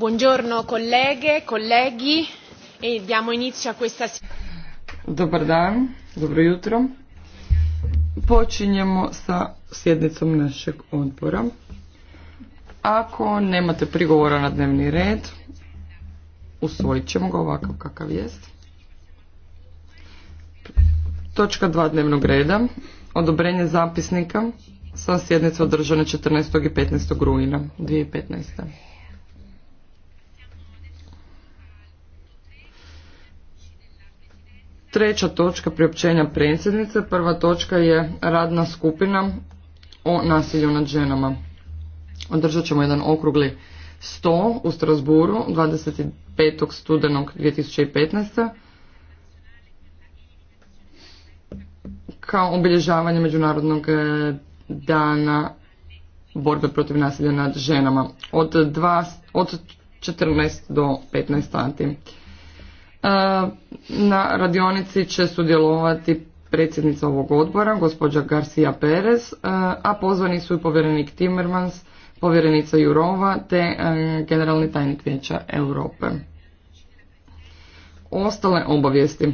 Buongiorno kolege, kolegi e diamo inizio a questa Dobar dan, dobro jutro. Počinjemo sa sjednicom našeg odbora. Ako nemate prigovora na dnevni red, usvojit ćemo ga ovakav kakav jest. Točka dva dnevnog reda, odobrenje zapisnika sa sjednice održane 14. i 15. rujna 2015. Treća točka priopćenja predsjednice, prva točka je radna skupina o nasilju nad ženama. Održat ćemo jedan okrugli sto u Strasburu 25. studenog 2015. kao obilježavanje Međunarodnog e, dana borbe protiv nasilja nad ženama od, 2, od 14 do 15 sati. Na radionici će sudjelovati predsjednica ovog odbora, gospođa Garcia Perez, a pozvani su i povjerenik Timmermans, povjerenica Jurova te e, generalni tajnik Vijeća Europe. Ostale obavijesti.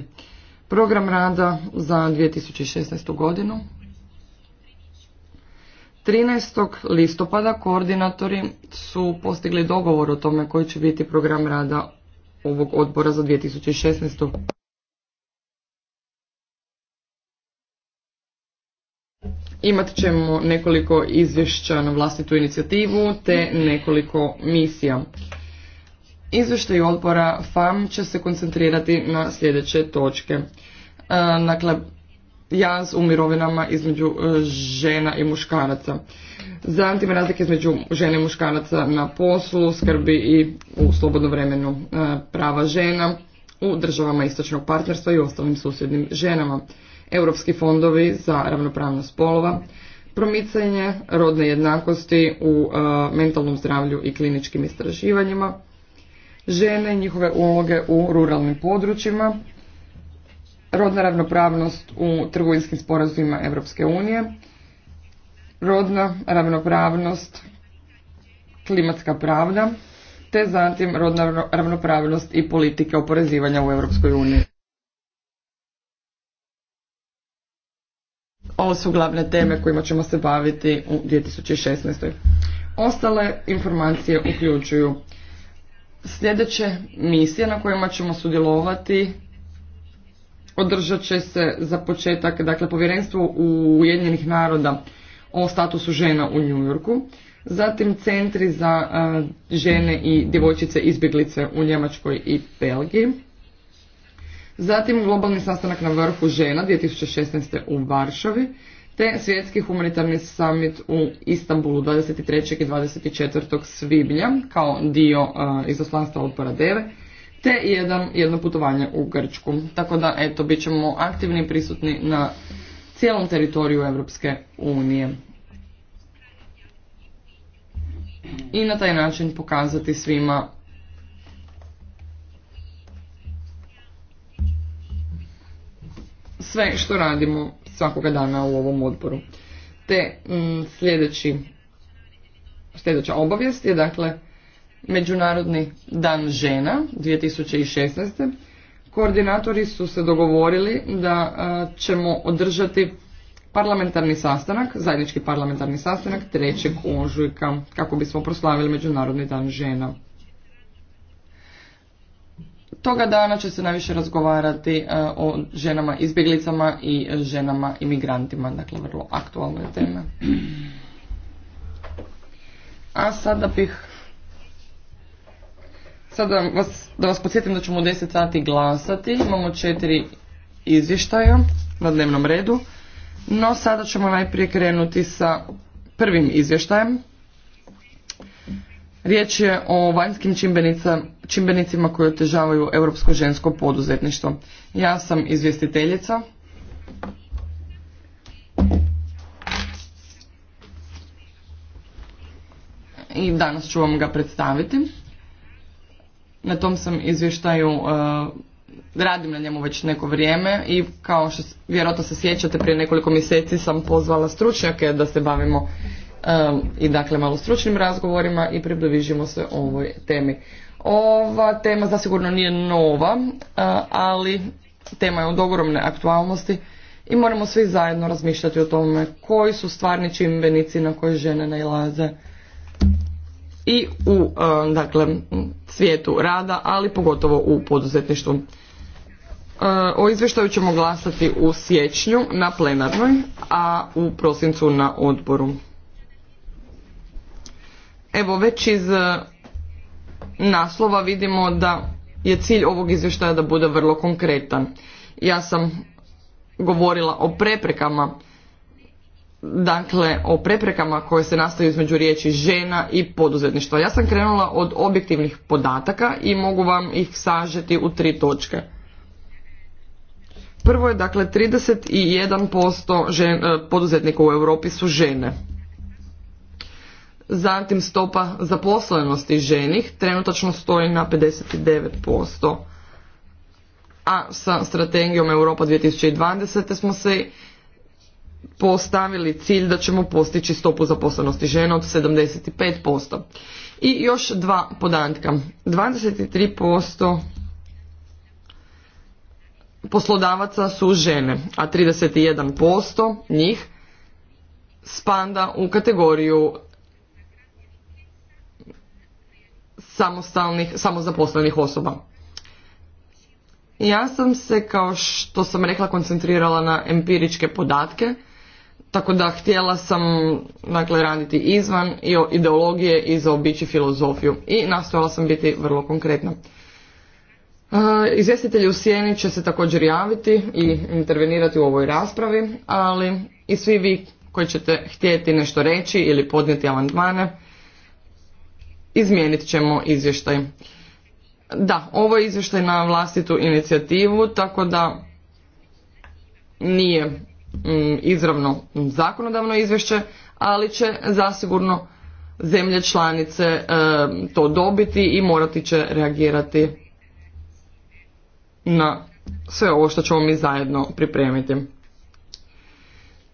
Program rada za 2016. godinu. 13. listopada koordinatori su postigli dogovor o tome koji će biti program rada ovog odbora za 2016. Imat ćemo nekoliko izvješća na vlastitu inicijativu te nekoliko misija. Izvještaj odbora FAM će se koncentrirati na sljedeće točke. E, dakle, jaz u mirovinama između e, žena i muškaraca zatim razlike između žene i muškaraca na poslu, skrbi i u slobodnom vremenu e, prava žena u državama istočnog partnerstva i ostalim susjednim ženama, europski fondovi za ravnopravnost spolova, promicanje rodne jednakosti u e, mentalnom zdravlju i kliničkim istraživanjima, žene i njihove uloge u ruralnim područjima, rodna ravnopravnost u trgovinskim sporazumima Europske unije, rodna ravnopravnost, klimatska pravda, te zatim rodna ravnopravnost i politike oporezivanja u Europskoj uniji. Ovo su glavne teme kojima ćemo se baviti u 2016. Ostale informacije uključuju sljedeće misije na kojima ćemo sudjelovati održat će se za početak dakle povjerenstvo Ujedinjenih naroda o statusu žena u New Yorku, zatim centri za e, žene i djevojčice izbjeglice u Njemačkoj i Belgiji, zatim globalni sastanak na vrhu žena 2016. u Varšavi, te svjetski humanitarni summit u Istanbulu 23. i 24. svibnja kao dio uh, e, izoslanstva odpora Deve, te jedan, jedno putovanje u Grčku. Tako da, eto, bit ćemo aktivni i prisutni na cijelom teritoriju Europske unije i na taj način pokazati svima sve što radimo svakoga dana u ovom odboru. Te mm, sljedeći, sljedeća obavijest je dakle Međunarodni dan žena 2016. Koordinatori su se dogovorili da ćemo održati parlamentarni sastanak, zajednički parlamentarni sastanak 3. ožujka kako bismo proslavili Međunarodni dan žena. Toga dana će se najviše razgovarati e, o ženama izbjeglicama i ženama imigrantima, dakle vrlo aktualne teme. A sada bih Sada vas, da vas podsjetim da ćemo u 10 sati glasati. Imamo četiri izvještaja na dnevnom redu. No sada ćemo najprije krenuti sa prvim izvještajem. Riječ je o vanjskim čimbenicima koji otežavaju europsko žensko poduzetništvo. Ja sam izvjestiteljica. I danas ću vam ga predstaviti. Na tom sam izvještaju e, radim na njemu već neko vrijeme i kao što vjerojatno se sjećate prije nekoliko mjeseci sam pozvala stručnjake da se bavimo i dakle malo stručnim razgovorima i približimo se ovoj temi. Ova tema zasigurno nije nova, ali tema je od ogromne aktualnosti i moramo svi zajedno razmišljati o tome koji su stvarni čimbenici na koje žene nailaze i u dakle, svijetu rada, ali pogotovo u poduzetništvu. O izvještaju ćemo glasati u siječnju na plenarnoj, a u prosincu na odboru. Evo već iz e, naslova vidimo da je cilj ovog izvještaja da bude vrlo konkretan. Ja sam govorila o preprekama, dakle o preprekama koje se nastaju između riječi žena i poduzetništva. Ja sam krenula od objektivnih podataka i mogu vam ih sažeti u tri točke. Prvo je dakle 31% žen, e, poduzetnika u Europi su žene. Zatim stopa zaposlenosti ženih trenutačno stoji na 59%. A sa strategijom Europa 2020. smo se postavili cilj da ćemo postići stopu zaposlenosti žena od 75%. I još dva podatka. 23% poslodavaca su žene, a 31% njih spanda u kategoriju samostalnih, samozaposlenih osoba. Ja sam se, kao što sam rekla, koncentrirala na empiričke podatke, tako da htjela sam dakle, raditi izvan ideologije i zaobići filozofiju i nastojala sam biti vrlo konkretna. Izvjestitelji u sjeni će se također javiti i intervenirati u ovoj raspravi, ali i svi vi koji ćete htjeti nešto reći ili podnijeti amandmane, izmijenit ćemo izvještaj. Da, ovo je izvještaj na vlastitu inicijativu, tako da nije mm, izravno zakonodavno izvješće, ali će zasigurno zemlje članice e, to dobiti i morati će reagirati na sve ovo što ćemo mi zajedno pripremiti.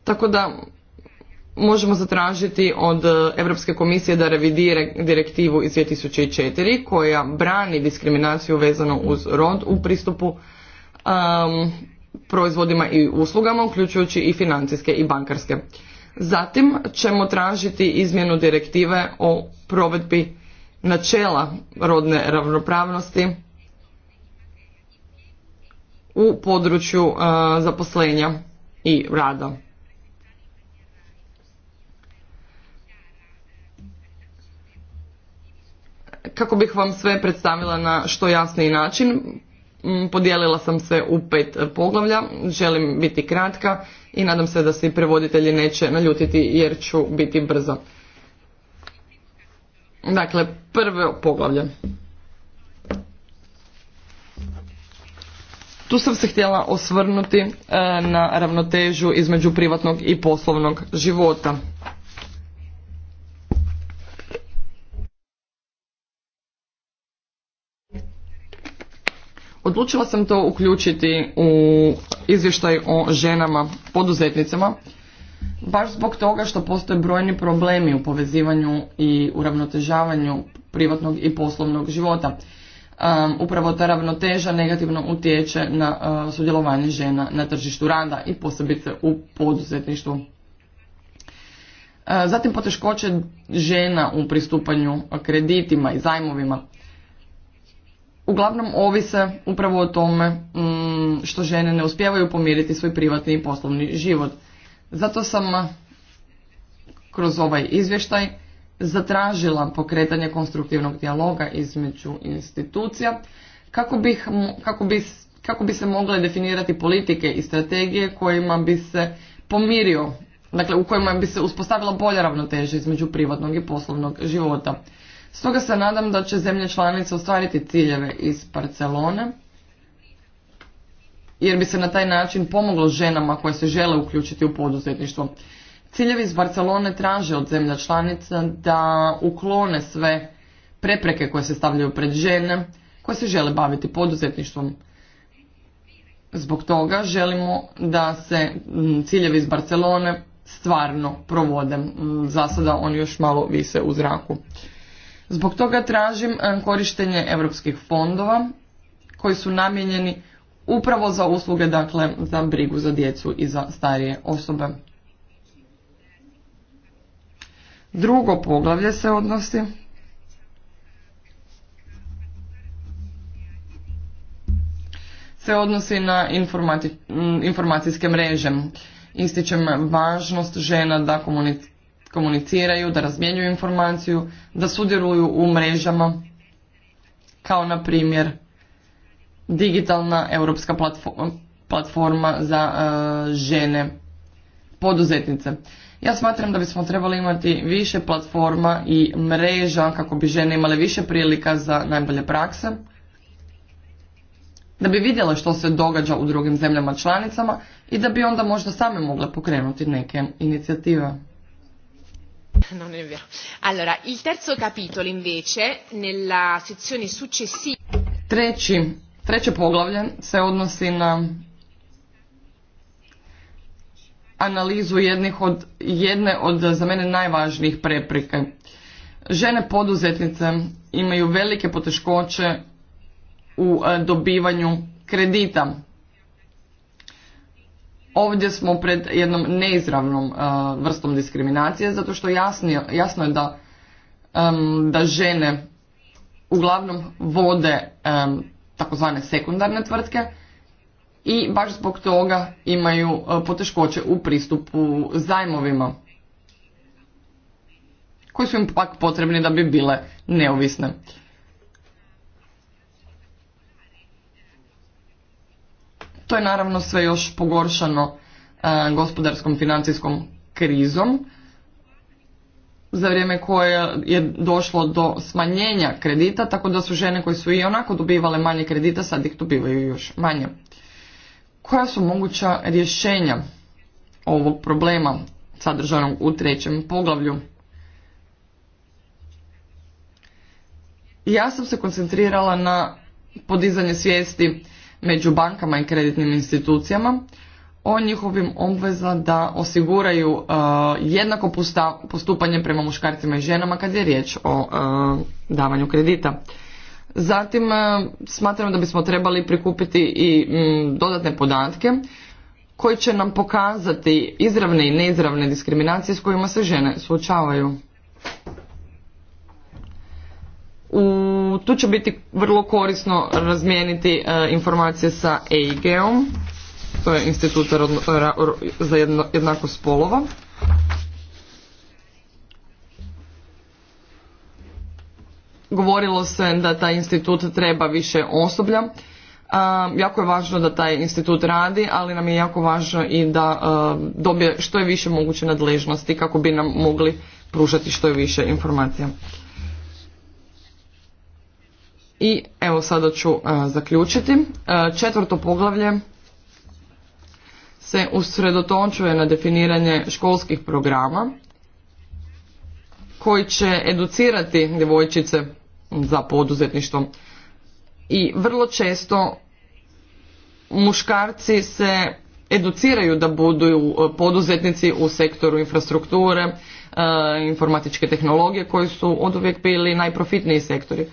Tako da možemo zatražiti od Europske komisije da revidire direktivu iz 2004 koja brani diskriminaciju vezano uz rod u pristupu proizvodima i uslugama, uključujući i financijske i bankarske. Zatim ćemo tražiti izmjenu direktive o provedbi načela rodne ravnopravnosti u području e, zaposlenja i rada. Kako bih vam sve predstavila na što jasniji način, podijelila sam se u pet e, poglavlja, želim biti kratka i nadam se da se i prevoditelji neće naljutiti jer ću biti brza. Dakle, prvo poglavlje. Tu sam se htjela osvrnuti e, na ravnotežu između privatnog i poslovnog života. Odlučila sam to uključiti u izvještaj o ženama poduzetnicama, baš zbog toga što postoje brojni problemi u povezivanju i uravnotežavanju privatnog i poslovnog života um, upravo ta ravnoteža negativno utječe na e, sudjelovanje žena na tržištu rada i posebice u poduzetništvu. E, zatim poteškoće žena u pristupanju kreditima i zajmovima. Uglavnom ovise upravo o tome mm, što žene ne uspijevaju pomiriti svoj privatni i poslovni život. Zato sam e, kroz ovaj izvještaj zatražila pokretanje konstruktivnog dijaloga između institucija kako bi, kako bi, kako bi se mogle definirati politike i strategije kojima bi se pomirio, dakle u kojima bi se uspostavila bolja ravnoteža između privatnog i poslovnog života. Stoga se nadam da će zemlje članice ostvariti ciljeve iz Barcelone, jer bi se na taj način pomoglo ženama koje se žele uključiti u poduzetništvo. Ciljevi iz Barcelone traže od zemlja članica da uklone sve prepreke koje se stavljaju pred žene koje se žele baviti poduzetništvom. Zbog toga želimo da se ciljevi iz Barcelone stvarno provode. Za sada oni još malo vise u zraku. Zbog toga tražim korištenje europskih fondova koji su namijenjeni upravo za usluge, dakle za brigu za djecu i za starije osobe. Drugo poglavlje se odnosi se odnosi na informacijske mreže. Ističem važnost žena da komuniciraju, da razmjenjuju informaciju, da sudjeluju u mrežama kao na primjer digitalna europska platforma za e, žene poduzetnice. Ja smatram da bismo trebali imati više platforma i mreža kako bi žene imale više prilika za najbolje prakse, da bi vidjela što se događa u drugim zemljama članicama i da bi onda možda same mogle pokrenuti neke inicijative. Allora, treće poglavlje se odnosi na analizu jednih od, jedne od za mene najvažnijih preprike. Žene poduzetnice imaju velike poteškoće u e, dobivanju kredita. Ovdje smo pred jednom neizravnom e, vrstom diskriminacije zato što jasnije, jasno je da, da žene uglavnom vode takozvane sekundarne tvrtke i baš zbog toga imaju e, poteškoće u pristupu zajmovima koji su im pak potrebni da bi bile neovisne. To je naravno sve još pogoršano e, gospodarskom financijskom krizom za vrijeme koje je došlo do smanjenja kredita, tako da su žene koje su i onako dobivale manje kredita, sad ih dobivaju još manje koja su moguća rješenja ovog problema sadržanog u trećem poglavlju. Ja sam se koncentrirala na podizanje svijesti među bankama i kreditnim institucijama o njihovim obveza da osiguraju uh, jednako postupanje prema muškarcima i ženama kad je riječ o uh, davanju kredita. Zatim e, smatram da bismo trebali prikupiti i mm, dodatne podatke koji će nam pokazati izravne i neizravne diskriminacije s kojima se žene suočavaju. U, tu će biti vrlo korisno razmijeniti e, informacije sa eig to je Institut za jednakost spolova, Govorilo se da taj institut treba više osoblja. Jako je važno da taj institut radi, ali nam je jako važno i da dobije što je više moguće nadležnosti kako bi nam mogli pružati što je više informacija. I evo sada ću zaključiti. Četvrto poglavlje se usredotočuje na definiranje školskih programa koji će educirati djevojčice za poduzetništvo. I vrlo često muškarci se educiraju da budu e, poduzetnici u sektoru infrastrukture, e, informatičke tehnologije koji su od uvijek bili najprofitniji sektori.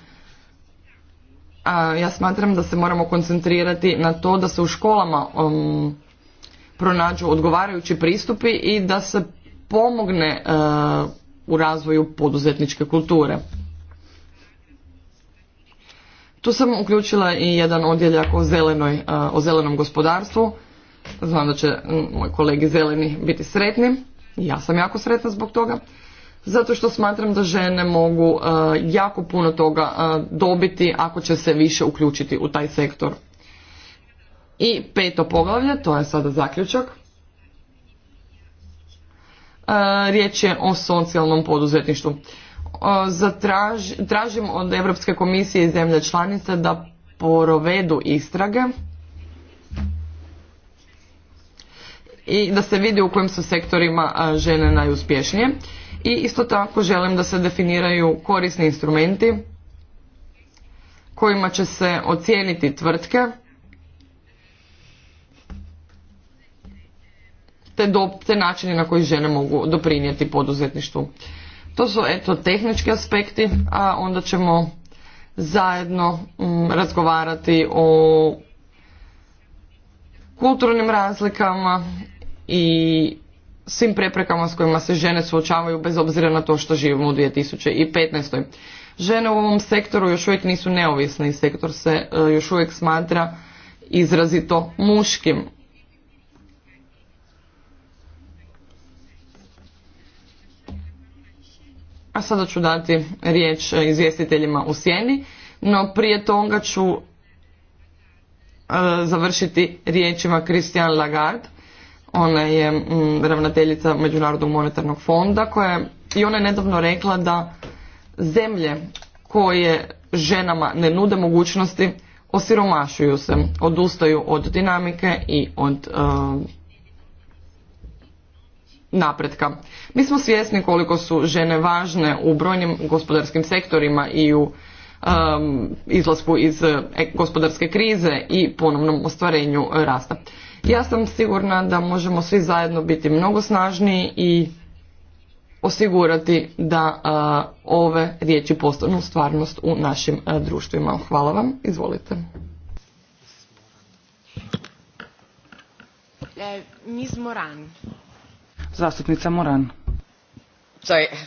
A ja smatram da se moramo koncentrirati na to da se u školama um, pronađu odgovarajući pristupi i da se pomogne e, u razvoju poduzetničke kulture. Tu sam uključila i jedan odjeljak o, zelenoj, o zelenom gospodarstvu. Znam da će moji kolegi zeleni biti sretni. Ja sam jako sretna zbog toga. Zato što smatram da žene mogu jako puno toga dobiti ako će se više uključiti u taj sektor. I peto poglavlje, to je sada zaključak. Riječ je o socijalnom poduzetništvu tražim od Europske komisije i zemlje članice da provedu istrage i da se vidi u kojim su sektorima žene najuspješnije. I isto tako želim da se definiraju korisni instrumenti kojima će se ocijeniti tvrtke te, te načini na koji žene mogu doprinijeti poduzetništvu. To su eto tehnički aspekti, a onda ćemo zajedno mm, razgovarati o kulturnim razlikama i svim preprekama s kojima se žene suočavaju bez obzira na to što živimo u 2015. Žene u ovom sektoru još uvijek nisu neovisne i sektor se e, još uvijek smatra izrazito muškim. sada ću dati riječ e, izvjestiteljima u sjeni, no prije toga ću e, završiti riječima Christian Lagarde. Ona je mm, ravnateljica Međunarodnog monetarnog fonda koja i ona je nedavno rekla da zemlje koje ženama ne nude mogućnosti osiromašuju se, odustaju od dinamike i od e, napretka. Mi smo svjesni koliko su žene važne u brojnim gospodarskim sektorima i u um, izlasku iz e, gospodarske krize i ponovnom ostvarenju rasta. Ja sam sigurna da možemo svi zajedno biti mnogo snažniji i osigurati da e, ove riječi postanu stvarnost u našim e, društvima. Hvala vam, izvolite. Eh, Miss Moran. Zastupnica Moran. Uh,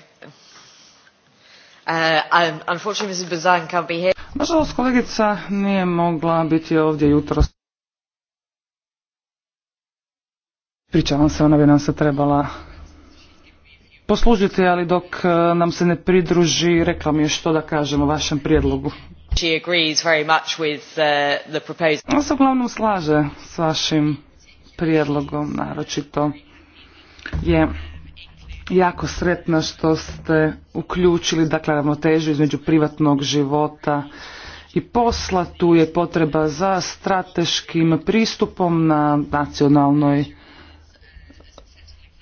Nažalost, kolegica nije mogla biti ovdje jutros. Pričavam se, ona bi nam se trebala poslužiti, ali dok uh, nam se ne pridruži, rekla mi je što da kažem o vašem prijedlogu. Uh, ona se uglavnom slaže s vašim prijedlogom, naročito je jako sretna što ste uključili dakle ravnotežu između privatnog života i posla. Tu je potreba za strateškim pristupom na nacionalnoj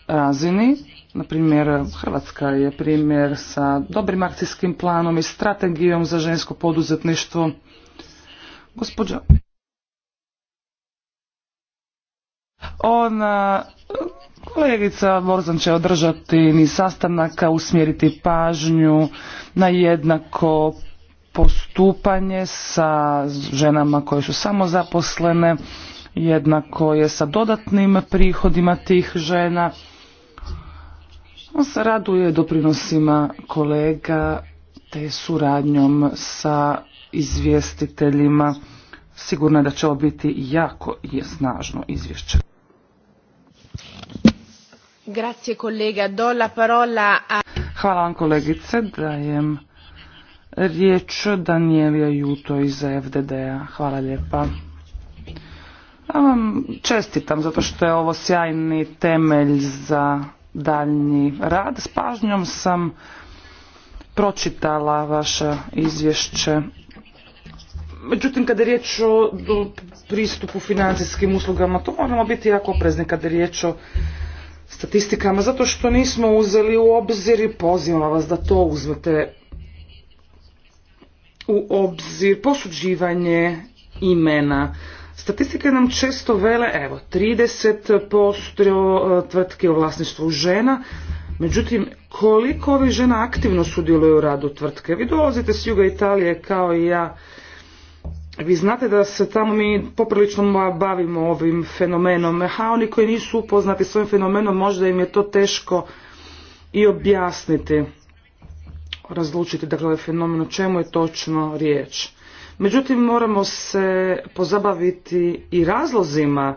razini. Na primjer, Hrvatska je primjer sa dobrim akcijskim planom i strategijom za žensko poduzetništvo. Gospođa, ona Kolegica Borzan će održati ni sastanaka, usmjeriti pažnju na jednako postupanje sa ženama koje su samozaposlene, jednako je sa dodatnim prihodima tih žena. On se raduje doprinosima kolega te suradnjom sa izvjestiteljima. Sigurno je da će ovo biti jako snažno izvješće. Grazie kolega, do Hvala vam kolegice, dajem riječ Danijelija Juto iz FDD-a. Hvala lijepa. Ja vam čestitam zato što je ovo sjajni temelj za daljnji rad. S pažnjom sam pročitala vaše izvješće. Međutim, kada je riječ o pristupu financijskim uslugama, to moramo biti jako oprezni kada je riječ o statistikama zato što nismo uzeli u obzir i pozivam vas da to uzmete u obzir posuđivanje imena. Statistike nam često vele, evo, 30% e, tvrtke u vlasništvu žena, međutim, koliko ovih žena aktivno sudjeluju u radu tvrtke? Vi dolazite s juga Italije kao i ja, vi znate da se tamo mi poprilično bavimo ovim fenomenom. A oni koji nisu upoznati s ovim fenomenom možda im je to teško i objasniti. Razlučiti dakle ovaj fenomen o čemu je točno riječ. Međutim, moramo se pozabaviti i razlozima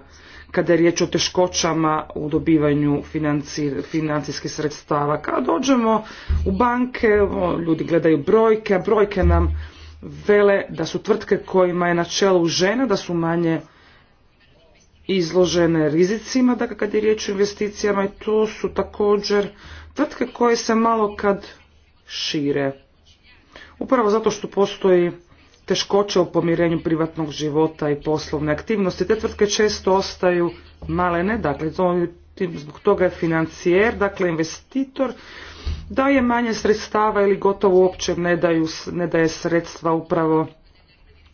kada je riječ o teškoćama u dobivanju financijskih sredstava. Kada dođemo u banke, ljudi gledaju brojke, a brojke nam vele da su tvrtke kojima je na čelu žena, da su manje izložene rizicima, dakle kad je riječ o investicijama i to su također tvrtke koje se malo kad šire. Upravo zato što postoji teškoće u pomirenju privatnog života i poslovne aktivnosti, te tvrtke često ostaju malene, dakle to zbog toga je financijer, dakle investitor, daje manje sredstava ili gotovo uopće ne, daju, ne daje sredstva upravo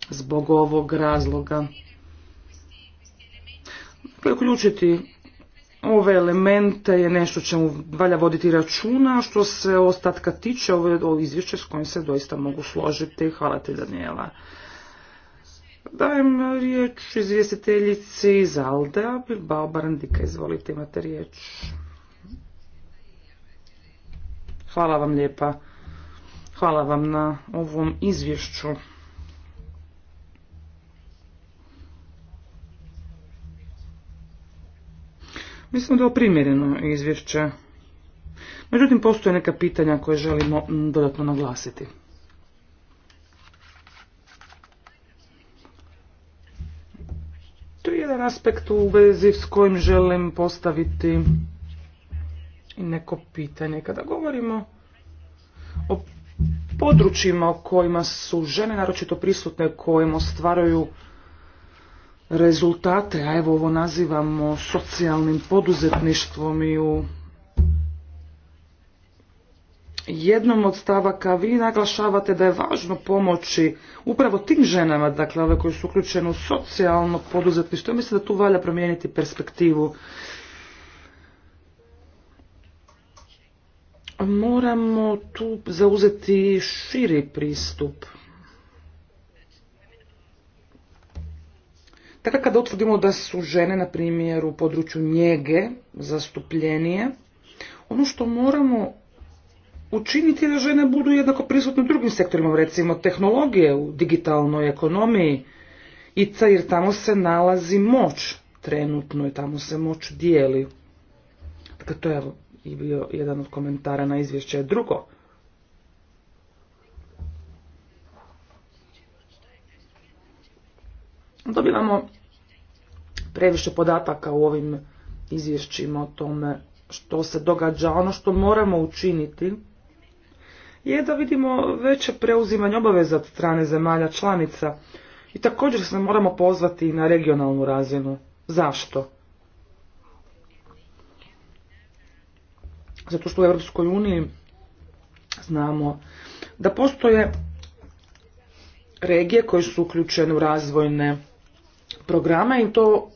zbog ovog razloga. Dakle, uključiti ove elemente je nešto čemu valja voditi računa, što se ostatka tiče, ovo, ovo izvješće s kojim se doista mogu složiti. Hvala ti, Daniela. Dajem riječ izvjestiteljici iz Aldea, Bilbao Barandika, izvolite imate riječ. Hvala vam lijepa. Hvala vam na ovom izvješću. Mislim da je primjereno izvješće. Međutim, postoje neka pitanja koje želimo dodatno naglasiti. jedan aspekt u vezi s kojim želim postaviti neko pitanje. Kada govorimo o područjima u kojima su žene naročito prisutne, kojim ostvaraju rezultate, a evo ovo nazivamo socijalnim poduzetništvom i u jednom od stavaka vi naglašavate da je važno pomoći upravo tim ženama, dakle ove koje su uključene u socijalno poduzetništvo. Mislim da tu valja promijeniti perspektivu. Moramo tu zauzeti širi pristup. Dakle, kada utvrdimo da su žene, na primjer, u području njege zastupljenije, ono što moramo učiniti da žene budu jednako prisutne u drugim sektorima, recimo tehnologije u digitalnoj ekonomiji, ca jer tamo se nalazi moć trenutno i tamo se moć dijeli. Dakle, to je i bio jedan od komentara na izvješće. Drugo, dobivamo previše podataka u ovim izvješćima o tome što se događa. Ono što moramo učiniti je da vidimo veće preuzimanje obaveza od strane zemalja članica i također se moramo pozvati na regionalnu razinu. Zašto? Zato što u Europskoj uniji znamo da postoje regije koje su uključene u razvojne programe i to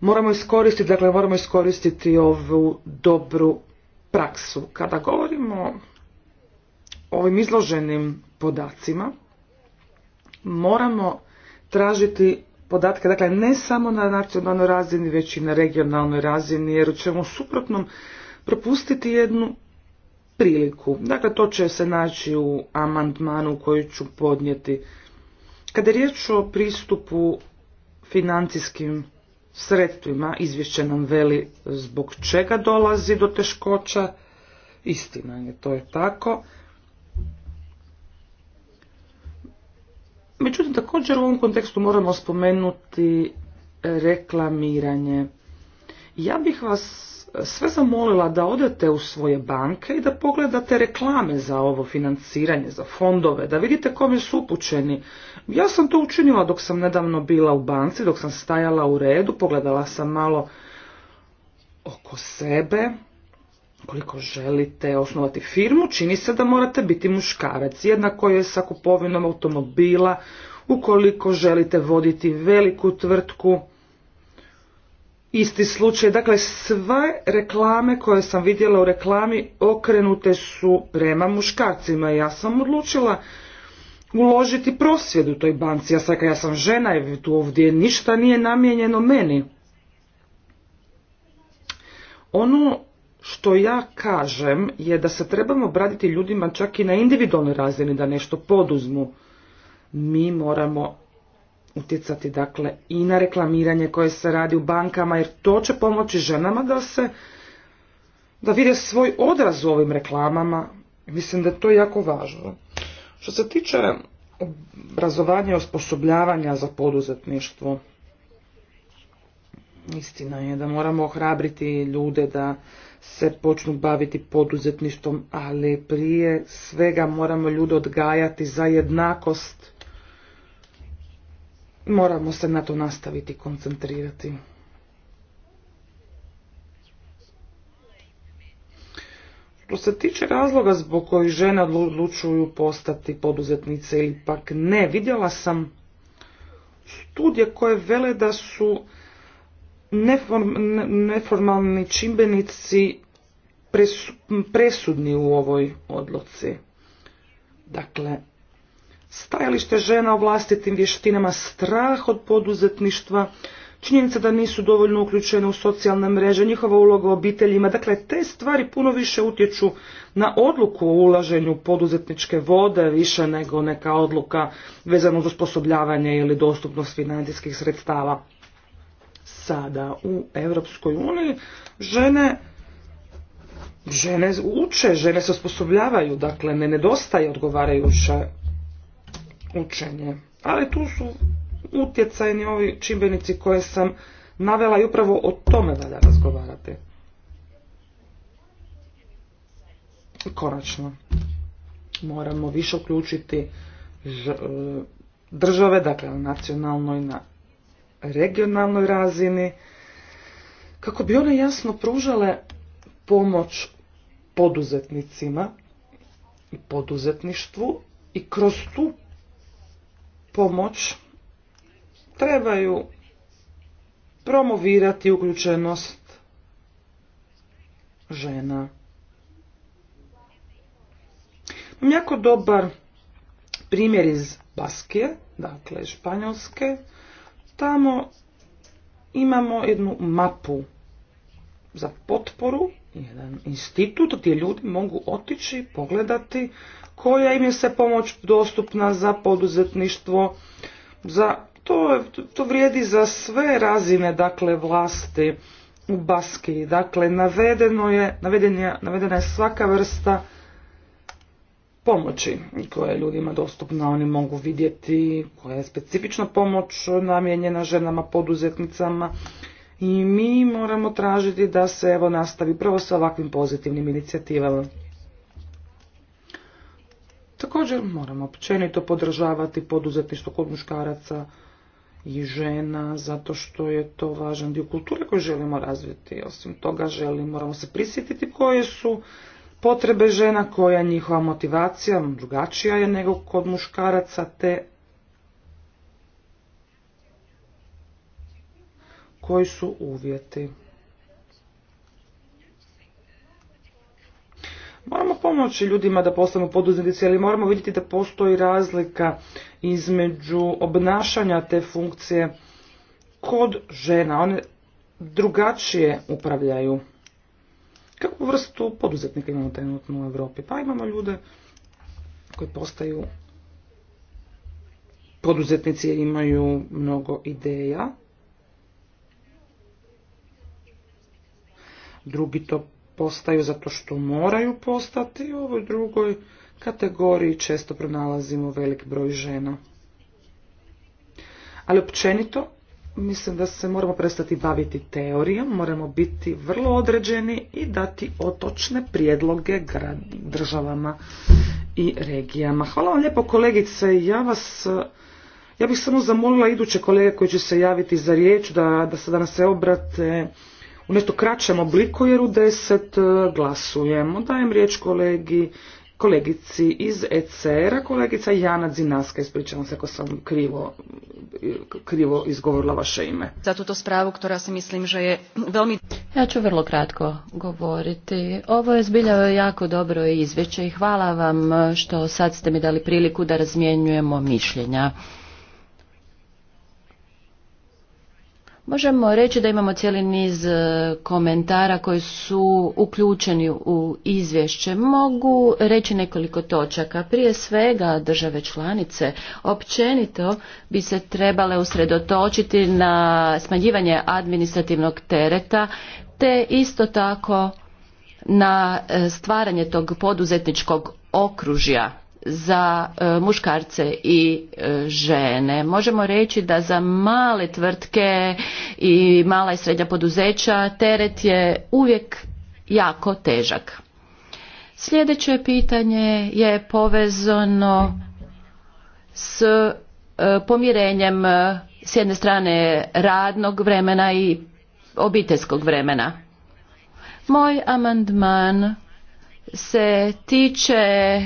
moramo iskoristiti, dakle moramo iskoristiti ovu dobru praksu. Kada govorimo ovim izloženim podacima moramo tražiti podatke, dakle ne samo na nacionalnoj razini, već i na regionalnoj razini, jer ćemo suprotnom propustiti jednu priliku. Dakle, to će se naći u amandmanu koji ću podnijeti. Kada je riječ o pristupu financijskim sredstvima, izvješće nam veli zbog čega dolazi do teškoća, istina je, to je tako, Međutim, također u ovom kontekstu moramo spomenuti e, reklamiranje. Ja bih vas sve zamolila da odete u svoje banke i da pogledate reklame za ovo financiranje, za fondove, da vidite kome su upućeni. Ja sam to učinila dok sam nedavno bila u banci, dok sam stajala u redu, pogledala sam malo oko sebe, koliko želite osnovati firmu, čini se da morate biti muškarac. Jednako je sa kupovinom automobila, ukoliko želite voditi veliku tvrtku. Isti slučaj, dakle sve reklame koje sam vidjela u reklami okrenute su prema muškarcima. Ja sam odlučila uložiti prosvjed u toj banci. Ja, saka, ja sam žena i tu ovdje ništa nije namijenjeno meni. Ono što ja kažem je da se trebamo obraditi ljudima čak i na individualnoj razini da nešto poduzmu. Mi moramo utjecati dakle i na reklamiranje koje se radi u bankama jer to će pomoći ženama da se da vide svoj odraz u ovim reklamama. Mislim da je to jako važno. Što se tiče obrazovanja i osposobljavanja za poduzetništvo, istina je da moramo ohrabriti ljude da se počnu baviti poduzetništvom, ali prije svega moramo ljude odgajati za jednakost. Moramo se na to nastaviti koncentrirati. Što se tiče razloga zbog kojih žene odlučuju postati poduzetnice ili pak ne, vidjela sam studije koje vele da su neformalni čimbenici presudni u ovoj odluci. Dakle, stajalište žena u vlastitim vještinama, strah od poduzetništva, činjenica da nisu dovoljno uključene u socijalne mreže, njihova uloga obiteljima. Dakle, te stvari puno više utječu na odluku o ulaženju poduzetničke vode, više nego neka odluka vezana uz osposobljavanje ili dostupnost financijskih sredstava sada u Europskoj uniji žene žene uče, žene se osposobljavaju, dakle ne nedostaje odgovarajuće učenje. Ali tu su utjecajni ovi čimbenici koje sam navela i upravo o tome valja razgovarati. Konačno, moramo više uključiti države, dakle nacionalnoj, na regionalnoj razini, kako bi one jasno pružale pomoć poduzetnicima i poduzetništvu i kroz tu pomoć trebaju promovirati uključenost žena. Imam dobar primjer iz Baske, dakle Španjolske, Tamo imamo jednu mapu za potporu, jedan institut gdje ljudi mogu otići, pogledati koja im je se pomoć dostupna za poduzetništvo, za to, to vrijedi za sve razine dakle vlasti u Baskiji. Dakle, navedeno je, navedena je svaka vrsta pomoći koja je ljudima dostupna. Oni mogu vidjeti koja je specifična pomoć namijenjena ženama, poduzetnicama i mi moramo tražiti da se evo nastavi prvo sa ovakvim pozitivnim inicijativama. Također moramo općenito podržavati poduzetništvo kod muškaraca i žena, zato što je to važan dio kulture koju želimo razviti. Osim toga želimo, moramo se prisjetiti koje su potrebe žena koja njihova motivacija drugačija je nego kod muškaraca te koji su uvjeti. Moramo pomoći ljudima da postanu poduzetnici, ali moramo vidjeti da postoji razlika između obnašanja te funkcije kod žena. One drugačije upravljaju kakvu vrstu poduzetnika imamo trenutno u Europi? Pa imamo ljude koji postaju poduzetnici imaju mnogo ideja. Drugi to postaju zato što moraju postati. U ovoj drugoj kategoriji često pronalazimo velik broj žena. Ali općenito Mislim da se moramo prestati baviti teorijom, moramo biti vrlo određeni i dati otočne prijedloge državama i regijama. Hvala vam lijepo kolegice, ja vas... Ja bih samo zamolila iduće kolege koji će se javiti za riječ da, da se danas se obrate u nešto kraćem obliku jer u deset eh, glasujemo. Dajem riječ kolegi kolegici iz ECR-a, kolegica Jana Dzinaska, ispričavam se ako sam krivo, krivo izgovorila vaše ime. Zato to spravu, ktora se mislim že je Ja ću vrlo kratko govoriti. Ovo je zbilja jako dobro izvješće i hvala vam što sad ste mi dali priliku da razmjenjujemo mišljenja. Možemo reći da imamo cijeli niz e, komentara koji su uključeni u izvješće. Mogu reći nekoliko točaka. Prije svega države članice općenito bi se trebale usredotočiti na smanjivanje administrativnog tereta te isto tako na e, stvaranje tog poduzetničkog okružja za e, muškarce i e, žene. Možemo reći da za male tvrtke i mala i srednja poduzeća teret je uvijek jako težak. Sljedeće pitanje je povezano s e, pomirenjem s jedne strane radnog vremena i obiteljskog vremena. Moj amandman se tiče e,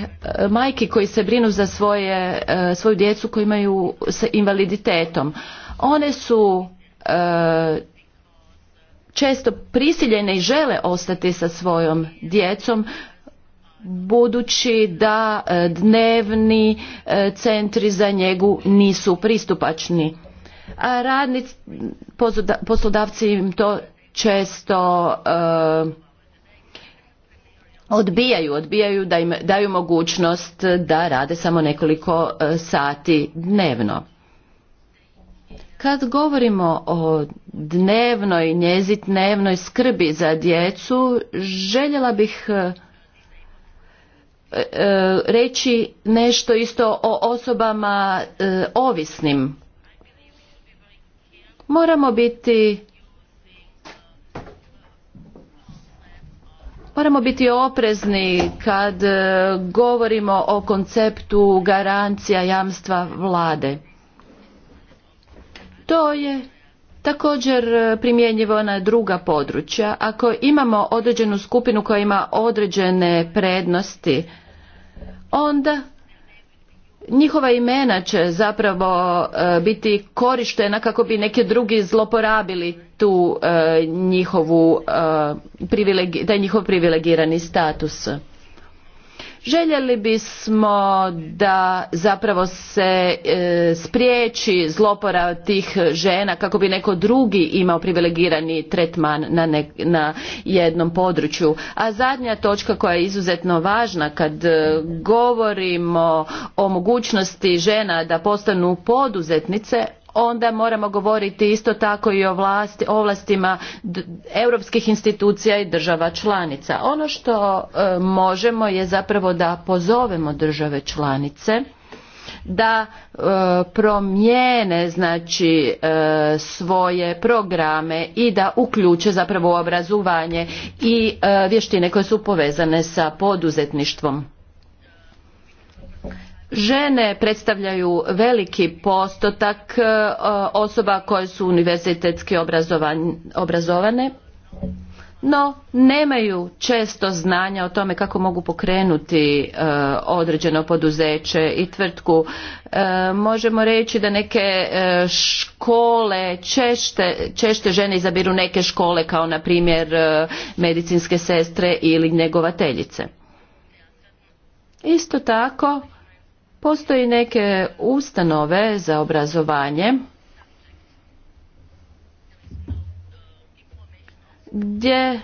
majki koji se brinu za svoje, e, svoju djecu koji imaju s invaliditetom. One su e, često prisiljene i žele ostati sa svojom djecom budući da dnevni centri za njegu nisu pristupačni. A radnici, poslodavci im to često odbijaju, odbijaju da im daju mogućnost da rade samo nekoliko e, sati dnevno. Kad govorimo o dnevnoj, njezi dnevnoj skrbi za djecu, željela bih e, e, reći nešto isto o osobama ovisnim. Moramo biti Moramo biti oprezni kad e, govorimo o konceptu garancija jamstva vlade. To je također e, primjenjivo na druga područja. Ako imamo određenu skupinu koja ima određene prednosti, onda njihova imena će zapravo e, biti korištena kako bi neki drugi zloporabili tu e, njihovu e, taj njihov privilegirani status Željeli bismo da zapravo se e, spriječi zlopora tih žena kako bi neko drugi imao privilegirani tretman na, na jednom području. A zadnja točka koja je izuzetno važna kad e, govorimo o mogućnosti žena da postanu poduzetnice, onda moramo govoriti isto tako i o ovlastima europskih institucija i država članica. Ono što e, možemo je zapravo da pozovemo države članice da e, promijene znači e, svoje programe i da uključe zapravo obrazovanje i vještine koje su povezane sa poduzetništvom. Žene predstavljaju veliki postotak e, osoba koje su univerzitetski obrazovane, no nemaju često znanja o tome kako mogu pokrenuti e, određeno poduzeće i tvrtku e, možemo reći da neke škole češće češte žene izabiru neke škole kao na primjer medicinske sestre ili njegovateljice isto tako Postoji neke ustanove za obrazovanje gdje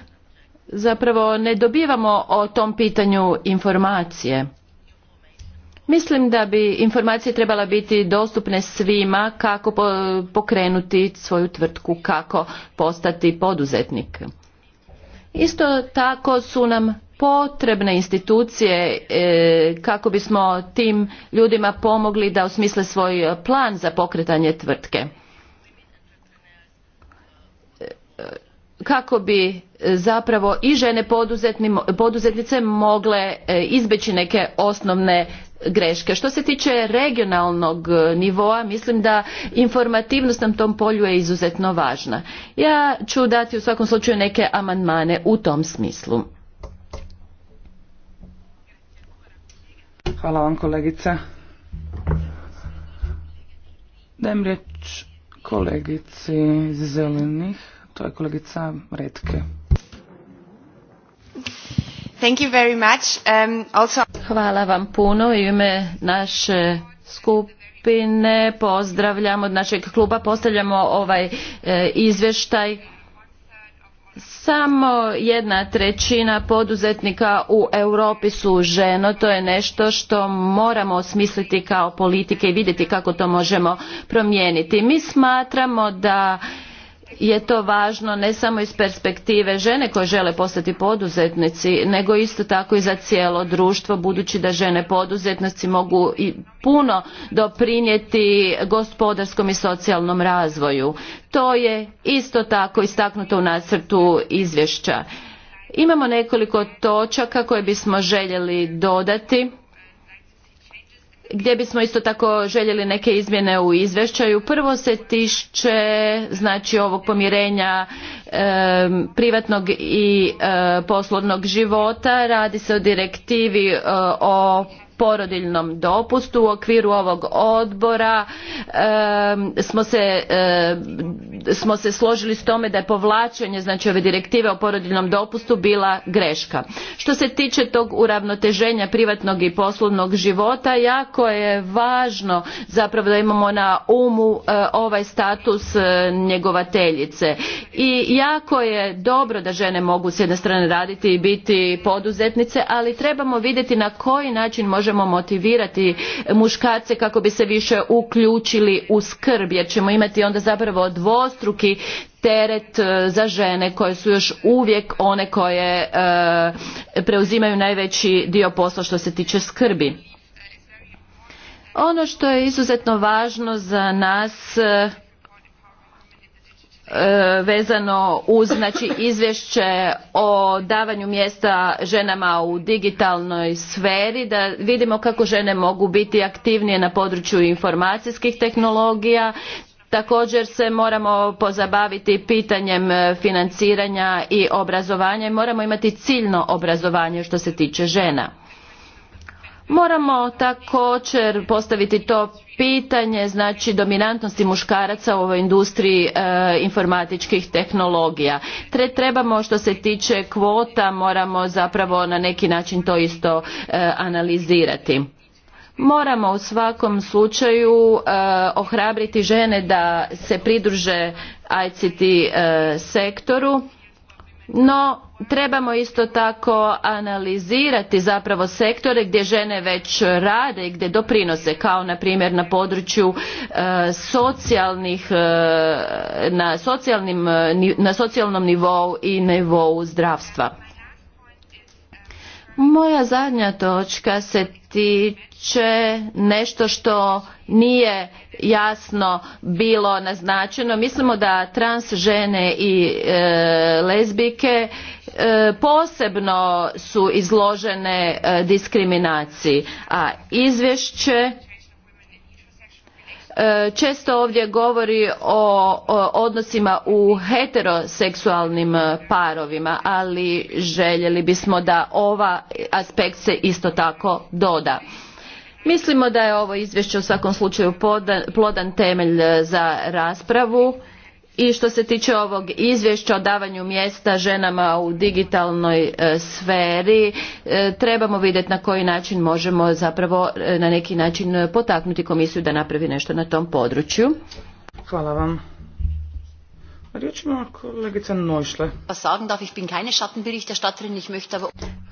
zapravo ne dobivamo o tom pitanju informacije. Mislim da bi informacije trebala biti dostupne svima kako pokrenuti svoju tvrtku, kako postati poduzetnik. Isto tako su nam potrebne institucije e, kako bismo tim ljudima pomogli da osmisle svoj plan za pokretanje tvrtke. kako bi zapravo i žene poduzetnice mogle e, izbjeći neke osnovne greške. Što se tiče regionalnog e, nivoa, mislim da informativnost na tom polju je izuzetno važna. Ja ću dati u svakom slučaju neke amandmane u tom smislu. Hvala vam kolegica. Dajem riječ kolegici iz zelenih, to je kolegica Redke. Um, Hvala vam puno. U ime naše skupine pozdravljamo od našeg kluba postavljamo ovaj e, izvještaj samo jedna trećina poduzetnika u Europi su ženo, to je nešto što moramo osmisliti kao politike i vidjeti kako to možemo promijeniti. Mi smatramo da je to važno ne samo iz perspektive žene koje žele postati poduzetnici, nego isto tako i za cijelo društvo, budući da žene poduzetnici mogu i puno doprinijeti gospodarskom i socijalnom razvoju. To je isto tako istaknuto u nacrtu izvješća. Imamo nekoliko točaka koje bismo željeli dodati gdje bismo isto tako željeli neke izmjene u izvješću, Prvo se tiče, znači ovog pomirenja privatnog i e, poslovnog života. Radi se o direktivi e, o porodiljnom dopustu. U okviru ovog odbora smo, se, smo se složili s tome da je povlačenje znači ove direktive o porodiljnom dopustu bila greška. Što se tiče tog uravnoteženja privatnog i poslovnog života, jako je važno zapravo da imamo na umu e, ovaj status e, njegovateljice. I jako je dobro da žene mogu s jedne strane raditi i biti poduzetnice, ali trebamo vidjeti na koji način može možemo motivirati muškarce kako bi se više uključili u skrb jer ćemo imati onda zapravo dvostruki teret e, za žene koje su još uvijek one koje e, preuzimaju najveći dio posla što se tiče skrbi. Ono što je izuzetno važno za nas e, E, vezano uz znači izvješće o davanju mjesta ženama u digitalnoj sferi da vidimo kako žene mogu biti aktivnije na području informacijskih tehnologija također se moramo pozabaviti pitanjem e, financiranja i obrazovanja i moramo imati ciljno obrazovanje što se tiče žena Moramo također postaviti to pitanje znači dominantnosti muškaraca u ovoj industriji e, informatičkih tehnologija. Tre, trebamo što se tiče kvota moramo zapravo na neki način to isto e, analizirati. Moramo u svakom slučaju e, ohrabriti žene da se pridruže ICT sektoru no trebamo isto tako analizirati zapravo sektore gdje žene već rade i gdje doprinose kao na primjer na području e, e, na, e, na socijalnom nivou i nivou zdravstva moja zadnja točka se tiče nešto što nije jasno bilo naznačeno mislimo da trans žene i e, e posebno su izložene e, diskriminaciji a izvješće E, često ovdje govori o odnosima u heteroseksualnim e, parovima ali željeli bismo da ova aspekt se isto tako doda mislimo da je ovo izvješće u svakom slučaju plodan temelj e, za raspravu i što se tiče ovog izvješća o davanju mjesta ženama u digitalnoj e, sferi e, trebamo vidjeti na koji način možemo zapravo e, na neki način potaknuti komisiju da napravi nešto na tom području. Hvala vam.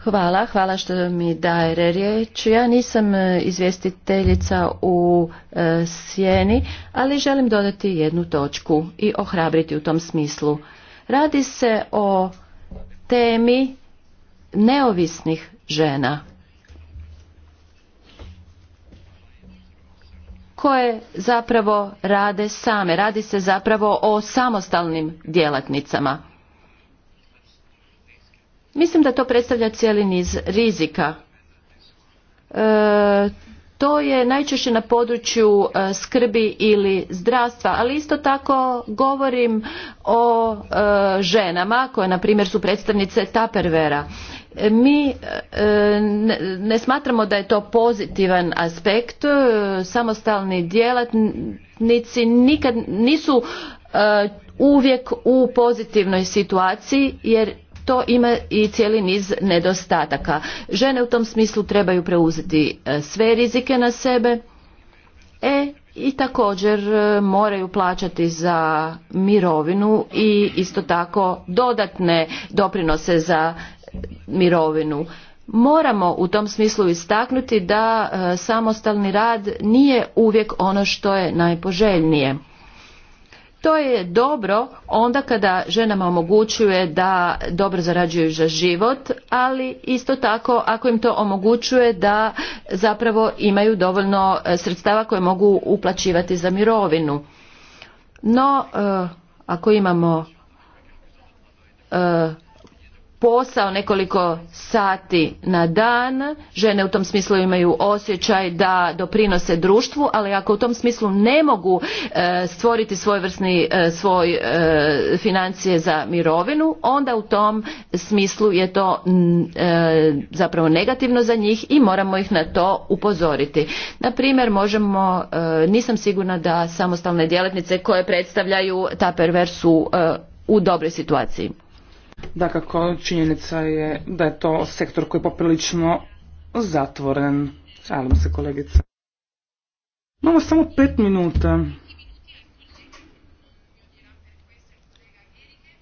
Pa hvala, hvala što mi daje riječ. Ja nisam e, izvjestiteljica u e, sjeni, ali želim dodati jednu točku i ohrabriti u tom smislu. Radi se o temi neovisnih žena koje zapravo rade same. Radi se zapravo o samostalnim djelatnicama. Mislim da to predstavlja cijeli niz rizika. E, to je najčešće na području e, skrbi ili zdravstva, ali isto tako govorim o e, ženama koje na primjer su predstavnice Tapervera. E, mi ne smatramo da je to pozitivan aspekt, samostalni djelatnici nikad nisu uvijek u pozitivnoj situaciji jer to ima i cijeli niz nedostataka. Žene u tom smislu trebaju preuzeti e, sve rizike na sebe e, i također e, moraju plaćati za mirovinu i isto tako dodatne doprinose za mirovinu. Moramo u tom smislu istaknuti da e, samostalni rad nije uvijek ono što je najpoželjnije. To je dobro onda kada ženama omogućuje da dobro zarađuju za život, ali isto tako ako im to omogućuje da zapravo imaju dovoljno e, sredstava koje mogu uplaćivati za mirovinu. No, e, ako imamo e, posao nekoliko sati na dan, žene u tom smislu imaju osjećaj da doprinose društvu, ali ako u tom smislu ne mogu e, stvoriti svojevrsni svoj e, e, financije za mirovinu, onda u tom smislu je to zapravo negativno za njih i moramo ih na to upozoriti. Na primjer, možemo, nisam sigurna da samostalne djelatnice koje predstavljaju ta perversu u dobroj situaciji. Dakako, činjenica je da je to sektor koji je poprilično zatvoren. Šalim se, kolegice. Imamo samo pet minuta.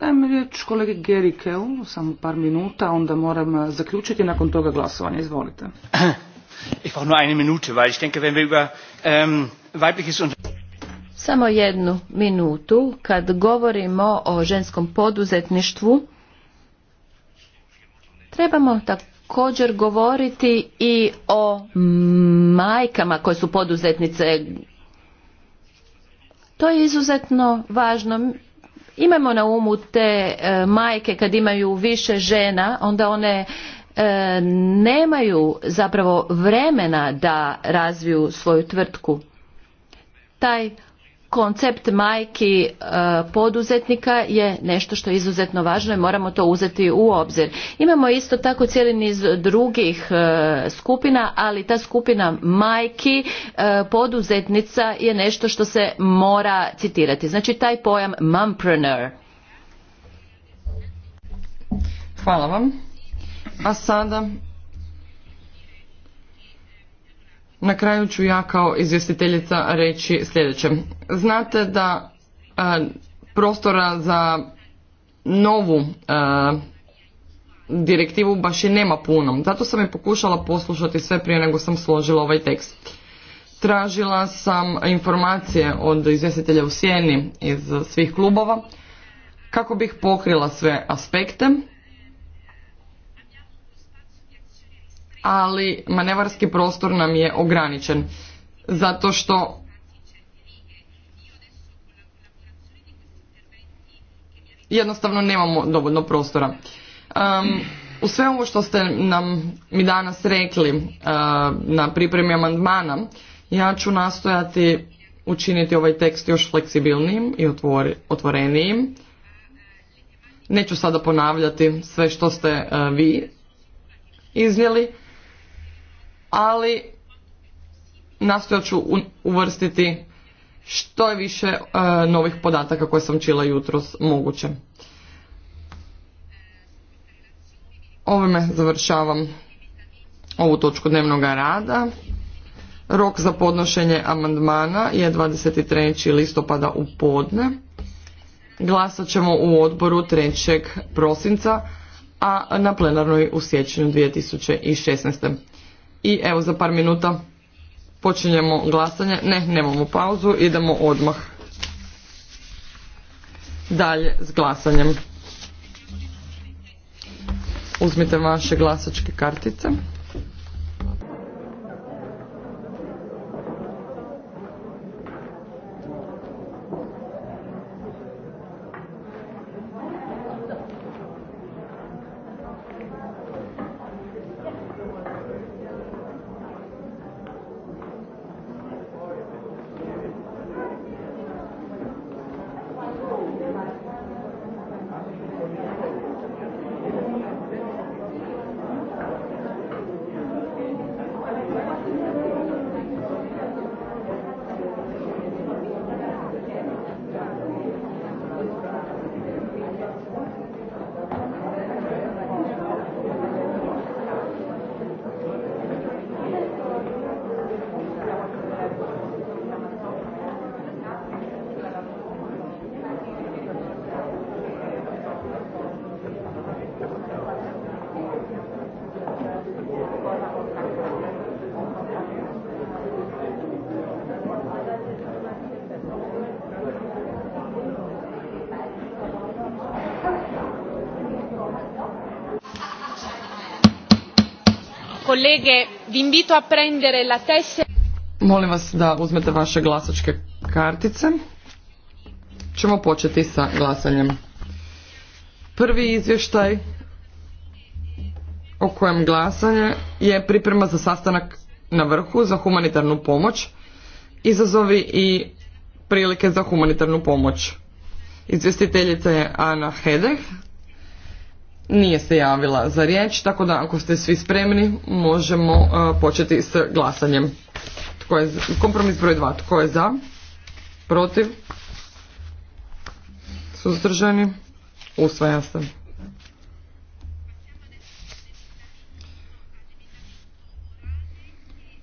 Dajem riječ kolege Gerikeu, samo par minuta, onda moram zaključiti nakon toga glasovanje. Izvolite. Ich brauche nur Minute, weil ich denke, wenn wir über ähm, weibliches samo jednu minutu kad govorimo o ženskom poduzetništvu Trebamo također govoriti i o majkama koje su poduzetnice. To je izuzetno važno. Imamo na umu te e, majke kad imaju više žena, onda one e, nemaju zapravo vremena da razviju svoju tvrtku. Taj koncept majki e, poduzetnika je nešto što je izuzetno važno i moramo to uzeti u obzir. Imamo isto tako cijeli niz drugih e, skupina, ali ta skupina majki e, poduzetnica je nešto što se mora citirati. Znači taj pojam mumpreneur. Hvala vam. A sada Na kraju ću ja kao izvjestiteljica reći sljedeće. Znate da e, prostora za novu e, direktivu baš i nema puno. Zato sam je pokušala poslušati sve prije nego sam složila ovaj tekst. Tražila sam informacije od izvjestitelja u sjeni iz svih klubova kako bih pokrila sve aspekte ali manevarski prostor nam je ograničen zato što jednostavno nemamo dovoljno prostora. u sve ovo što ste nam mi danas rekli eh, na pripremi amandmana, ja ću nastojati učiniti ovaj tekst još fleksibilnijim i otvorenijim. Neću sada ponavljati sve što ste eh, vi iznijeli, ali nastojat ću uvrstiti što je više e, novih podataka koje sam čila jutros moguće. Ovime završavam ovu točku dnevnog rada. Rok za podnošenje amandmana je 23. listopada u podne. Glasat ćemo u odboru 3. prosinca, a na plenarnoj u sjećanju 2016. I evo za par minuta počinjemo glasanje. Ne, nemamo pauzu, idemo odmah dalje s glasanjem. Uzmite vaše glasačke kartice. kolege, vi invito a prendere la tessera. Molim vas da uzmete vaše glasačke kartice. Ćemo početi sa glasanjem. Prvi izvještaj o kojem glasanje je priprema za sastanak na vrhu za humanitarnu pomoć, izazovi i prilike za humanitarnu pomoć. Izvjestiteljica je Ana Hedeh, nije se javila za riječ, tako da ako ste svi spremni možemo uh, početi s glasanjem. Tko je, kompromis broj 2. Tko je za? Protiv? Suzdržani? Usvaja se.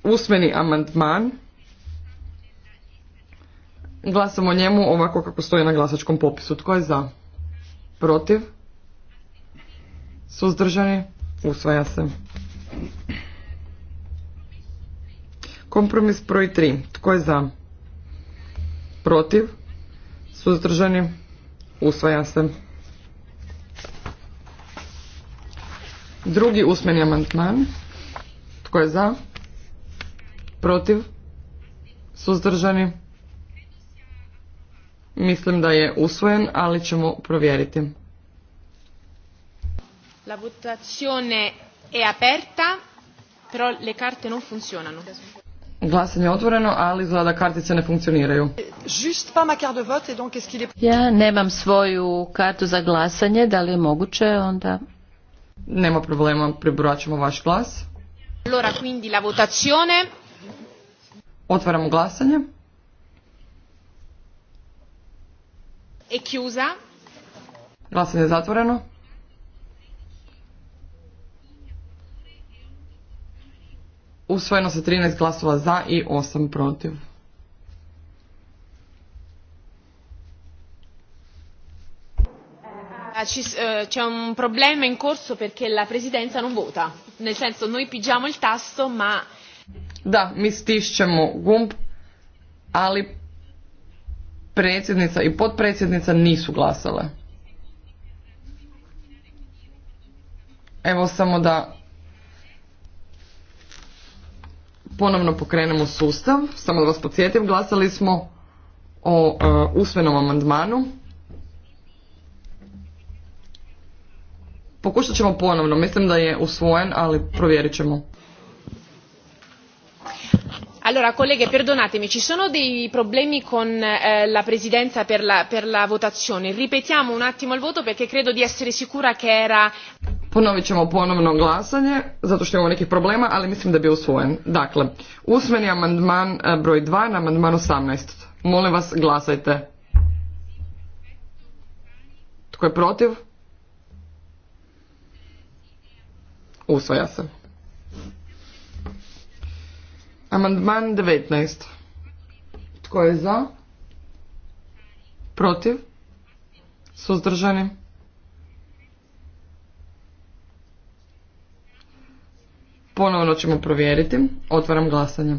Usmeni amandman. Glasamo o njemu ovako kako stoji na glasačkom popisu. Tko je za? Protiv? Suzdržani? Usvaja se. Kompromis broj 3. Tko je za? Protiv? Suzdržani? Usvaja se. Drugi usmeni amandman. Tko je za? Protiv? Suzdržani? Mislim da je usvojen, ali ćemo provjeriti. La votazione è aperta, però le carte non funzionano. Glasanje je otvoreno, ali izgleda da kartice ne funkcioniraju. Ja nemam svoju kartu za glasanje, da li je moguće onda? Nema problema, priboraćemo vaš glas. Allora, quindi la votazione. Otvaramo glasanje. E chiusa. Glasanje je zatvoreno. usvojeno sa 13 glasova za i 8 protiv. Eh, eh, c'è un problema in corso perché la presidenza non vota, nel senso noi pigiamo il tasto ma... Da, mi stišćemo gumb, ali predsjednica i podpredsjednica nisu glasale. Evo samo da ponovno pokrenemo sustav, samo da vas podsjetim, glasali smo o e, usmenom amandmanu. Pokušat ćemo ponovno, mislim da je usvojen, ali provjerit ćemo. Allora, kolege, perdonatemi, ci sono dei problemi con eh, la Presidenza per la, per la votazione. Ripetiamo un attimo il voto perché credo di essere sicura che era... Ponovit ćemo ponovno glasanje, zato što imamo nekih problema, ali mislim da bi usvojen. Dakle, usmeni amandman e, broj 2 na amandman 18. Molim vas, glasajte. Tko je protiv? Usvoja se. Amandman 19. Tko je za? Protiv? Suzdržani? Ponovno ćemo provjeriti. Otvaram glasanje.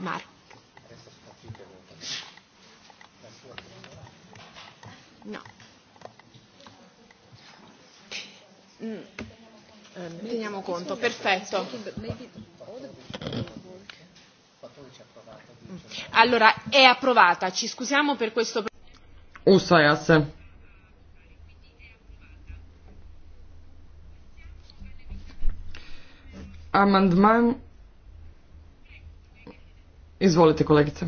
Mar. No. Mm. Mm, teniamo conto, perfetto. Allora, è approvata. Ci scusiamo per questo... Usaja se. Amandman... Izvolite, kolegice.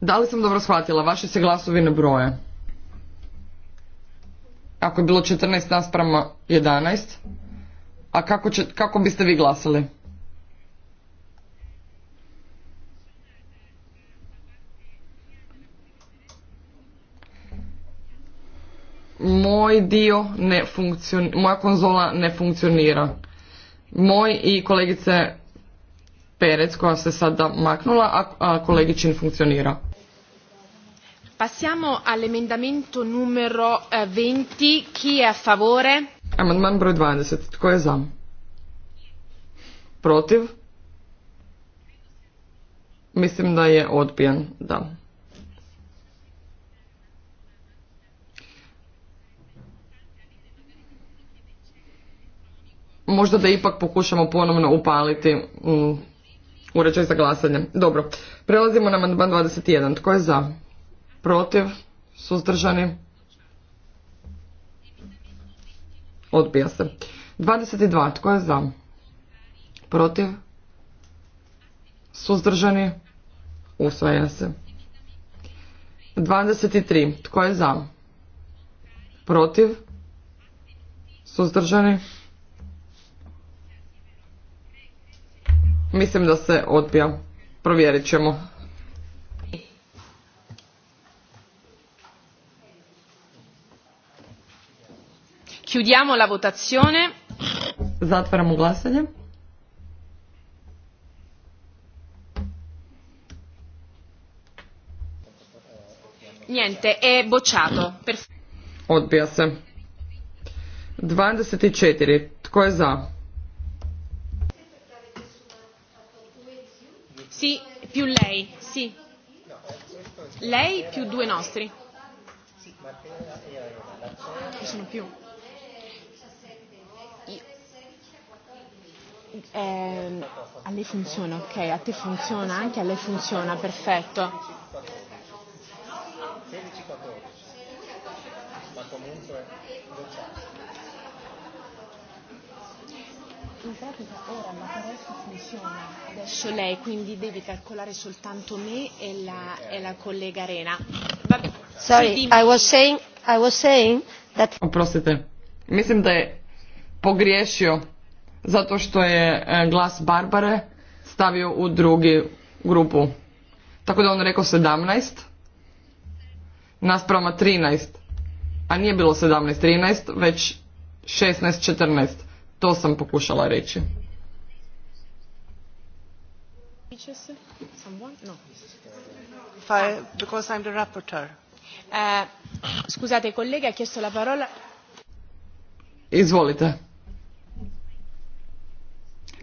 Da li sam dobro shvatila? vaše se glasovi ne broje. Ako je bilo 14 nasprama 11, a kako, kako biste vi glasali? moj dio ne funkcionira, moja konzola ne funkcionira. Moj i kolegice Perec koja se sada maknula, a, kolegičin funkcionira. Passiamo all'emendamento numero 20. Eh, Chi è a favore? Amandman broj 20. Tko je za? Protiv? Mislim da je odbijen, da. možda da ipak pokušamo ponovno upaliti u mm, uređaj za glasanje. Dobro, prelazimo na amandman 21. Tko je za? Protiv? Suzdržani? Odbija se. 22. Tko je za? Protiv? Suzdržani? Usvaja se. 23. Tko je za? Protiv? Suzdržani? Mislim da se odbija. Provjerit ćemo. Chiudiamo la votazione. Zatvaramo glasanje. Niente, è bocciato. Odbija se. 24. Tko je za? Sì, più lei, sì. Lei più due nostri. Ci sono più. Eh, a lei funziona, ok, a te funziona, anche a lei funziona, perfetto. Ma comunque interpreta ora ma adesso funziona. Adesso lei, quindi devi calcolare soltanto me e la, e la collega Rena. Vabbè, Sorry, I was saying, I was saying that... Oprostite, mislim da je pogriješio zato što je e, glas Barbare stavio u drugi grupu. Tako da on rekao 17 nasprama 13. A nije bilo 17-13, već 16-14. To sam pokušala reći. Izvolite.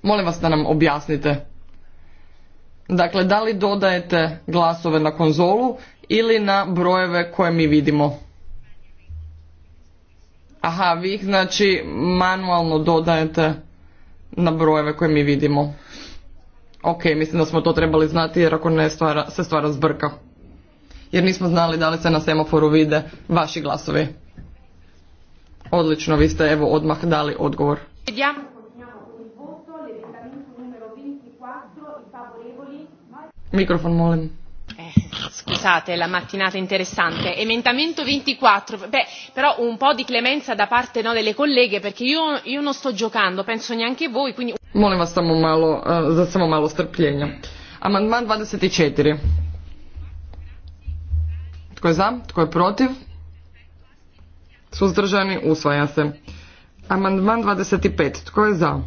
Molim vas da nam objasnite. Dakle, da li dodajete glasove na konzolu ili na brojeve koje mi vidimo? Aha, vi ih znači manualno dodajete na brojeve koje mi vidimo. Ok, mislim da smo to trebali znati jer ako ne stvara, se stvara zbrka. Jer nismo znali da li se na semaforu vide vaši glasovi. Odlično, vi ste evo odmah dali odgovor. Mikrofon molim scusate la mattinata interessante emendamento 24 beh però un po' di clemenza da parte no, delle colleghe perché io, io non sto giocando penso neanche voi quindi molim vas samo malo eh, za samo malo strpljenja amandman 24 tko je za tko je protiv suzdržani usvaja se amandman 25 tko je za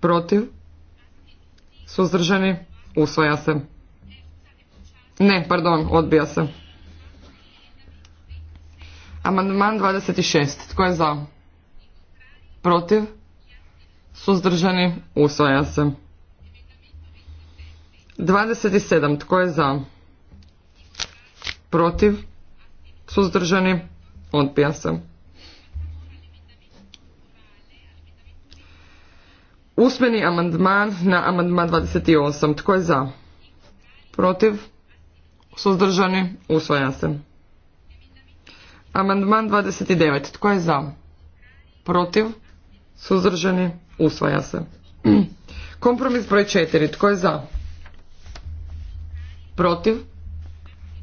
protiv suzdržani usvaja se ne, pardon, odbija se. Amandman 26. Tko je za? Protiv? Suzdržani? Usvaja se. 27. Tko je za? Protiv? Suzdržani? Odbija se. Usmeni amandman na amandman 28. Tko je za? Protiv? Suzdržani? Usvaja se. Amandman 29. Tko je za? Protiv? Suzdržani? Usvaja se. Kompromis broj 4. Tko je za? Protiv?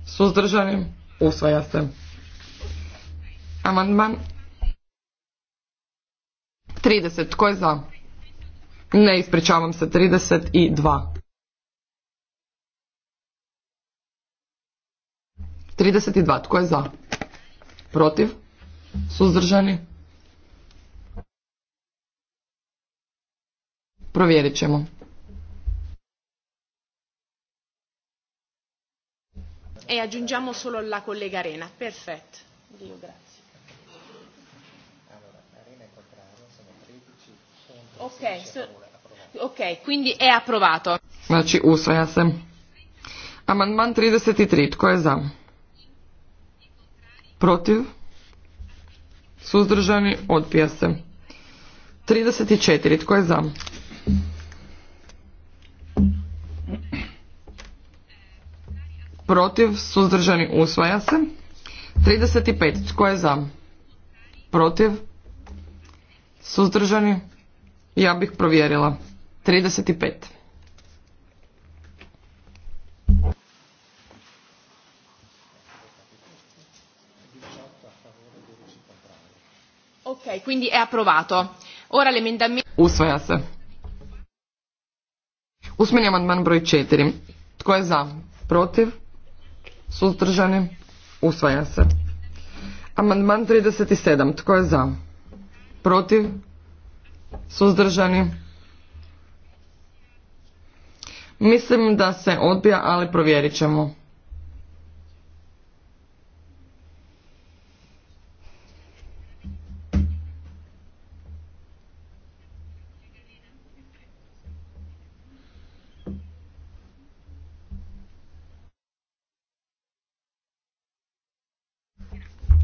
Suzdržani? Usvaja se. Amandman 30. Tko je za? Ne, ispričavam se. 32. 32. Tko je za? Protiv? Suzdržani? Provjerit ćemo. E aggiungiamo solo la collega Arena. Perfetto. Dio grazie. E ok, so, ok, quindi è approvato. Znači usvaja se. Amandman 33. Tko je za? protiv, suzdržani, odbija se. 34. Tko je za? Protiv, suzdržani, usvaja se. 35. Tko je za? Protiv, suzdržani, ja bih provjerila. 35. quindi è approvato ora l'emendamento usvaja se usmeni amandman broj 4 tko je za protiv suzdržani usvaja se amandman 37 tko je za protiv suzdržani mislim da se odbija ali provjerit ćemo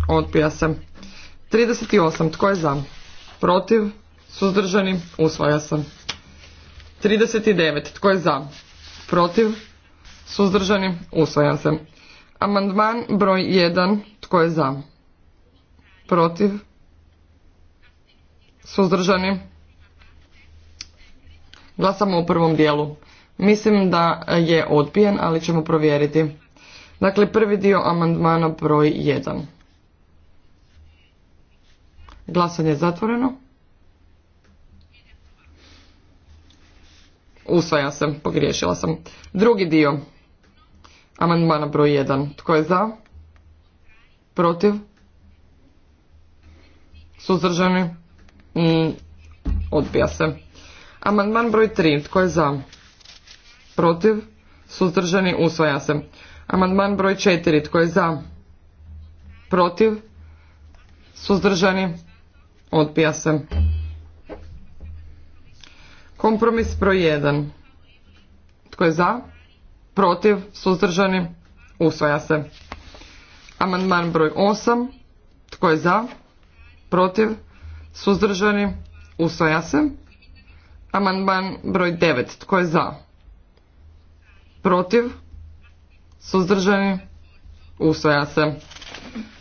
Odbija se. 38. Tko je za? Protiv? Suzdržani? Usvaja se. 39. Tko je za? Protiv? Suzdržani? Usvaja se. Amandman broj 1. Tko je za? Protiv? Suzdržani? Glasamo u prvom dijelu. Mislim da je odbijen, ali ćemo provjeriti. Dakle, prvi dio amandmana broj 1. Glasanje je zatvoreno. Usvaja se, pogriješila sam. Drugi dio. Amandmana broj 1. Tko je za? Protiv? Suzdržani? Mm, odbija se. Amandman broj 3. Tko je za? Protiv? Suzdržani? Usvaja se. Amandman broj 4. Tko je za? Protiv? Suzdržani? Odbija se. Kompromis broj 1. Tko je za? Protiv? Suzdržani? Usvaja se. Amandman broj 8. Tko je za? Protiv? Suzdržani? Usvaja se. Amandman broj 9. Tko je za? Protiv? Suzdržani? Usvaja se.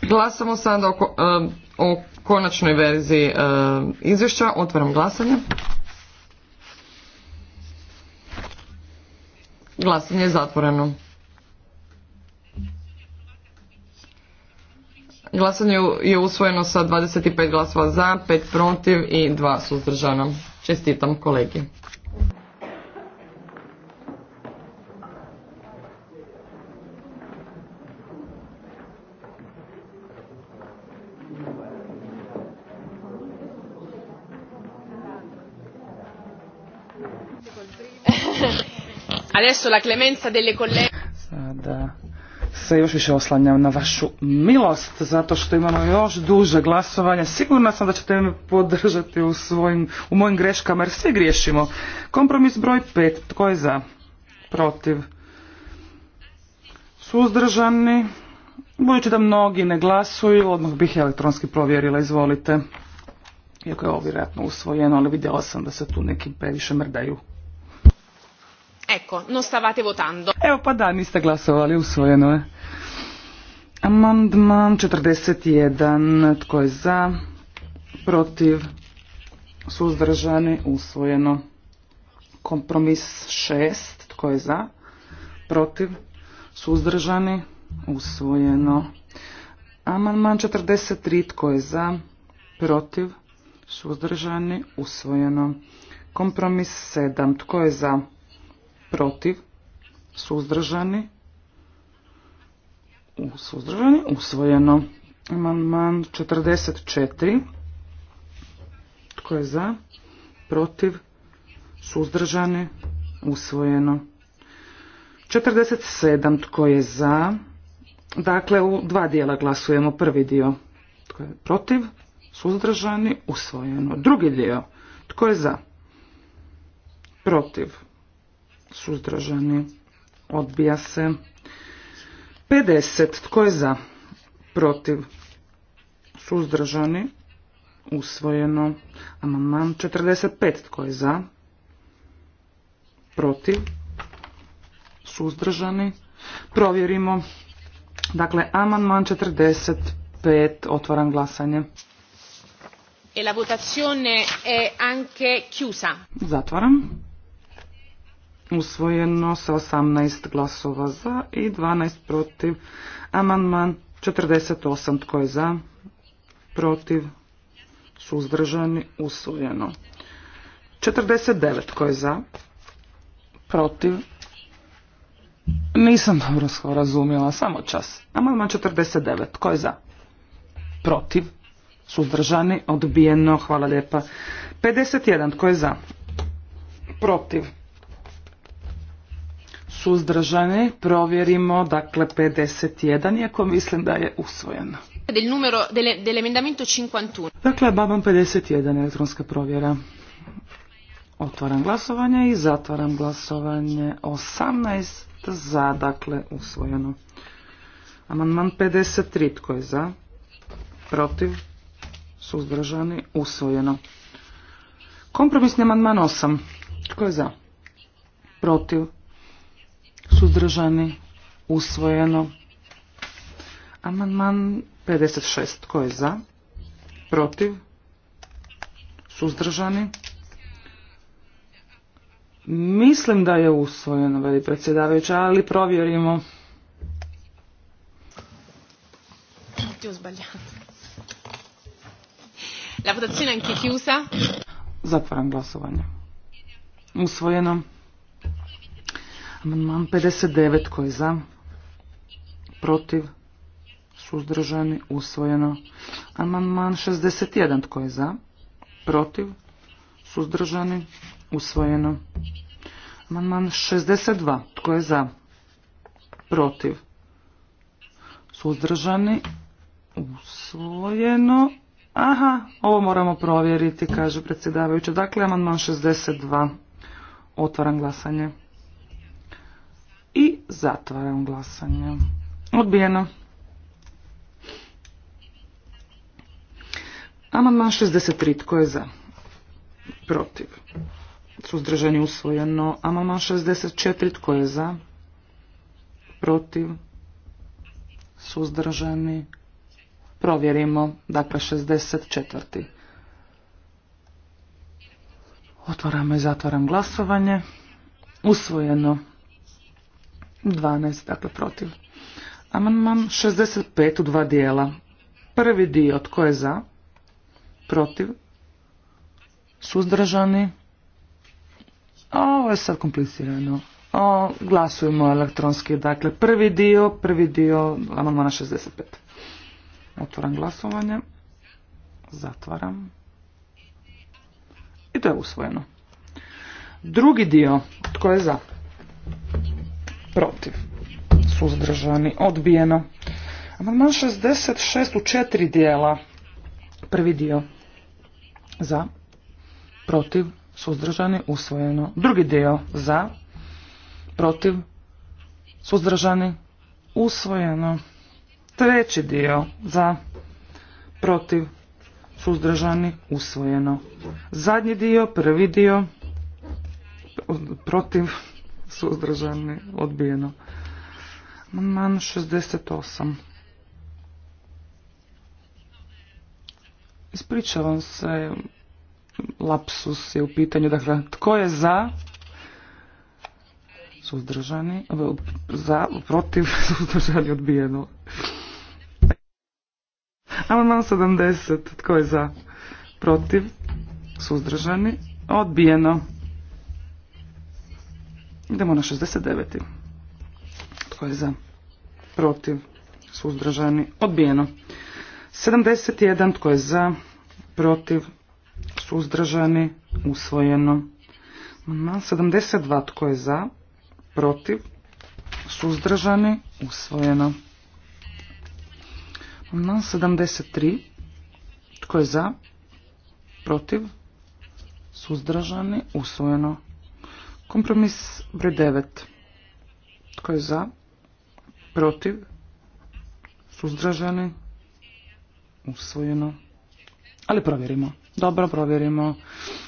Glasamo sada oko, eh, o konačnoj verziji e, izvješća. Otvaram glasanje. Glasanje je zatvoreno. Glasanje je usvojeno sa 25 glasova za, 5 protiv i 2 suzdržana. Čestitam kolegi. Adesso la clemenza delle colleghe. Sada se još više oslanjam na vašu milost, zato što imamo još duže glasovanje. Sigurna sam da ćete me podržati u, svojim, u mojim greškama, jer svi griješimo. Kompromis broj 5. Tko je za? Protiv? Suzdržani? Budući da mnogi ne glasuju, odmah bih elektronski provjerila. Izvolite iako je ovo vjerojatno usvojeno, ali vidjela sam da se tu nekim previše mrdaju. Eko, no stavate votando. Evo pa da, niste glasovali, usvojeno je. Amandman 41, tko je za, protiv, suzdržani, usvojeno. Kompromis 6, tko je za, protiv, suzdržani, usvojeno. Amandman 43, tko je za, protiv, Suzdržani? Usvojeno. Kompromis 7. Tko je za? Protiv? Suzdržani? Suzdržani? Usvojeno. Amandman 44. Tko je za? Protiv? Suzdržani? Usvojeno. 47. Tko je za? Dakle, u dva dijela glasujemo. Prvi dio. Tko je protiv? Suzdržani? Usvojeno. Drugi dio. Tko je za? Protiv? Suzdržani? Odbija se. 50. Tko je za? Protiv? Suzdržani? Usvojeno. Amandman 45. Tko je za? Protiv? Suzdržani? Provjerimo. Dakle, amandman 45. Otvaram glasanje e la votazione è anche chiusa. Zatvaram. Usvojeno sa 18 glasova za i 12 protiv. Amandman 48 tko je za, protiv, suzdržani, usvojeno. 49 tko je za, protiv, nisam dobro razumjela, samo čas. Amandman 49 tko je za, protiv, Suzdržani? Odbijeno. Hvala lijepa. 51. Tko je za? Protiv? Suzdržani? Provjerimo. Dakle, 51. Iako mislim da je usvojeno. Del numero, dell'emendamento 51. Dakle, babam 51. Elektronska provjera. Otvaram glasovanje i zatvaram glasovanje. 18 za, dakle, usvojeno. Amandman 53. Tko je za? Protiv? suzdržani, usvojeno. Kompromisni amandman 8. Tko je za? Protiv, suzdržani, usvojeno. Amandman 56. Tko je za? Protiv, suzdržani, Mislim da je usvojeno, veli predsjedavajuća, ali provjerimo. Ti La votazione chiusa. Zatvaram glasovanje. Usvojeno. Amandman 59 tko je za? Protiv? Suzdržani? Usvojeno. Amandman 61 tko je za? Protiv? Suzdržani? Usvojeno. Amandman 62 tko je za? Protiv? Suzdržani? Usvojeno. Aha, ovo moramo provjeriti, kaže predsjedavajuća. Dakle, amandman 62. Otvaram glasanje. I zatvaram glasanje. Odbijeno. Amandman 63. Tko je za? Protiv. Suzdržanje usvojeno. Amandman 64. Tko je za? Protiv. Suzdržani. Provjerimo, dakle 64. Otvoramo i zatvaram glasovanje. Usvojeno 12, dakle protiv. Amandman 65 u dva dijela. Prvi dio tko je za, protiv, suzdržani. Ovo je sad komplicirano. O, glasujemo elektronski, dakle prvi dio, prvi dio amandmana 65. Otvaram glasovanje. Zatvaram. I to je usvojeno. Drugi dio. Tko je za? Protiv. Suzdržani. Odbijeno. Amandman 66 u četiri dijela. Prvi dio. Za. Protiv. Suzdržani. Usvojeno. Drugi dio. Za. Protiv. Suzdržani. Usvojeno. Treći dio za protiv suzdržani usvojeno. Zadnji dio, prvi dio protiv suzdržani odbijeno. Man 68. Ispričavam se, lapsus je u pitanju. Dakle, tko je za? Suzdržani. Za, protiv, suzdržani, odbijeno. Amandman 70. Tko je za? Protiv? Suzdržani? Odbijeno. Idemo na 69. Tko je za? Protiv? Suzdržani? Odbijeno. 71. Tko je za? Protiv? Suzdržani? Usvojeno. 72. Tko je za? Protiv? Suzdržani? Usvojeno. Amandman 73. Tko je za? Protiv? Suzdržani? Usvojeno. Kompromis broj 9. Tko je za? Protiv? Suzdržani? Usvojeno. Ali provjerimo. Dobro, provjerimo.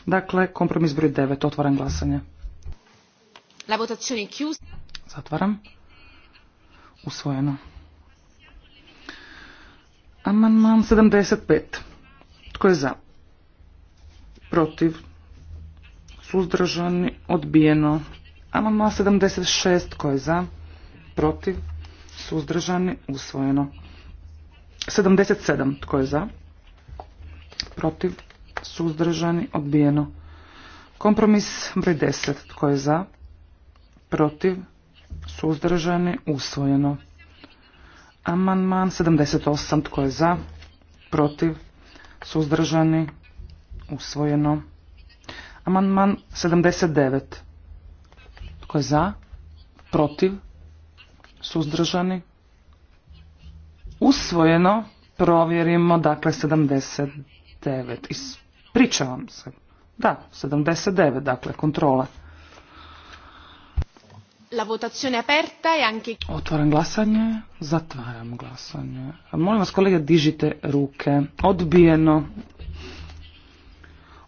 Dakle, kompromis broj 9. Otvaram glasanje. Zatvaram. Usvojeno. Amandman 75. Tko je za? Protiv? Suzdržani? Odbijeno. Amandman 76. Tko je za? Protiv? Suzdržani? Usvojeno. 77. Tko je za? Protiv? Suzdržani? Odbijeno. Kompromis broj 10. Tko je za? Protiv? Suzdržani? Usvojeno. Amandman 78. Tko je za? Protiv? Suzdržani? Usvojeno. Amandman 79. Tko je za? Protiv? Suzdržani? Usvojeno. Provjerimo, dakle, 79. Pričavam se. Da, 79, dakle, kontrola. La votazione aperta e anche... Otvaram glasanje, zatvaram glasanje. Molim vas kolege, dižite ruke. Odbijeno.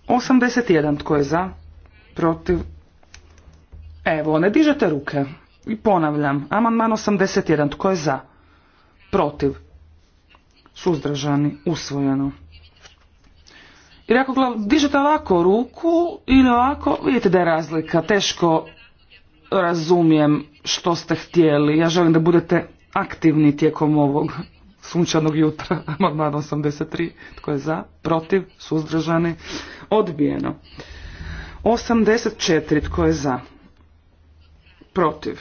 81, tko je za? Protiv? Evo, ne dižete ruke. I ponavljam, amandman 81, tko je za? Protiv? Suzdržani, usvojeno. Jer ako dižete ovako ruku ili ovako, vidite da je razlika. Teško razumijem što ste htjeli. Ja želim da budete aktivni tijekom ovog sunčanog jutra. Amandman 83. Tko je za? Protiv? Suzdržani? Odbijeno. 84. Tko je za? Protiv?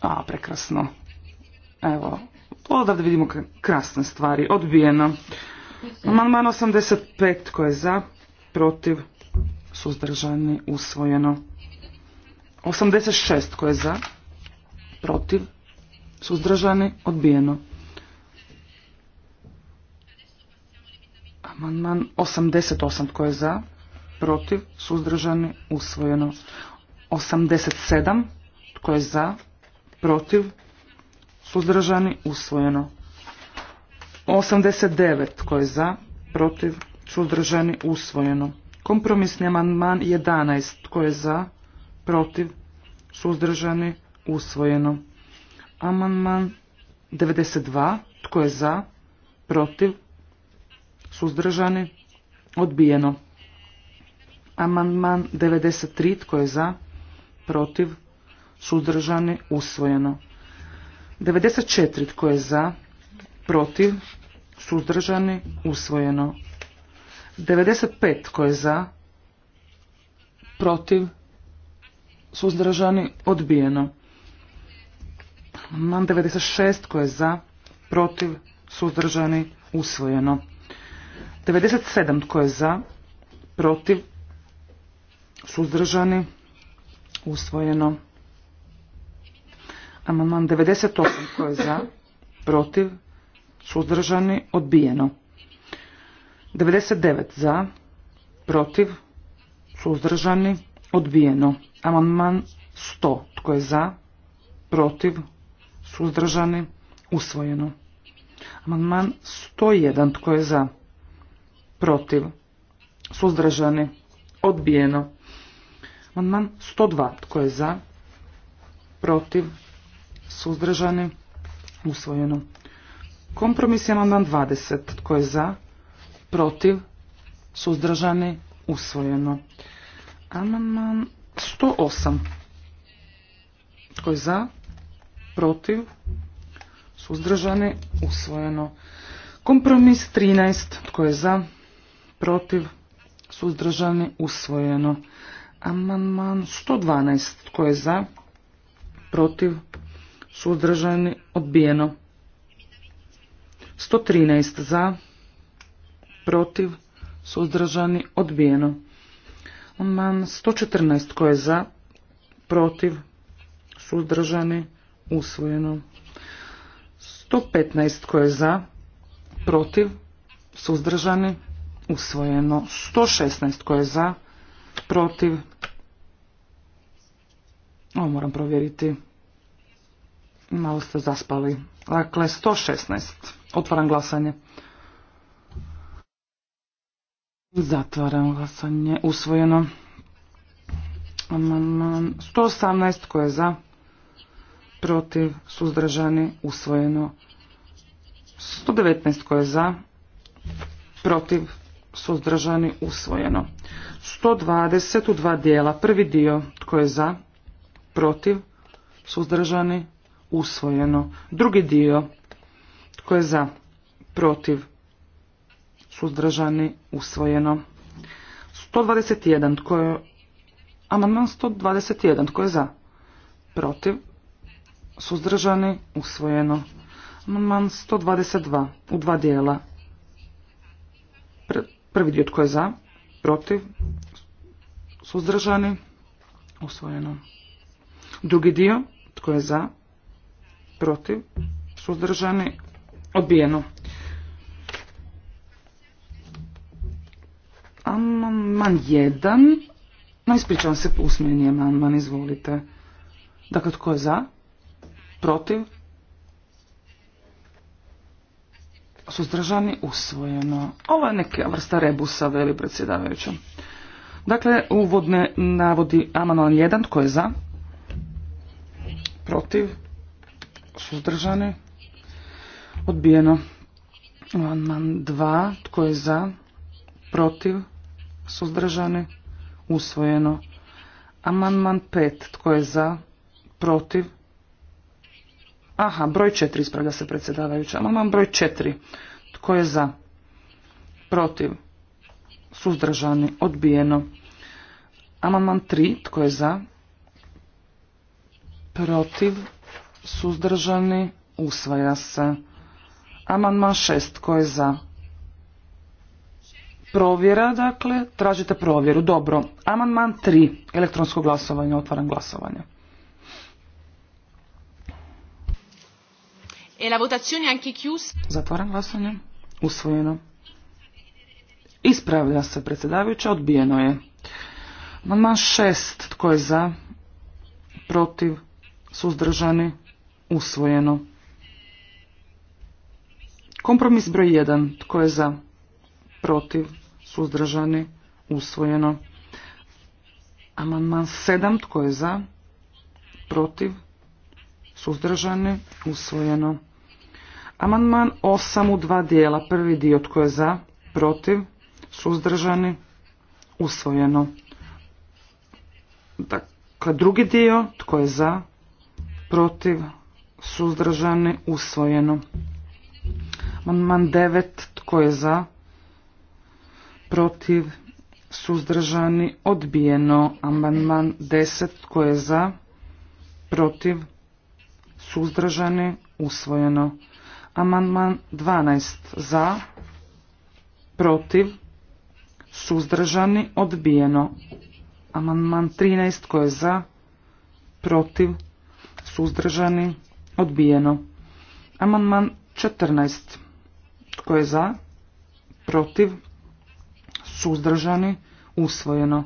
A, prekrasno. Evo, odavde vidimo krasne stvari. Odbijeno. Amandman 85. Tko je za? Protiv? Suzdržani? Usvojeno. 86 koje je za, protiv, suzdržani, odbijeno. Amandman 88 koje je za, protiv, suzdržani, usvojeno. 87 tko je za, protiv, suzdržani, usvojeno. 89 tko je za, protiv, suzdržani, usvojeno. Kompromisni amandman 11 tko je za, protiv, suzdržani, usvojeno. Amandman 92, tko je za, protiv, suzdržani, odbijeno. Amandman 93, tko je za, protiv, suzdržani, usvojeno. 94, tko je za, protiv, suzdržani, usvojeno. 95, tko je za, protiv, suzdržani, odbijeno. Amandman 96 koje je za, protiv, suzdržani, usvojeno. 97 tko je za, protiv, suzdržani, usvojeno. Amandman 98 koje je za, protiv, suzdržani, odbijeno. 99 za, protiv, suzdržani, odbijeno. Amandman 100. Tko je za? Protiv? Suzdržani? Usvojeno. Amandman 101. Tko je za? Protiv? Suzdržani? Odbijeno. Amandman 102. Tko je za? Protiv? Suzdržani? Usvojeno. Kompromis je amandman 20. Tko je za? Protiv? Suzdržani? Usvojeno. Amandman 108. Tko je za? Protiv? Suzdržani? Usvojeno. Kompromis 13. Tko je za? Protiv? Suzdržani? Usvojeno. Amandman 112. Tko je za? Protiv? Suzdržani? Odbijeno. 113 za, protiv, suzdržani, odbijeno. Man 114 tko je za, protiv, suzdržani, usvojeno. 115 tko je za, protiv, suzdržani, usvojeno. 116 tko je za, protiv, ovo moram provjeriti, malo ste zaspali. Dakle, 116, otvaram glasanje. Zatvaram glasanje. Usvojeno. Amandman 118 koje je za, protiv, suzdržani, usvojeno. 119 koje je za, protiv, suzdržani, usvojeno. 120 u dva dijela. Prvi dio tko je za, protiv, suzdržani, usvojeno. Drugi dio tko je za, protiv, suzdržani, usvojeno. 121, tko je, amandman 121, tko je za, protiv, suzdržani, usvojeno. Amandman 122, u dva dijela. Prvi dio tko je za, protiv, suzdržani, usvojeno. Drugi dio, tko je za, protiv, suzdržani, odbijeno. Amandman 1. No, ispričavam se, usmeni amandman, izvolite. Dakle, tko je za? Protiv? Suzdržani? Usvojeno. Ovo je neka vrsta rebusa, veli predsjedavajućem. Dakle, uvodne navodi amandman 1. Tko je za? Protiv? Suzdržani? Odbijeno. Amandman 2. Tko je za? Protiv? suzdržani, usvojeno. Amandman 5, tko je za, protiv, aha, broj 4 ispravlja se predsjedavajuća. Amandman broj 4, tko je za, protiv, suzdržani, odbijeno. Amandman 3, tko je za, protiv, suzdržani, usvaja se. Amandman 6, tko je za, Provjera, dakle, tražite provjeru. Dobro. Amandman 3. Elektronsko glasovanje, otvaram glasovanje. E la votazione anche chiusa. Zatvaram glasovanje. Usvojeno. Ispravlja se predsjedavajuća, odbijeno je. Amandman 6. Tko je za? Protiv? Suzdržani? Usvojeno. Kompromis broj 1. Tko je za? Protiv? suzdržani, usvojeno. Amandman 7, tko je za, protiv, suzdržani, usvojeno. Amandman 8 u dva dijela, prvi dio tko je za, protiv, suzdržani, usvojeno. Dakle, drugi dio, tko je za, protiv, suzdržani, usvojeno. Amandman 9, tko je za, protiv, suzdržani, odbijeno. Amandman 10 tko je za, protiv, suzdržani, usvojeno. Amandman 12 za, protiv, suzdržani, odbijeno. Amandman 13 tko je za, protiv, suzdržani, odbijeno. Amandman 14 tko je za, protiv, suzdržani, usvojeno.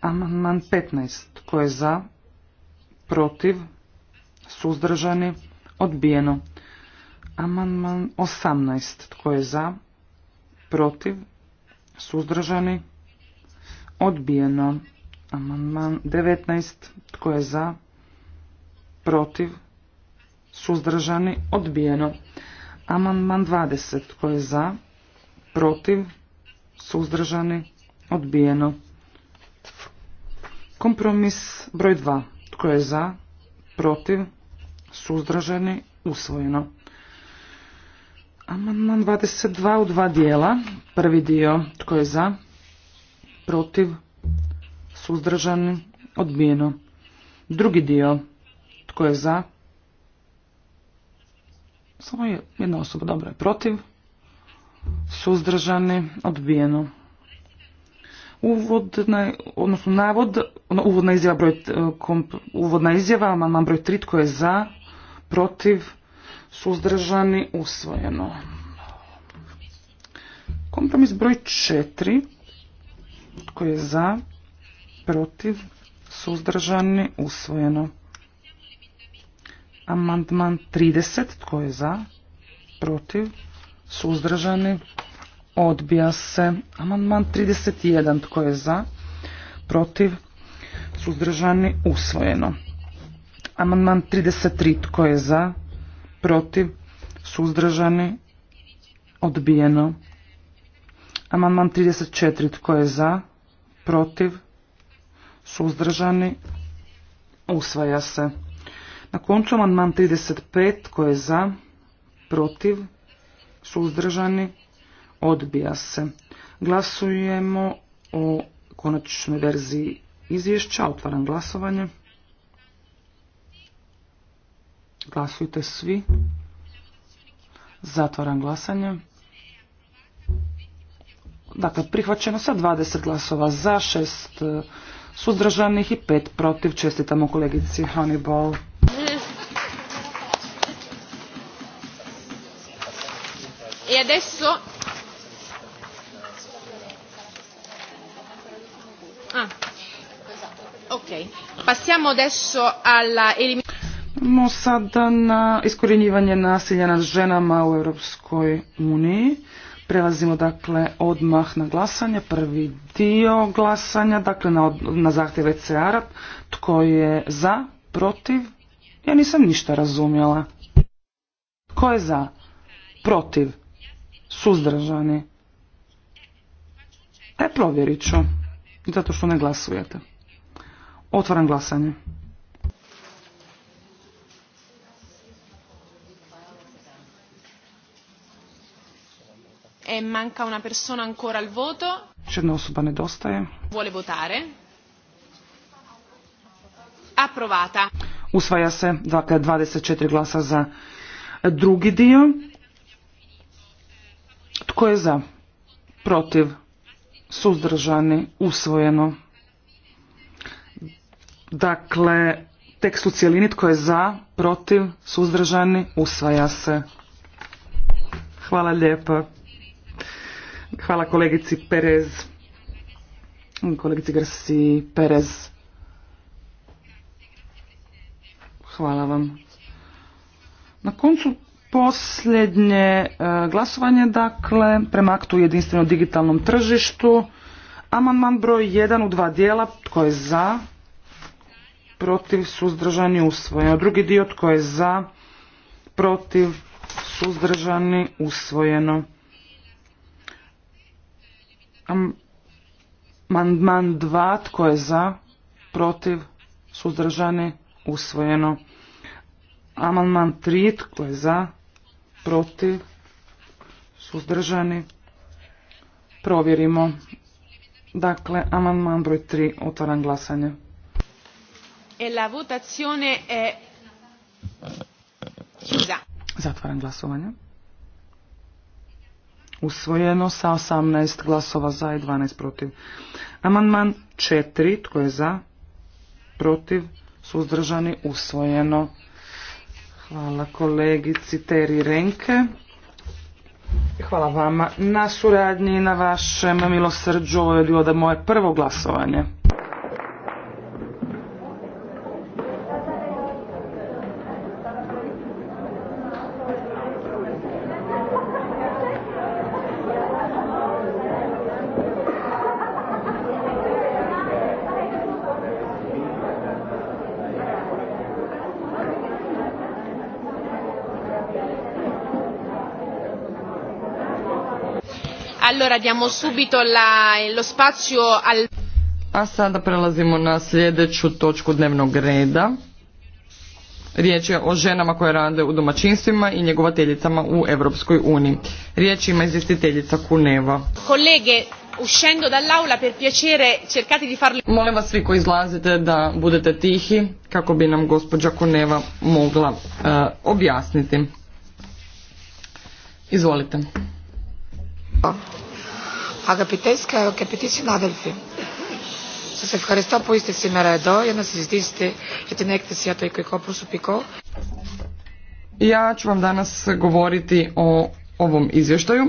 Amandman 15. Tko je za? Protiv? Suzdržani? Odbijeno. Amandman 18. Tko je za? Protiv? Suzdržani? Odbijeno. Amandman 19. Tko je za? Protiv? Suzdržani? Odbijeno. Amandman 20. Tko je za? Protiv? suzdržani, odbijeno. Kompromis broj 2. Tko je za, protiv, suzdržani, usvojeno. Amandman 22 u dva dijela. Prvi dio tko je za, protiv, suzdržani, odbijeno. Drugi dio tko je za, samo jedna osoba dobro, je protiv, suzdržani, odbijeno. Uvodna, odnosno navod, ono, uvodna izjava broj, komp, uvodna izjava, amandman broj 3, tko je za, protiv, suzdržani, usvojeno. Kompromis broj 4, tko je za, protiv, suzdržani, usvojeno. Amandman 30, tko je za, protiv, suzdržani, odbija se. Amandman 31, tko je za, protiv, suzdržani, usvojeno. Amandman 33, tko je za, protiv, suzdržani, odbijeno. Amandman 34, tko je za, protiv, suzdržani, usvaja se. Na koncu amandman 35, tko je za, protiv, suzdržani, odbija se. Glasujemo o konačnoj verziji izvješća, otvaram glasovanje. Glasujte svi. Zatvaram glasanje. Dakle, prihvaćeno sa 20 glasova za, 6 eh, suzdržanih i 5 protiv. Čestitamo kolegici Hannibal. E adesso... Ah. Ok. Passiamo adesso alla sada na iskorjenjivanje nasilja nad ženama u Europskoj uniji. Prelazimo dakle odmah na glasanje, prvi dio glasanja, dakle na, na zahtjev ecr tko je za, protiv, ja nisam ništa razumjela. Tko je za, protiv, Suzdržani. E, provjerit ću. Zato što ne glasujete. Otvaram glasanje. E manca una persona ancora al voto. Još jedna osoba nedostaje. Vuole votare. Approvata. Usvaja se, dakle, 24 glasa za drugi dio. Tko je za? Protiv? Suzdržani? Usvojeno? Dakle, tekst u cijelini tko je za, protiv, suzdržani, usvaja se. Hvala lijepa. Hvala kolegici Perez. Kolegici Grsi Perez. Hvala vam. Na koncu Posljednje e, glasovanje, dakle, prema aktu jedinstvenom digitalnom tržištu. Amandman broj 1 u dva dijela, tko je za, protiv, suzdržani, usvojeno. Drugi dio, tko je za, protiv, suzdržani, usvojeno. Amandman 2, tko je za, protiv, suzdržani, usvojeno. Amandman 3, tko je za, protiv, suzdržani, provjerimo. Dakle, amandman broj 3, otvaram glasanje. E la votazione è chiusa. Zatvaram glasovanje. Usvojeno sa 18 glasova za i 12 protiv. Amandman 4, tko je za, protiv, suzdržani, usvojeno. Hvala kolegici Teri Renke. Hvala vama na suradnji i na vašem milosrđu. Ovo je bilo da moje prvo glasovanje. Allora diamo subito lo spazio al... A sada prelazimo na sljedeću točku dnevnog reda. Riječ je o ženama koje rade u domaćinstvima i njegovateljicama u Europskoj uniji. Riječ ima izvjestiteljica Kuneva. Kolege, uscendo dall'aula per piacere cercate di farli... Molim vas svi koji izlazite da budete tihi kako bi nam gospođa Kuneva mogla e, objasniti. Izvolite. Αγαπητές και αγαπητοί συνάδελφοι, σας ευχαριστώ που είστε σήμερα εδώ για να συζητήσετε για την έκθεση για το προσωπικό. Ja ću vam danas govoriti o ovom izvještaju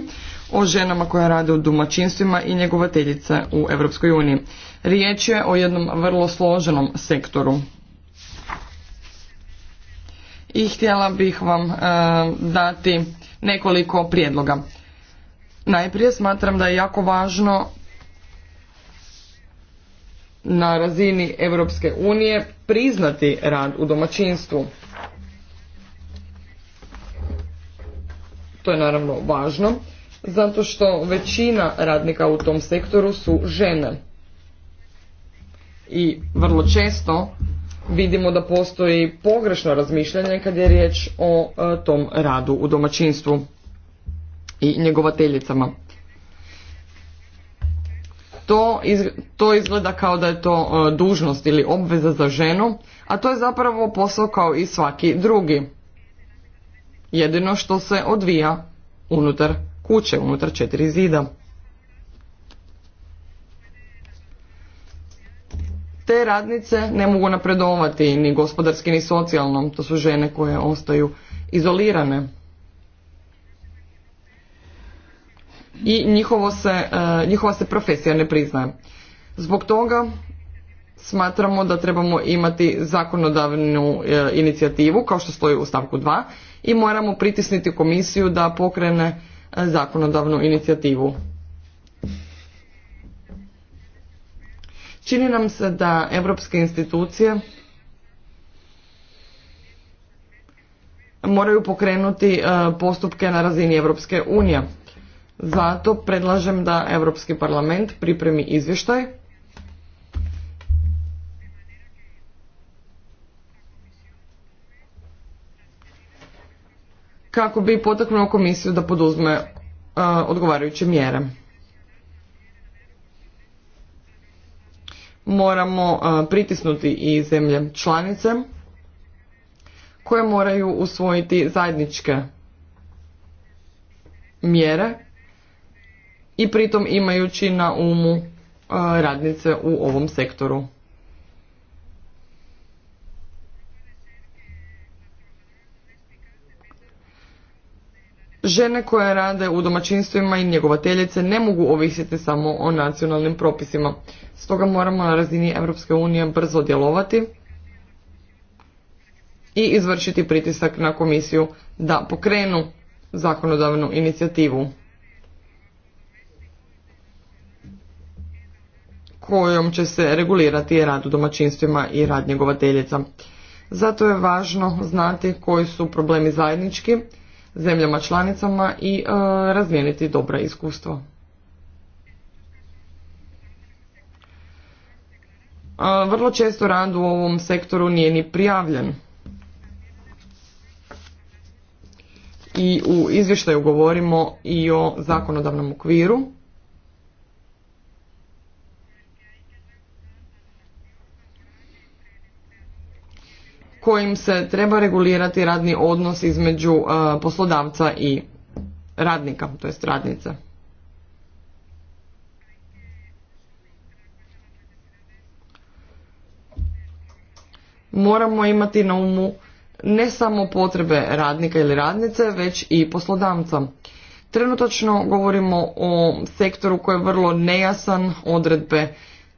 o ženama koje rade u domaćinstvima i njegovateljice u Europskoj uniji. Riječ je o jednom vrlo složenom sektoru. I htjela bih vam eh, dati nekoliko prijedloga. Najprije smatram da je jako važno na razini Europske unije priznati rad u domaćinstvu. To je naravno važno, zato što većina radnika u tom sektoru su žene. I vrlo često vidimo da postoji pogrešno razmišljanje kad je riječ o e, tom radu u domaćinstvu i njegovateljicama. To, izgleda kao da je to e, dužnost ili obveza za ženu, a to je zapravo posao kao i svaki drugi. Jedino što se odvija unutar kuće, unutar četiri zida. Te radnice ne mogu napredovati ni gospodarski ni socijalno, to su žene koje ostaju izolirane. i njihovo se, e, njihova se profesija ne priznaje. Zbog toga smatramo da trebamo imati zakonodavnu e, inicijativu kao što stoji u stavku 2 i moramo pritisniti komisiju da pokrene e, zakonodavnu inicijativu. Čini nam se da europske institucije moraju pokrenuti postupke na razini Europske unije zato predlažem da Europski parlament pripremi izvještaj kako bi potaknuo komisiju da poduzme e, odgovarajuće mjere. Moramo e, pritisnuti i zemlje članice koje moraju usvojiti zajedničke mjere i pritom imajući na umu e, radnice u ovom sektoru. Žene koje rade u domaćinstvima i njegovateljice ne mogu ovisiti samo o nacionalnim propisima. Stoga moramo na razini Europske unije brzo djelovati i izvršiti pritisak na komisiju da pokrenu zakonodavnu inicijativu. kojom će se regulirati rad u domaćinstvima i rad njegovateljica. Zato je važno znati koji su problemi zajednički zemljama članicama i e, razmijeniti dobra iskustva. E, vrlo često rad u ovom sektoru nije ni prijavljen. I u izvještaju govorimo i o zakonodavnom okviru kojim se treba regulirati radni odnos između uh, poslodavca i radnika, to jest radnice. Moramo imati na umu ne samo potrebe radnika ili radnice, već i poslodavca. Trenutačno govorimo o sektoru koji je vrlo nejasan, odredbe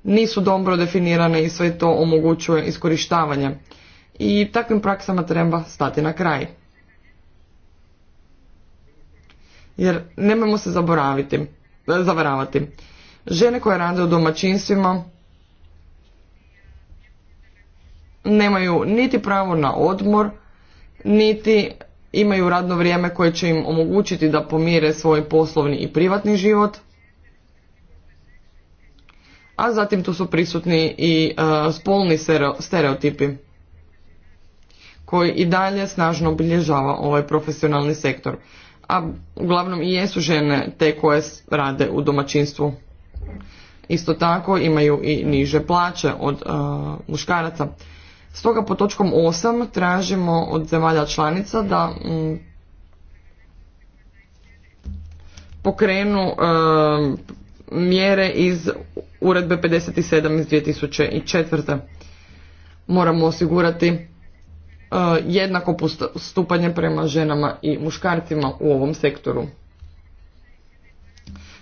nisu dobro definirane i sve to omogućuje iskorištavanje i takvim praksama treba stati na kraj. Jer nemojmo se zaboraviti, zavaravati. Žene koje rade u domaćinstvima nemaju niti pravo na odmor, niti imaju radno vrijeme koje će im omogućiti da pomire svoj poslovni i privatni život. A zatim tu su prisutni i e, spolni stereotipi koji i dalje snažno obilježava ovaj profesionalni sektor. A uglavnom i jesu žene te koje rade u domaćinstvu. Isto tako imaju i niže plaće od uh, muškaraca. Stoga po točkom 8 tražimo od zemalja članica da mm, pokrenu e, mjere iz uredbe 57 iz 2004. Moramo osigurati E, jednako postupanje prema ženama i muškarcima u ovom sektoru.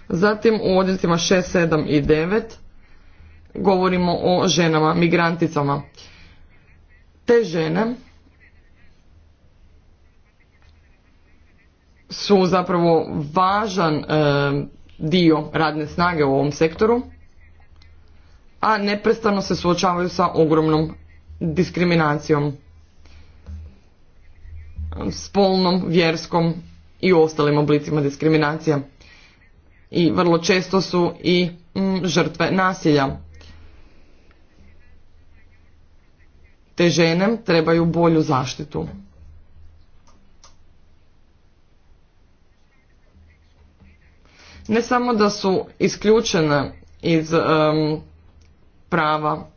Zatim u odjeljcima 6, 7 i 9 govorimo o ženama, migranticama. Te žene su zapravo važan e, dio radne snage u ovom sektoru, a neprestano se suočavaju sa ogromnom diskriminacijom spolnom, vjerskom i ostalim oblicima diskriminacije. I vrlo često su i mm, žrtve nasilja. Te žene trebaju bolju zaštitu. Ne samo da su isključene iz prava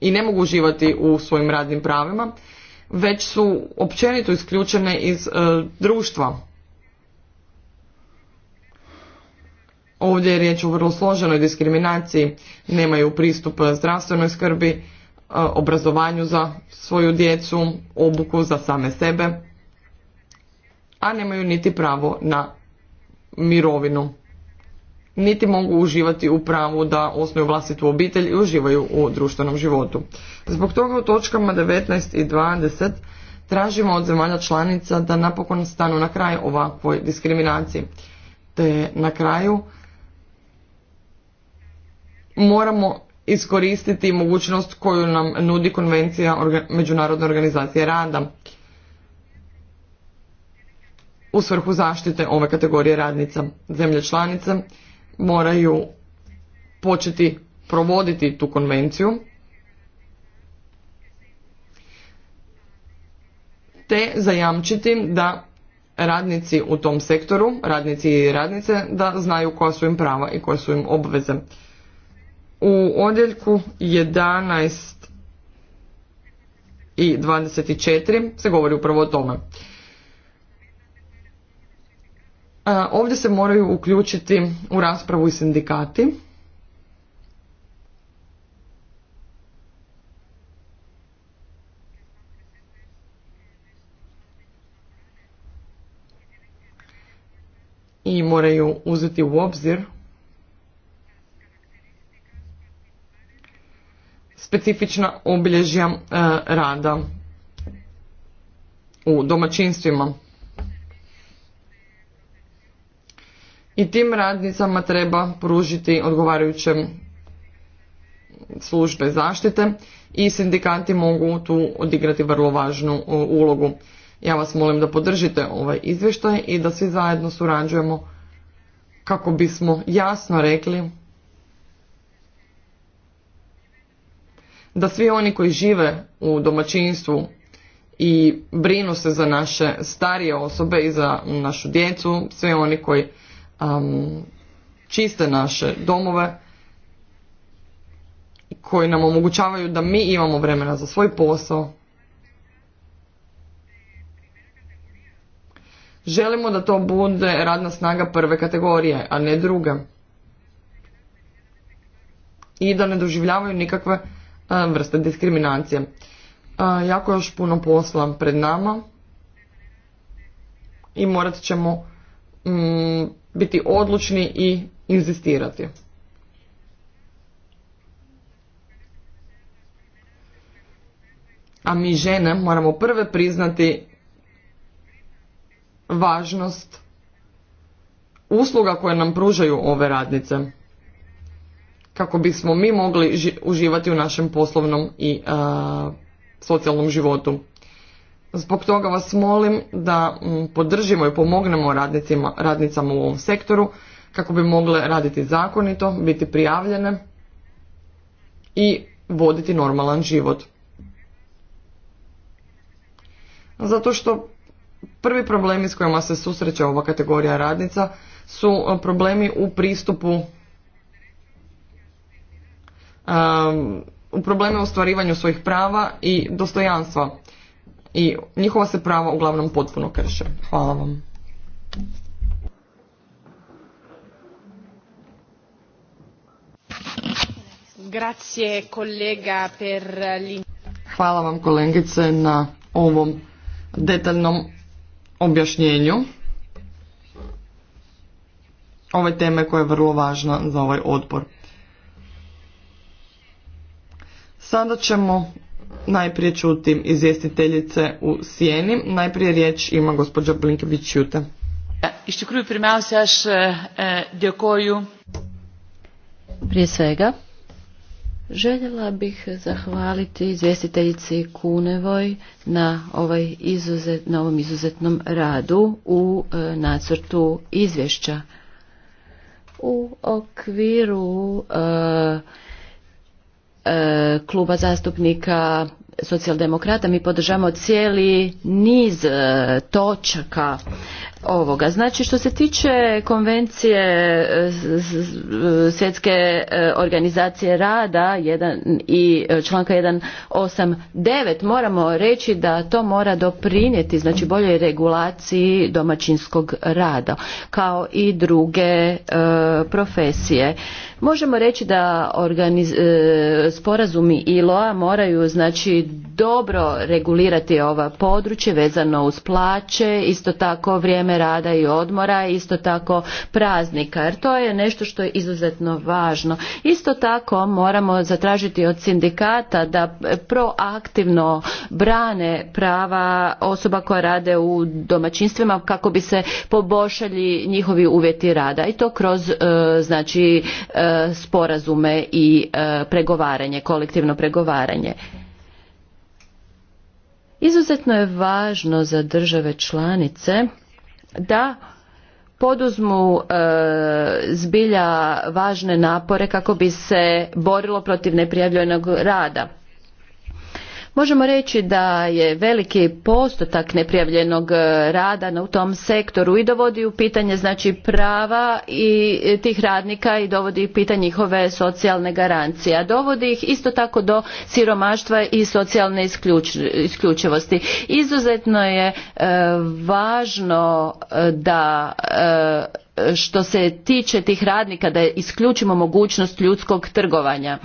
i ne mogu uživati u svojim radnim pravima, već su općenito isključene iz e, društva. Ovdje je riječ o vrlo složenoj diskriminaciji, nemaju pristup zdravstvenoj skrbi, e, obrazovanju za svoju djecu, obuku za same sebe, a nemaju niti pravo na mirovinu niti mogu uživati u pravu da osnuju vlastitu obitelj i uživaju u društvenom životu. Zbog toga u točkama 19 i 20 tražimo od zemalja članica da napokon stanu na kraj ovakvoj diskriminaciji. Te na kraju moramo iskoristiti mogućnost koju nam nudi konvencija Međunarodne organizacije rada u svrhu zaštite ove kategorije radnica zemlje članice moraju početi provoditi tu konvenciju te zajamčiti da radnici u tom sektoru, radnici i radnice, da znaju koja su im prava i koje su im obveze. U odjeljku 11 i 24 se govori upravo o tome. Ovdje se moraju uključiti u raspravu i sindikati. I moraju uzeti u obzir specifična obilježja e, rada u domaćinstvima. i tim radnicama treba pružiti odgovarajuće službe zaštite i sindikati mogu tu odigrati vrlo važnu ulogu. Ja vas molim da podržite ovaj izvještaj i da svi zajedno surađujemo kako bismo jasno rekli da svi oni koji žive u domaćinstvu i brinu se za naše starije osobe i za našu djecu, svi oni koji um, čiste naše domove koji nam omogućavaju da mi imamo vremena za svoj posao. Želimo da to bude radna snaga prve kategorije, a ne druge. I da ne doživljavaju nikakve vrste diskriminacije. jako još puno posla pred nama i morat ćemo mm, biti odlučni i inzistirati. A mi žene moramo prve priznati važnost usluga koje nam pružaju ove radnice kako bismo mi mogli uživati u našem poslovnom i socijalnom životu. Zbog toga vas molim da mm, podržimo i pomognemo radnicama u ovom sektoru kako bi mogle raditi zakonito, biti prijavljene i voditi normalan život. Zato što prvi problemi s kojima se susreće ova kategorija radnica su e, problemi u pristupu um, u probleme u ostvarivanju svojih prava i dostojanstva i njihova se prava uglavnom potpuno krše. Hvala vam. kolega, per... Hvala vam kolegice na ovom detaljnom objašnjenju ove teme koja je vrlo važna za ovaj odbor. Sada ćemo najprije čuti izvjestiteljice u Sijeni. Najprije riječ ima gospođa Blinkević-Jute. Iš tikrųjų, pirmiausia, aš e, e, dėkoju. Prije svega, željela bih zahvaliti izvjestiteljici Kunevoj na, ovaj ovom izuzetnom radu u e, nacrtu izvješća. U okviru e, E, kluba zastupnika socijaldemokrata mi podržavamo cijeli niz e, točaka ovoga. Znači što se tiče konvencije e, svjetske e, organizacije rada i e, članka 189 moramo reći da to mora doprinijeti znači boljoj regulaciji domaćinskog rada kao i druge profesije. Možemo reći da sporazumi ILO-a moraju znači dobro regulirati ova područje vezano uz plaće, isto tako vrijeme rada i odmora, isto tako praznika, jer to je nešto što je izuzetno važno. Isto tako moramo zatražiti od sindikata da proaktivno brane prava osoba koja rade u domaćinstvima kako bi se poboljšali njihovi uvjeti rada i to kroz e, znači e, sporazume i e, pregovaranje, kolektivno pregovaranje. Izuzetno je važno za države članice da poduzmu e, zbilja važne napore kako bi se borilo protiv neprijavljenog rada Možemo reći da je veliki postotak neprijavljenog e, rada u tom sektoru i dovodi u pitanje znači prava i e, tih radnika i dovodi u pitanje njihove socijalne garancije, a dovodi ih isto tako do siromaštva i socijalne isključivosti. Izuzetno je e, važno da što se tiče tih radnika da isključimo mogućnost ljudskog trgovanja.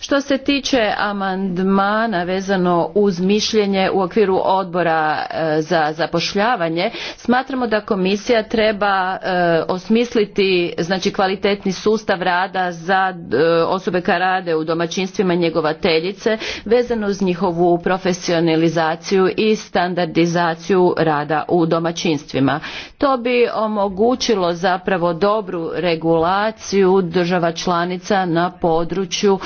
Što se tiče amandmana vezano uz mišljenje u okviru odbora e, za zapošljavanje, smatramo da komisija treba e, osmisliti znači kvalitetni sustav rada za e, osobe koje rade u domaćinstvima njegovateljice vezano uz njihovu profesionalizaciju i standardizaciju rada u domaćinstvima. To bi omogućilo zapravo dobru regulaciju država članica na području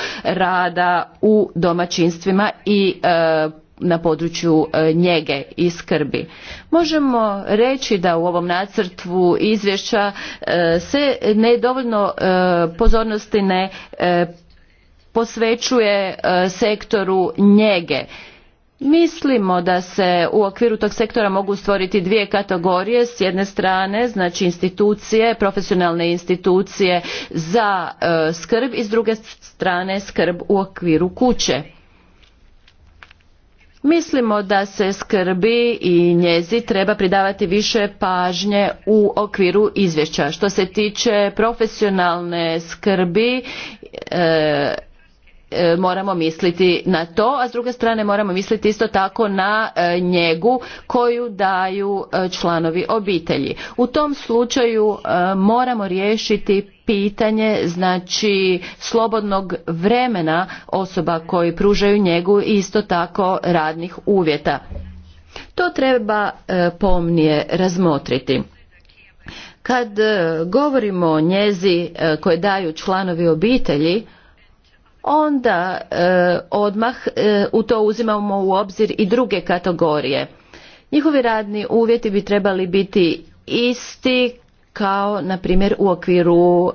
rada u domaćinstvima i e, na području e, njege i skrbi. Možemo reći da u ovom nacrtvu izvješća e, se nedovoljno pozornosti ne posvećuje sektoru njege Mislimo da se u okviru tog sektora mogu stvoriti dvije kategorije, s jedne strane znači institucije, profesionalne institucije za e, skrb i s druge strane skrb u okviru kuće. Mislimo da se skrbi i njezi treba pridavati više pažnje u okviru izvješća. Što se tiče profesionalne skrbi, e, E, moramo misliti na to, a s druge strane moramo misliti isto tako na e, njegu koju daju e, članovi obitelji. U tom slučaju moramo riješiti pitanje znači slobodnog vremena osoba koji pružaju njegu i isto tako radnih uvjeta. To treba pomnije razmotriti. Kad govorimo o njezi koje daju članovi obitelji, onda e, odmah e, u to uzimamo u obzir i druge kategorije. Njihovi radni uvjeti bi trebali biti isti kao na primjer u okviru e,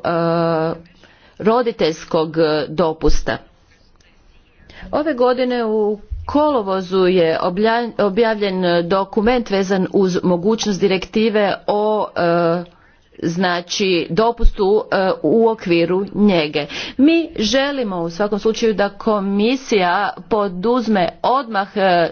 roditeljskog dopusta. Ove godine u kolovozu je objavljen dokument vezan uz mogućnost direktive o znači dopustu e, u okviru njege. Mi želimo u svakom slučaju da komisija poduzme odmah e,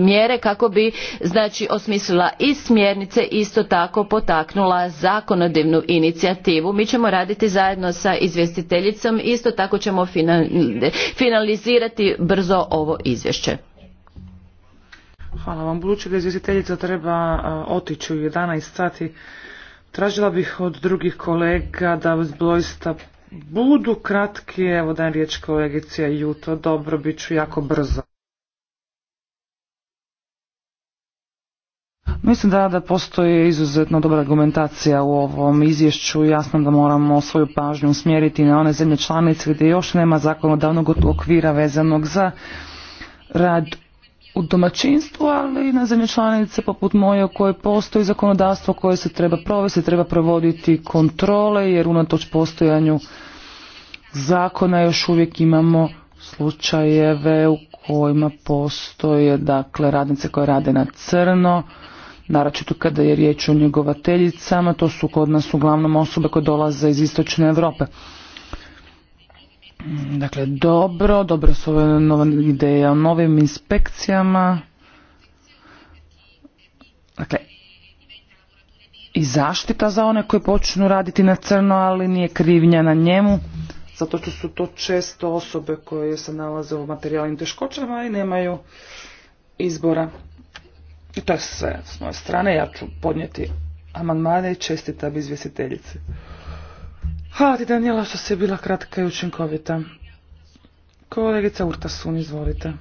mjere kako bi znači osmislila i smjernice isto tako potaknula zakonodavnu inicijativu. Mi ćemo raditi zajedno sa izvjestiteljicom isto tako ćemo finalizirati brzo ovo izvješće. Hvala vam. Budući da izvjestiteljica treba e, otići u 11 sati Tražila bih od drugih kolega da doista budu kratki. Evo je riječ kolegici Juto. Dobro, bit ću jako brzo. Mislim da, da postoji izuzetno dobra argumentacija u ovom izvješću. Jasno da moramo svoju pažnju usmjeriti na one zemlje članice gdje još nema zakonodavnog okvira vezanog za rad u domaćinstvu, ali i na zemlje članice poput moje u kojoj postoji zakonodavstvo koje se treba provesti, treba provoditi kontrole jer unatoč postojanju zakona još uvijek imamo slučajeve u kojima postoje dakle radnice koje rade na crno, naročito kada je riječ o njegovateljicama, to su kod nas uglavnom osobe koje dolaze iz istočne Europe. Dakle, dobro, dobro su ideje o novim inspekcijama. Dakle, i zaštita za one koji počnu raditi na crno, ali nije krivnja na njemu. Zato što su to često osobe koje se nalaze u materijalnim teškoćama i nemaju izbora. I to je sve s moje strane. Ja ću podnijeti amandmane i čestitav bi Hvala ti Daniela što si bila kratka i učinkovita. Kolegica Urtasun, izvolite.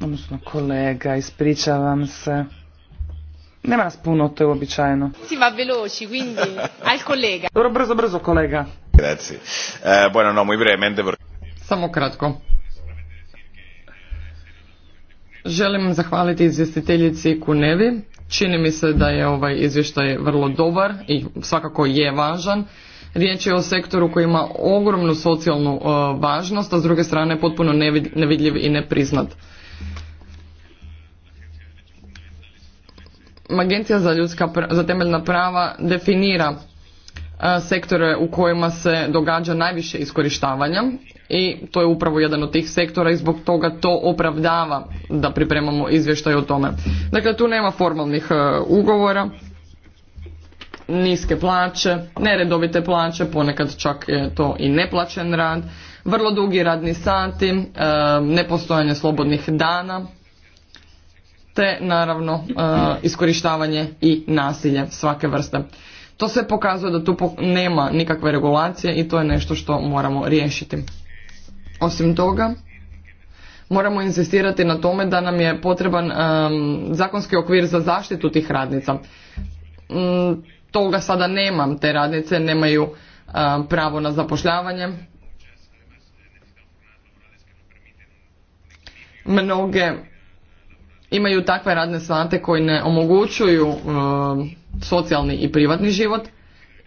Odnosno kolega, ispričavam se. Nema nas puno, to je uobičajeno. Si va veloci, quindi al kolega. Dobro, brzo, brzo kolega. Grazie. Eh, bueno, no, muy brevemente. Samo kratko. Želim zahvaliti izvjestiteljici Kunevi. Čini mi se da je ovaj izvještaj vrlo dobar i svakako je važan Riječ je o sektoru koji ima ogromnu socijalnu e, važnost, a s druge strane potpuno nevidljiv i nepriznat. Agencija za, ljudska, za temeljna prava definira e, sektore u kojima se događa najviše iskorištavanja i to je upravo jedan od tih sektora i zbog toga to opravdava da pripremamo izvještaj o tome. Dakle, tu nema formalnih e, ugovora, niske plaće, neredovite plaće, ponekad čak je to i neplaćen rad, vrlo dugi radni sati, e, nepostojanje slobodnih dana, te naravno e, iskorištavanje i nasilje svake vrste. To se pokazuje da tu nema nikakve regulacije i to je nešto što moramo riješiti. Osim toga, moramo insistirati na tome da nam je potreban zakonski okvir za zaštitu tih radnica. Mm, toga sada nemam. Te radnice nemaju pravo na zapošljavanje. Mnoge imaju takve radne sate koji ne omogućuju socijalni i privatni život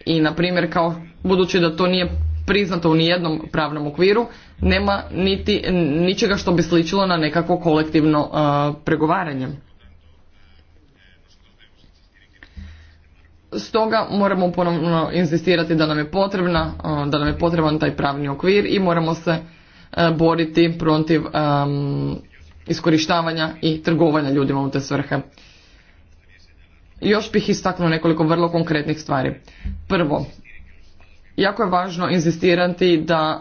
i na primjer kao budući da to nije priznato u nijednom pravnom okviru nema niti ničega što bi sličilo na nekako kolektivno pregovaranje Stoga moramo ponovno inzistirati da nam je potrebna, da nam je potreban taj pravni okvir i moramo se e, boriti protiv iskorištavanja i trgovanja ljudima u te svrhe. Još bih istaknuo nekoliko vrlo konkretnih stvari. Prvo, jako je važno insistirati da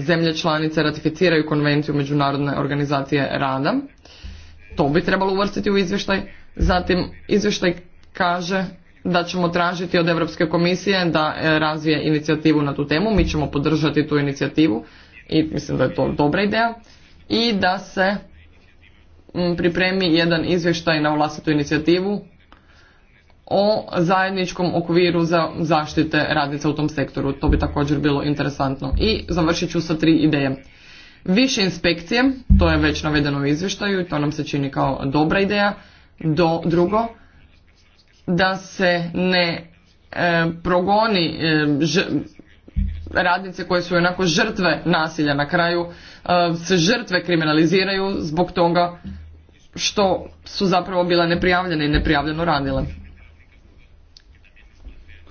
e, zemlje članice ratificiraju konvenciju Međunarodne organizacije rada. To bi trebalo uvrstiti u izvještaj. Zatim, izvještaj kaže da ćemo tražiti od Europske komisije da e, razvije inicijativu na tu temu. Mi ćemo podržati tu inicijativu i mislim da je to dobra ideja i da se pripremi jedan izvještaj na vlastitu inicijativu o zajedničkom okviru za zaštite radnica u tom sektoru. To bi također bilo interesantno. I završit ću sa tri ideje. Više inspekcije, to je već navedeno u izvještaju, to nam se čini kao dobra ideja. Do, drugo, da se ne e, progoni e, radnice koje su onako žrtve nasilja na kraju e, se žrtve kriminaliziraju zbog toga što su zapravo bila neprijavljene i neprijavljeno radile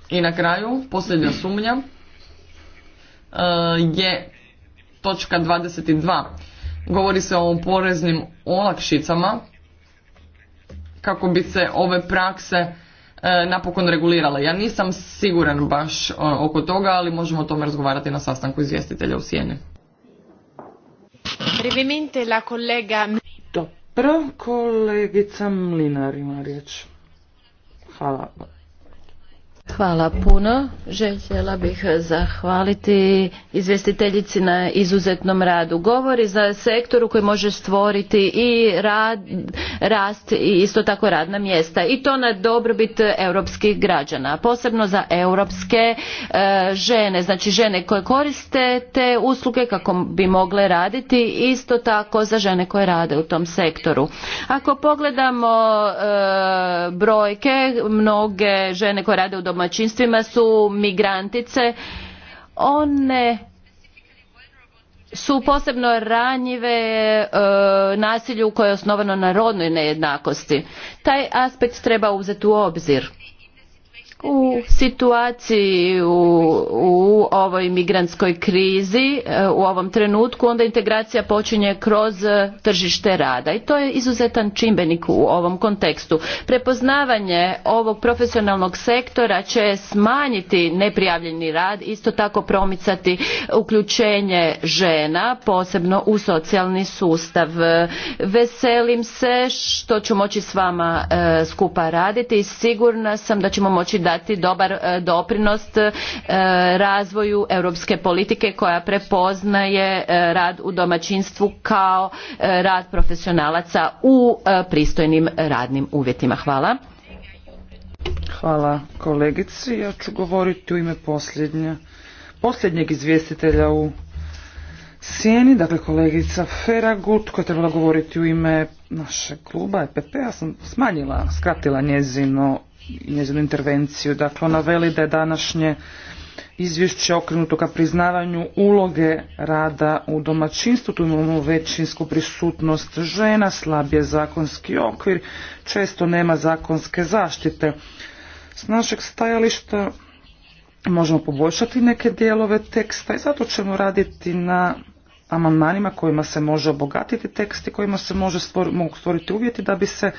i na kraju posljednja sumnja e, je točka 22 govori se o poreznim olakšicama kako bi se ove prakse e, napokon regulirale. Ja nisam siguran baš e, oko toga, ali možemo o tome razgovarati na sastanku izvjestitelja u Sijeni. Brevemente la Dobro, kolegica Mlinar ima riječ. Hvala Hvala puno. Željela bih zahvaliti izvjestiteljici na izuzetnom radu. Govori za sektoru koji može stvoriti i rad, rast i isto tako radna mjesta. I to na dobrobit europskih građana. Posebno za europske e, žene. Znači žene koje koriste te usluge kako bi mogle raditi. Isto tako za žene koje rade u tom sektoru. Ako pogledamo e, brojke, mnoge žene koje rade u domu domaćinstvima su migrantice. One su posebno ranjive e, nasilju koje je osnovano na rodnoj nejednakosti. Taj aspekt treba uzeti u obzir u situaciji u, ovoj migrantskoj krizi e, u ovom trenutku onda integracija počinje kroz e, tržište rada i to je izuzetan čimbenik u ovom kontekstu prepoznavanje ovog profesionalnog sektora će smanjiti neprijavljeni rad isto tako promicati uključenje žena posebno u socijalni sustav e, veselim se što ću moći s vama skupa raditi i sigurna sam da ćemo moći dati dobar e, doprinos e, razvoju europske politike koja prepoznaje e, rad u domaćinstvu kao rad profesionalaca u pristojnim radnim uvjetima. Hvala. Hvala kolegici. Ja ću govoriti u ime posljednjeg izvjestitelja u sjeni, dakle kolegica Feragut koja je trebala govoriti u ime našeg kluba EPP. Ja sam smanjila, skratila njezino njezinu intervenciju. Dakle, ona veli da je današnje izvješće okrenuto ka priznavanju uloge rada u domaćinstvu. Tu imamo većinsku prisutnost žena, slab je zakonski okvir, često nema zakonske zaštite. S našeg stajališta možemo poboljšati neke dijelove teksta i zato ćemo raditi na amandmanima kojima se može obogatiti tekst i kojima se može mogu stvoriti uvjeti da bi se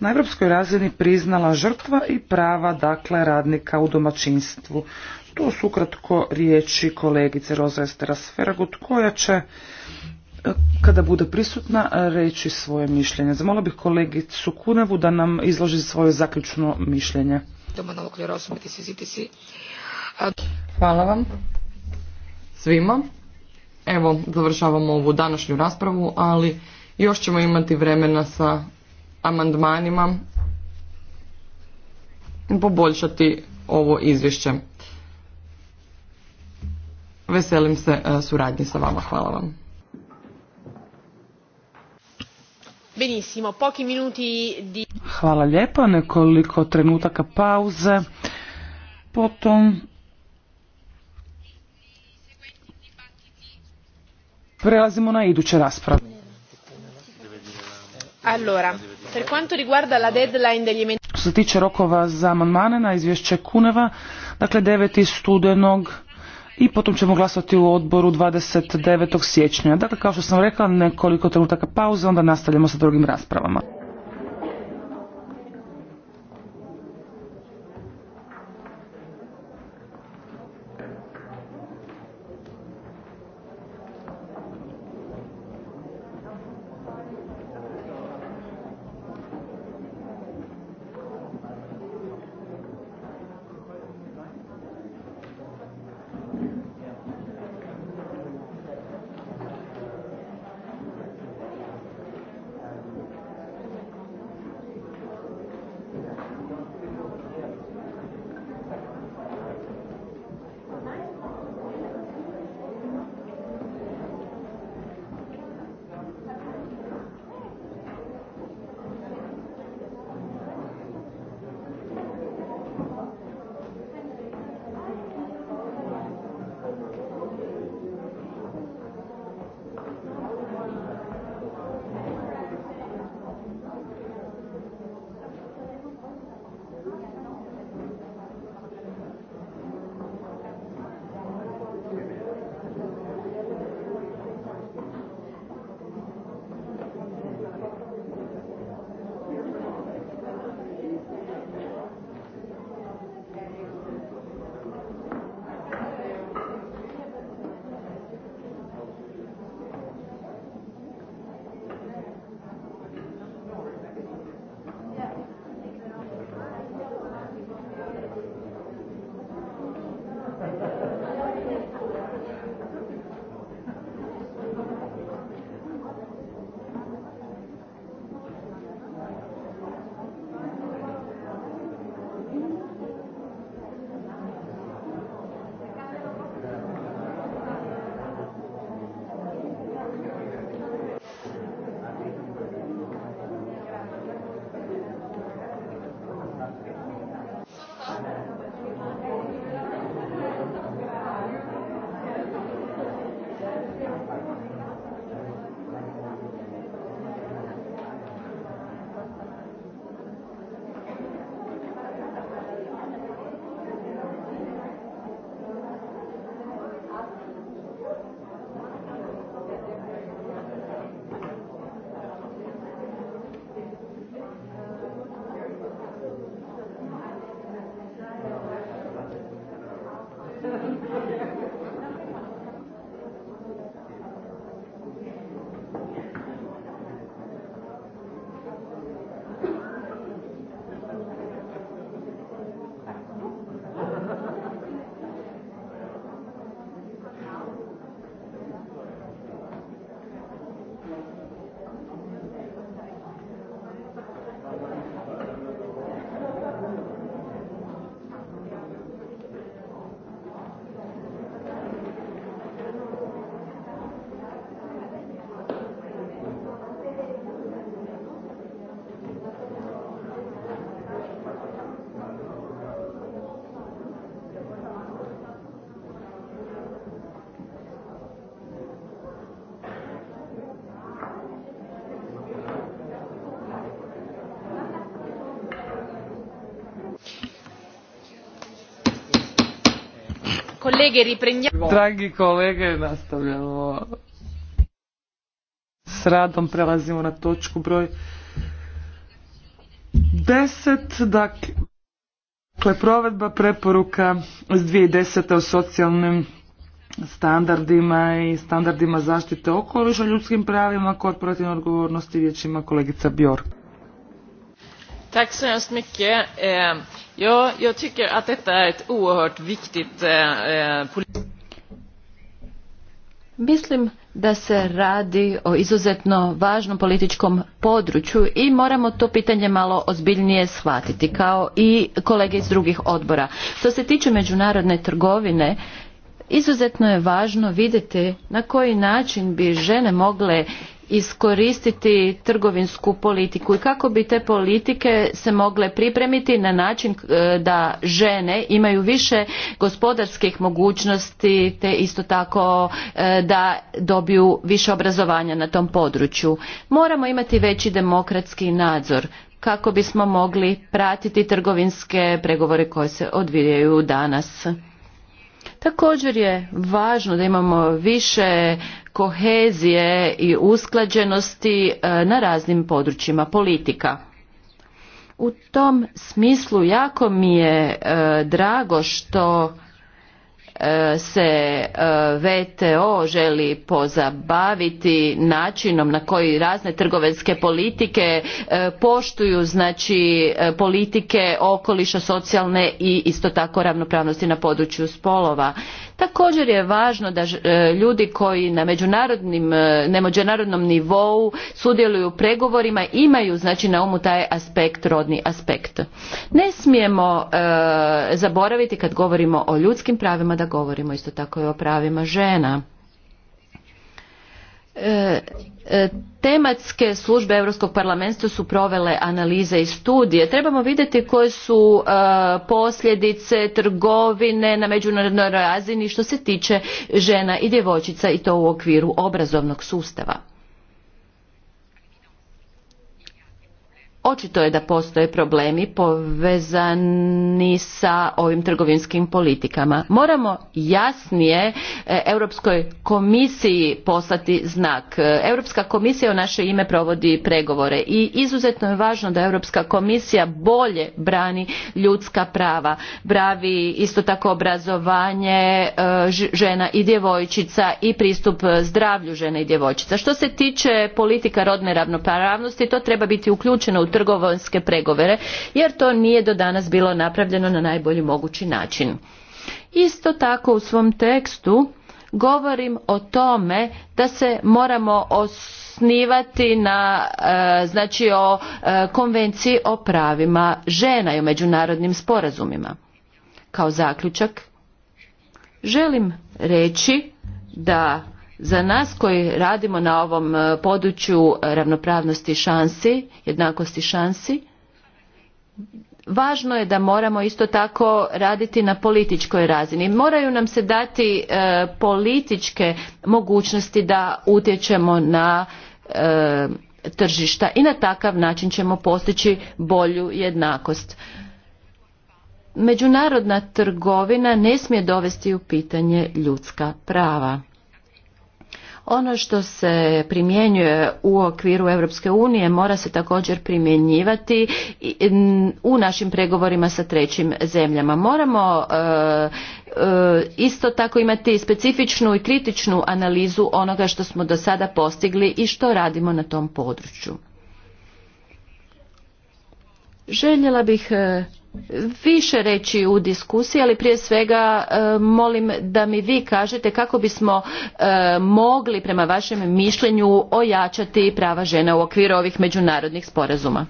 na europskoj razini priznala žrtva i prava dakle radnika u domaćinstvu. To su ukratko riječi kolegice Roza Estera koja će e, kada bude prisutna reći svoje mišljenje. Zamola bih kolegicu Kunevu da nam izloži svoje zaključno mišljenje. Hvala vam svima. Evo, završavamo ovu današnju raspravu, ali još ćemo imati vremena sa amandmanima poboljšati ovo izvješće. Veselim se e, suradnji sa vama. Hvala vam. Benissimo, Hvala lijepa, nekoliko trenutaka pauze, potom Prelazimo na iduće rasprave. Allora, per quanto riguarda la deadline degli Što se tiče rokova za amandmane na izvješće Kuneva, dakle 9. studenog i potom ćemo glasati u odboru 29. siječnja. Dakle, kao što sam rekla, nekoliko trenutaka pauze, onda nastavljamo sa drugim raspravama. kolege, riprendiamo. Dragi kolege, nastavljamo s radom. Prelazimo na točku broj 10. Dakle, provedba preporuka s 2010. o socijalnim standardima i standardima zaštite okoliša, ljudskim pravima, korporativnoj odgovornosti, riječima kolegica Bjork. Tack så jag tycker att detta är ett oerhört viktigt eh, eh, Mislim da se radi o izuzetno važnom političkom području i moramo to pitanje malo ozbiljnije shvatiti kao i kolege iz drugih odbora. Što se tiče međunarodne trgovine, izuzetno je važno vidjeti na koji način bi žene mogle iskoristiti trgovinsku politiku i kako bi te politike se mogle pripremiti na način e, da žene imaju više gospodarskih mogućnosti te isto tako e, da dobiju više obrazovanja na tom području. Moramo imati veći demokratski nadzor kako bismo mogli pratiti trgovinske pregovore koje se odvijaju danas. Također je važno da imamo više kohezije i usklađenosti e, na raznim područjima politika. U tom smislu jako mi je e, drago što e, se VTO želi pozabaviti načinom na koji razne trgovinske politike poštuju znači politike okoliša, socijalne i isto tako ravnopravnosti na području spolova Također je važno da e, ljudi koji na međunarodnim, e, na međunarodnom nivou sudjeluju u pregovorima imaju znači na umu taj aspekt, rodni aspekt. Ne smijemo e, zaboraviti kad govorimo o ljudskim pravima da govorimo isto tako i o pravima žena. E, e, tematske službe Europskog parlamenta su provele analize i studije. Trebamo vidjeti koje su e, posljedice trgovine na međunarodnoj razini što se tiče žena i djevojčica i to u okviru obrazovnog sustava. Očito je da postoje problemi povezani sa ovim trgovinskim politikama. Moramo jasnije e, Europskoj komisiji poslati znak. E, Europska komisija u naše ime provodi pregovore i izuzetno je važno da Europska komisija bolje brani ljudska prava. Bravi isto tako obrazovanje e, žena i djevojčica i pristup zdravlju žena i djevojčica. Što se tiče politika rodne ravnopravnosti, to treba biti uključeno u trgovinske pregovore jer to nije do danas bilo napravljeno na najbolji mogući način. Isto tako u svom tekstu govorim o tome da se moramo osnivati na e, znači o e, konvenciji o pravima žena i o međunarodnim sporazumima. Kao zaključak želim reći da za nas koji radimo na ovom e, području ravnopravnosti šansi, jednakosti šansi, važno je da moramo isto tako raditi na političkoj razini. Moraju nam se dati e, političke mogućnosti da utječemo na e, tržišta i na takav način ćemo postići bolju jednakost. Međunarodna trgovina ne smije dovesti u pitanje ljudska prava. Ono što se primjenjuje u okviru Europske unije mora se također primjenjivati u našim pregovorima sa trećim zemljama. Moramo e, e, isto tako imati specifičnu i kritičnu analizu onoga što smo do sada postigli i što radimo na tom području. Željela bih e, više reći u diskusiji, ali prije svega e, molim da mi vi kažete kako bismo e, mogli prema vašem mišljenju ojačati prava žena u okviru ovih međunarodnih sporazuma.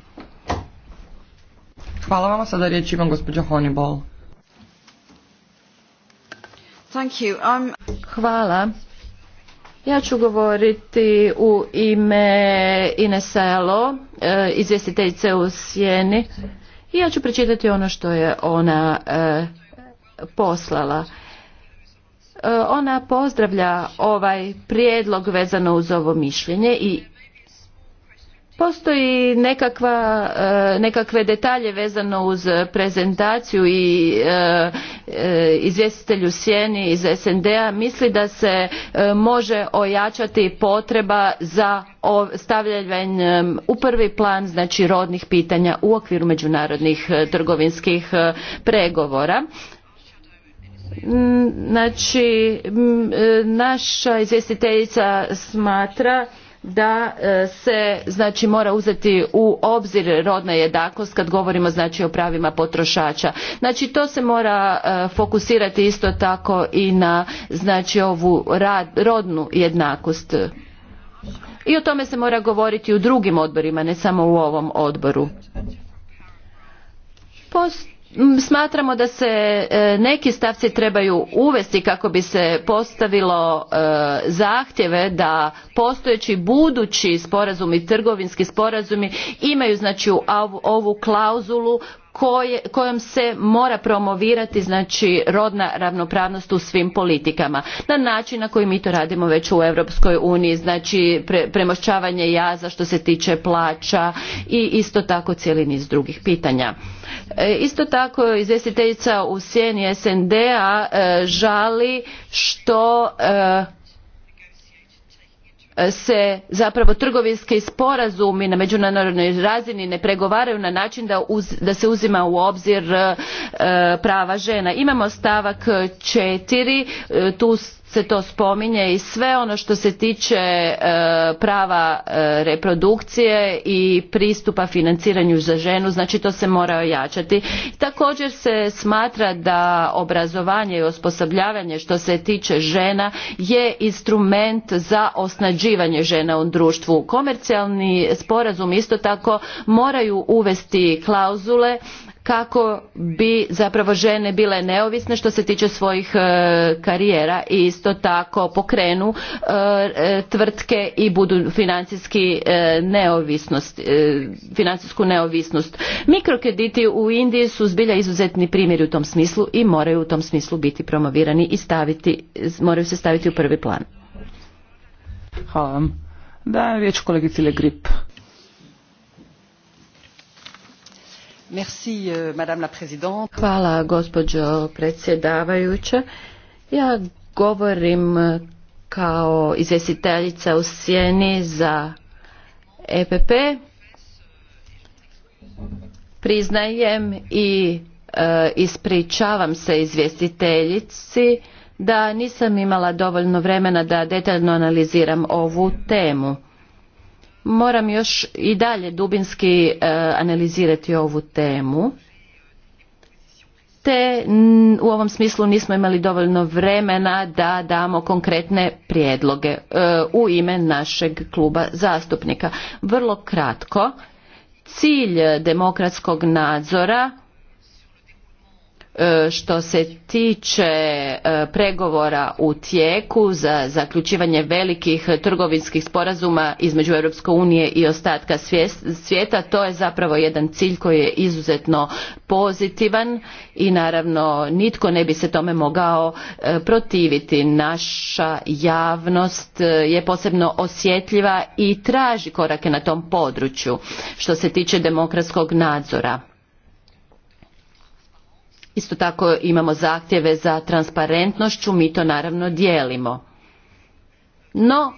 Hvala vam, sada riječ imam gospođa Honeyball. Um, Hvala. Ja ću govoriti u ime Ineselo, Elo, izvjestiteljice u Sjeni. I ja ću pročitati ono što je ona e, poslala. E, ona pozdravlja ovaj prijedlog vezano uz ovo mišljenje i Postoji nekakva, e, nekakve detalje vezano uz prezentaciju i e, e, izvjestitelju Sjeni iz SND-a misli da se može ojačati potreba za stavljanjem u prvi plan znači rodnih pitanja u okviru međunarodnih trgovinskih pregovora. Znači, naša izvjestiteljica smatra da e, se znači mora uzeti u obzir rodna jednakost kad govorimo znači o pravima potrošača. Znači to se mora e, fokusirati isto tako i na znači ovu rad, rodnu jednakost. I o tome se mora govoriti u drugim odborima, ne samo u ovom odboru. Smatramo da se e, neki stavci trebaju uvesti kako bi se postavilo e, zahtjeve da postojeći budući sporazumi, trgovinski sporazumi imaju znači ovu klauzulu kojom se mora promovirati znači rodna ravnopravnost u svim politikama na način na koji mi to radimo već u europskoj uniji znači premošćavanje jaza što se tiče plaća i isto tako cijeli niz drugih pitanja e, isto tako izvjestiteljica u sjeni snd a e, žali što e, se zapravo trgovinski sporazumi na međunarodnoj razini ne pregovaraju na način da, da se uzima u obzir e, prava žena. Imamo stavak četiri, e, tu se to spominje i sve ono što se tiče e, prava e, reprodukcije i pristupa financiranju za ženu, znači to se mora ojačati. Također se smatra da obrazovanje i osposobljavanje što se tiče žena je instrument za osnađivanje žena u društvu. Komercijalni sporazum isto tako moraju uvesti klauzule kako bi zapravo žene bile neovisne što se tiče svojih e, karijera i isto tako pokrenu e, e, tvrtke i budu financijski neovisnost, financijsku neovisnost. Mikrokrediti u Indiji su zbilja izuzetni primjeri u tom smislu i moraju u tom smislu biti promovirani i staviti, moraju se staviti u prvi plan. Hvala vam. Da, riječ kolegici Le Grip. Euh, Hvala gospođo predsjedavajuća. Ja govorim kao izvjestiteljica u sjeni za EPP. Priznajem i e, ispričavam se izvjestiteljici da nisam imala dovoljno vremena da detaljno analiziram ovu temu moram još i dalje dubinski e, analizirati ovu temu te u ovom smislu nismo imali dovoljno vremena da damo konkretne prijedloge e, u ime našeg kluba zastupnika. Vrlo kratko, cilj demokratskog nadzora E, što se tiče e, pregovora u tijeku za zaključivanje velikih trgovinskih sporazuma između Europske unije i ostatka svijeta, to je zapravo jedan cilj koji je izuzetno pozitivan i naravno nitko ne bi se tome mogao e, protiviti. Naša javnost je posebno osjetljiva i traži korake na tom području što se tiče demokratskog nadzora Isto tako imamo zahtjeve za transparentnošću, mi to naravno dijelimo. No,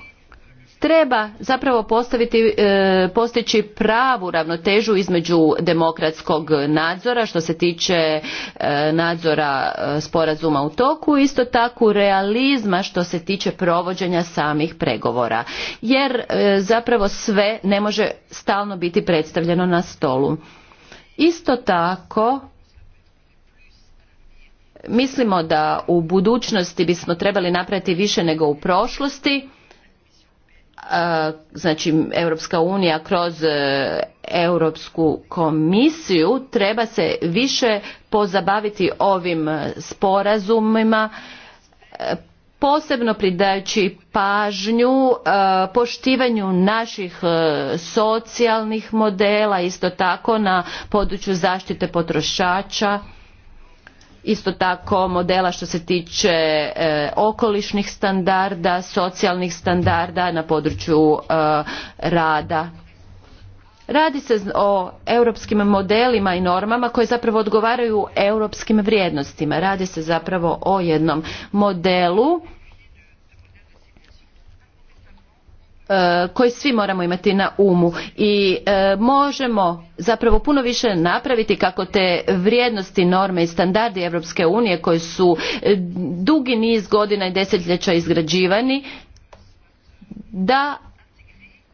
treba zapravo postaviti, e, postići pravu ravnotežu između demokratskog nadzora što se tiče e, nadzora e, sporazuma u toku isto tako realizma što se tiče provođenja samih pregovora jer zapravo sve ne može stalno biti predstavljeno na stolu isto tako mislimo da u budućnosti bismo trebali napraviti više nego u prošlosti e, znači Europska unija kroz e, Europsku komisiju treba se više pozabaviti ovim sporazumima e, posebno pridajući pažnju poštivanju naših socijalnih modela isto tako na području zaštite potrošača isto tako modela što se tiče e, okolišnih standarda, socijalnih standarda na području e, rada. Radi se o europskim modelima i normama koje zapravo odgovaraju europskim vrijednostima. Radi se zapravo o jednom modelu E, koji svi moramo imati na umu i e, možemo zapravo puno više napraviti kako te vrijednosti, norme i standardi Europske unije koji su e, dugi niz godina i desetljeća izgrađivani da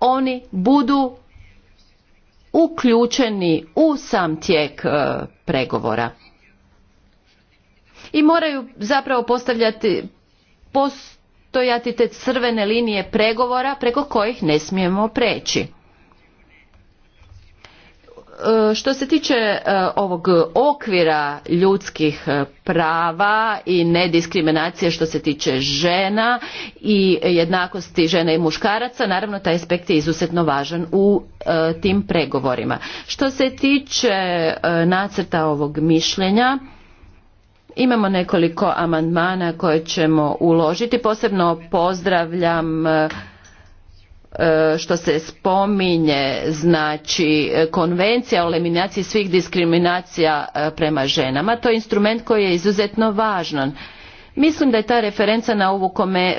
oni budu uključeni u sam tijek pregovora i moraju zapravo postavljati post postojati te crvene linije pregovora preko kojih ne smijemo preći e, što se tiče e, ovog okvira ljudskih e, prava i nediskriminacije što se tiče žena i jednakosti žena i muškaraca, naravno taj aspekt je izuzetno važan u tim pregovorima. Što se tiče nacrta ovog mišljenja, Imamo nekoliko amandmana koje ćemo uložiti. Posebno pozdravljam e, e, što se spominje znači konvencija o eliminaciji svih diskriminacija e, prema ženama. To je instrument koji je izuzetno važan. Mislim da je ta referenca na ovu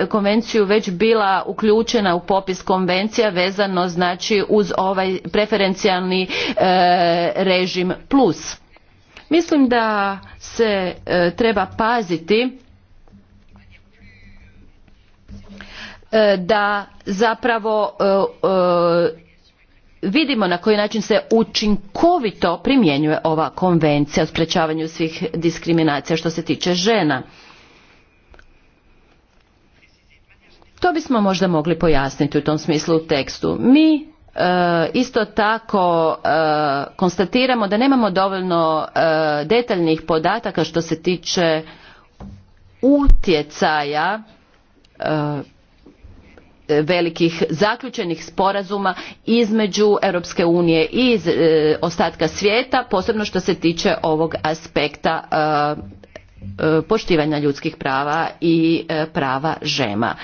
konvenciju već bila uključena u popis konvencija vezano znači uz ovaj preferencijalni režim plus Mislim da se e, treba paziti e, da zapravo e, vidimo na koji način se učinkovito primjenjuje ova konvencija o sprečavanju svih diskriminacija što se tiče žena. To bismo možda mogli pojasniti u tom smislu u tekstu. Mi E, isto tako e, konstatiramo da nemamo dovoljno e, detaljnih podataka što se tiče utjecaja velikih zaključenih sporazuma između Europske unije i ostatka svijeta, posebno što se tiče ovog aspekta E, poštivanja ljudskih prava i e, prava žema.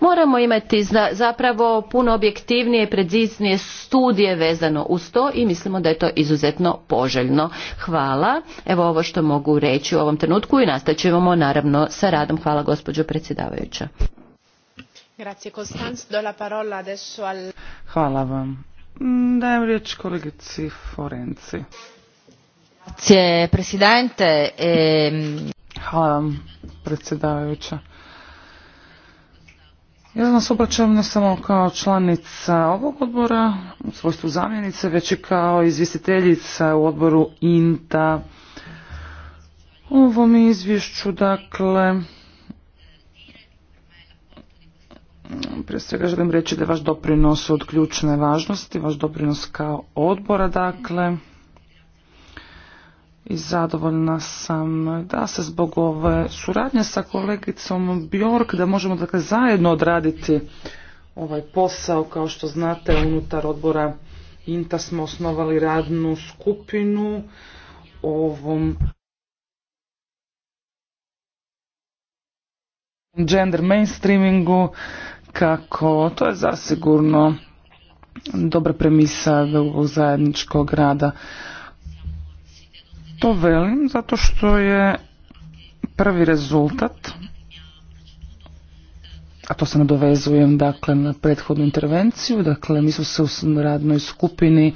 Moramo imati zapravo puno objektivnije i preciznije studije vezano uz to i mislimo da je to izuzetno poželjno. Hvala. Evo ovo što mogu reći u ovom trenutku i nastavit naravno sa radom. Hvala gospođo predsjedavajuća. Hvala vam. Mm, dajem riječ kolegici Forenci. Grazie Presidente. Ehm, Hvala vam, predsjedavajuća. Ja vas obraćam ne samo kao članica ovog odbora, u svojstvu zamjenice, već i kao izvjestiteljica u odboru INTA. U ovom izvješću, dakle, prije svega želim reći da je vaš doprinos od ključne važnosti, vaš doprinos kao odbora, dakle, i zadovoljna sam da se zbog ove suradnje sa kolegicom Bjork da možemo dakle zajedno odraditi ovaj posao kao što znate unutar odbora INTA smo osnovali radnu skupinu ovom gender mainstreamingu kako to je zasigurno dobra premisa ovog zajedničkog rada to velim zato što je prvi rezultat, a to se nadovezujem dakle na prethodnu intervenciju, dakle mi smo se u radnoj skupini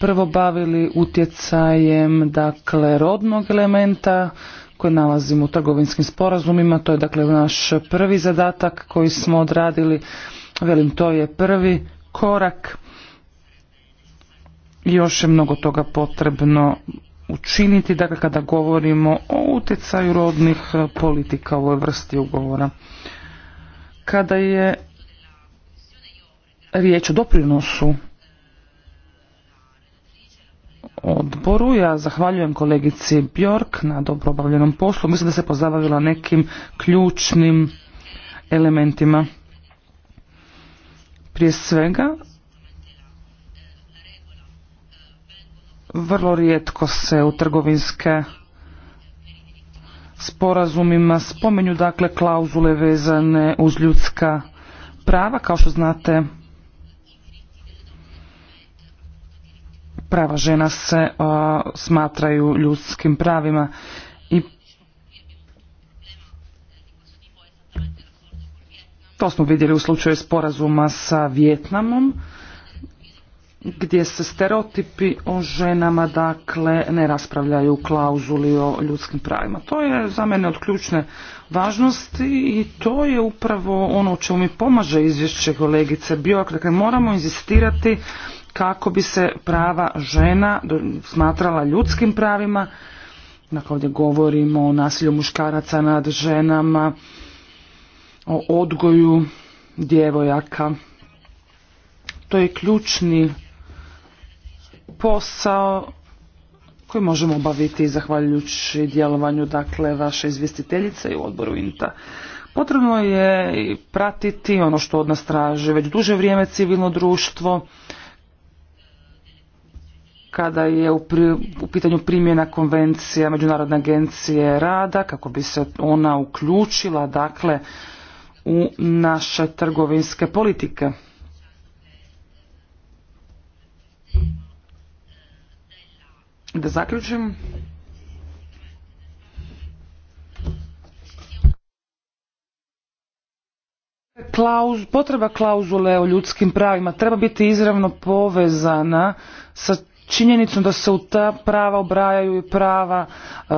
prvo bavili utjecajem dakle rodnog elementa koje nalazimo u trgovinskim sporazumima, to je dakle naš prvi zadatak koji smo odradili, velim to je prvi korak još je mnogo toga potrebno učiniti dakle, kada govorimo o utjecaju rodnih e, politika u ovoj vrsti ugovora. Kada je riječ o doprinosu odboru. Ja zahvaljujem kolegici Bjork na dobro obavljenom poslu. Mislim da se pozabavila nekim ključnim elementima. Prije svega Vrlo rijetko se u trgovinske sporazumima spomenju dakle klauzule vezane uz ljudska prava. Kao što znate, prava žena se smatraju ljudskim pravima i to smo vidjeli u slučaju sporazuma sa Vjetnamom gdje se stereotipi o ženama dakle ne raspravljaju u klauzuli o ljudskim pravima. To je za mene od ključne važnosti i to je upravo ono čemu mi pomaže izvješće kolegice Bio. Dakle, moramo inzistirati kako bi se prava žena smatrala ljudskim pravima. Dakle, ovdje govorimo o nasilju muškaraca nad ženama, o odgoju djevojaka. To je ključni posao koji možemo obaviti zahvaljujući djelovanju dakle vaše izvjestiteljice i u odboru INTA. Potrebno je pratiti ono što od nas traži već duže vrijeme civilno društvo kada je u, u pitanju primjena konvencija Međunarodne agencije rada kako bi se ona uključila dakle u naše trgovinske politike. Da zaključim. potreba klauzule o ljudskim pravima treba biti izravno povezana sa činjenicom da se u ta prava obrajaju i prava e,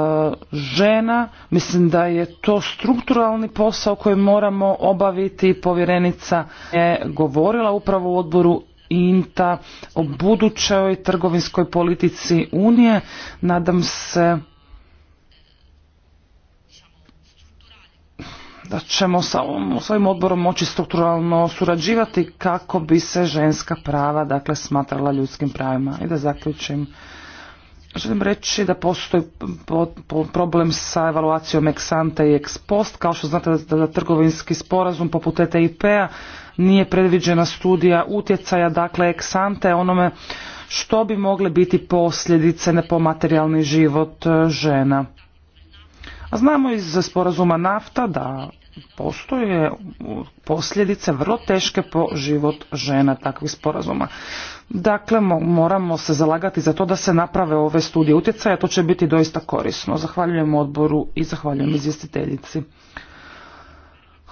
žena. Mislim da je to strukturalni posao koji moramo obaviti. Povjerenica je govorila upravo u odboru INTA o budućoj trgovinskoj politici Unije. Nadam se da ćemo sa svojim odborom moći strukturalno surađivati kako bi se ženska prava dakle smatrala ljudskim pravima. I da zaključim. Želim reći da postoji problem sa evaluacijom ex ante i ex post. Kao što znate da, trgovinski sporazum poput etip a nije predviđena studija utjecaja, dakle eksante onome što bi mogle biti posljedice na materijalni život e, žena. A znamo iz sporazuma nafta da postoje posljedice vrlo teške po život žena takvih sporazuma. Dakle, moramo se zalagati za to da se naprave ove studije utjecaja, to će biti doista korisno. Zahvaljujem odboru i zahvaljujem izvjestiteljici.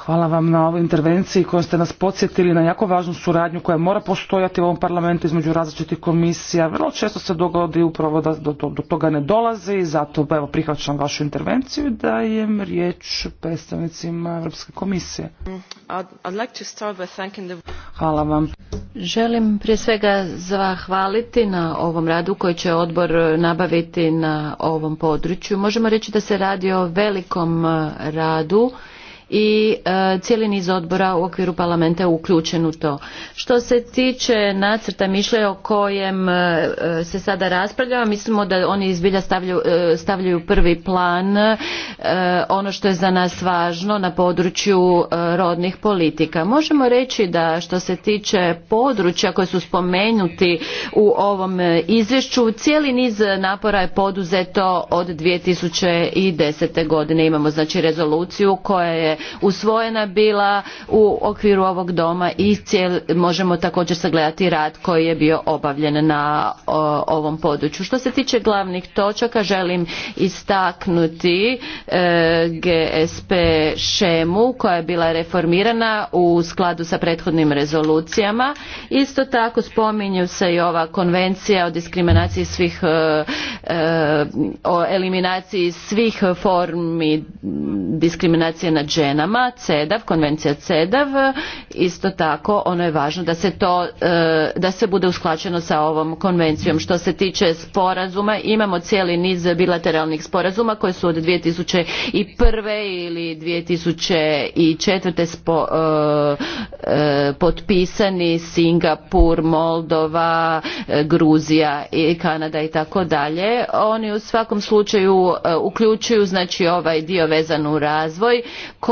Hvala vam na ovoj intervenciji kojom ste nas podsjetili na jako važnu suradnju koja mora postojati u ovom parlamentu između različitih komisija. Vrlo često se dogodi upravo da do, toga ne dolazi i zato evo, prihvaćam vašu intervenciju i dajem riječ predstavnicima Europske komisije. Mm, Hvala vam. Želim prije svega zahvaliti na ovom radu koji će odbor nabaviti na ovom području. Možemo reći da se radi o velikom eh, radu i e, cijeli niz odbora u okviru parlamenta je uključen u to. Što se tiče nacrta mišljenja o kojem e, se sada raspravlja, mislimo da oni zbilja e, stavljaju, prvi plan ono što je za nas važno na području rodnih politika. Možemo reći da što se tiče područja koje su spomenuti u ovom izvješću, cijeli niz napora je poduzeto od 2010. godine. Imamo znači rezoluciju koja je usvojena bila u okviru ovog doma i možemo također sagledati rad koji je bio obavljen na ovom području. Što se tiče glavnih točaka želim istaknuti e, GSP šemu koja je bila reformirana u skladu sa prethodnim rezolucijama. Isto tako spominju se i ova konvencija o diskriminaciji svih e, e, o eliminaciji svih formi diskriminacije na ženama, CEDAV, konvencija CEDAV, isto tako ono je važno da se to, e, da se bude usklačeno sa ovom konvencijom. Što se tiče sporazuma, imamo cijeli niz bilateralnih sporazuma koji su od 2001. ili 2004. Spo, e, e, potpisani Singapur, Moldova, Gruzija i Kanada i tako dalje. Oni u svakom slučaju uključuju znači ovaj dio vezan u razvoj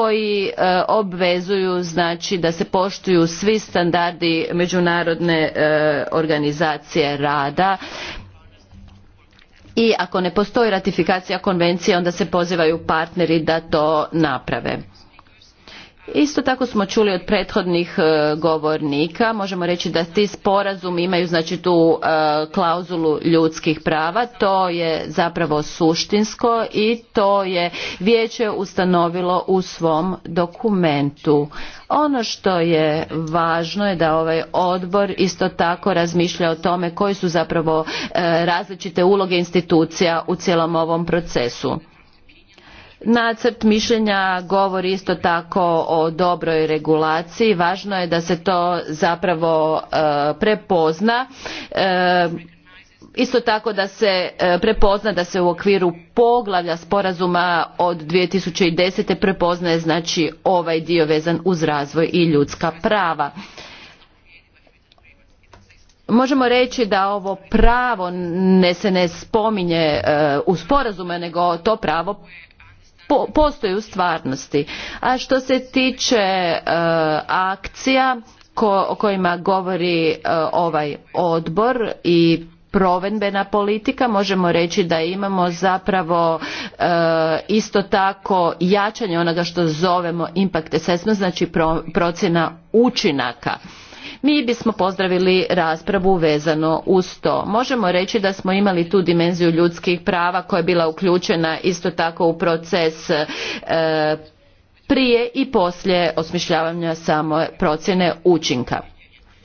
koji e, obvezuju znači da se poštuju svi standardi međunarodne e, organizacije rada i ako ne postoji ratifikacija konvencije onda se pozivaju partneri da to naprave Isto tako smo čuli od prethodnih e, govornika, možemo reći da ti sporazumi imaju znači tu e, klauzulu ljudskih prava, to je zapravo suštinsko i to je vijeće ustanovilo u svom dokumentu. Ono što je važno je da ovaj odbor isto tako razmišlja o tome koji su zapravo e, različite uloge institucija u cijelom ovom procesu. Nacrt mišljenja govori isto tako o dobroj regulaciji. Važno je da se to zapravo e, prepozna e, isto tako da se e, prepozna da se u okviru poglavlja sporazuma od 2010. prepoznaje znači ovaj dio vezan uz razvoj i ljudska prava. Možemo reći da ovo pravo ne se ne spominje u sporazume, nego to pravo postoji u stvarnosti. A što se tiče e, akcija o kojima govori e, ovaj odbor i provedbena politika možemo reći da imamo zapravo e, isto tako jačanje onoga što zovemo impact assessment znači procjena učinaka mi bismo pozdravili raspravu vezano uz to. Možemo reći da smo imali tu dimenziju ljudskih prava koja je bila uključena isto tako u proces e, prije i poslije osmišljavanja samo procjene učinka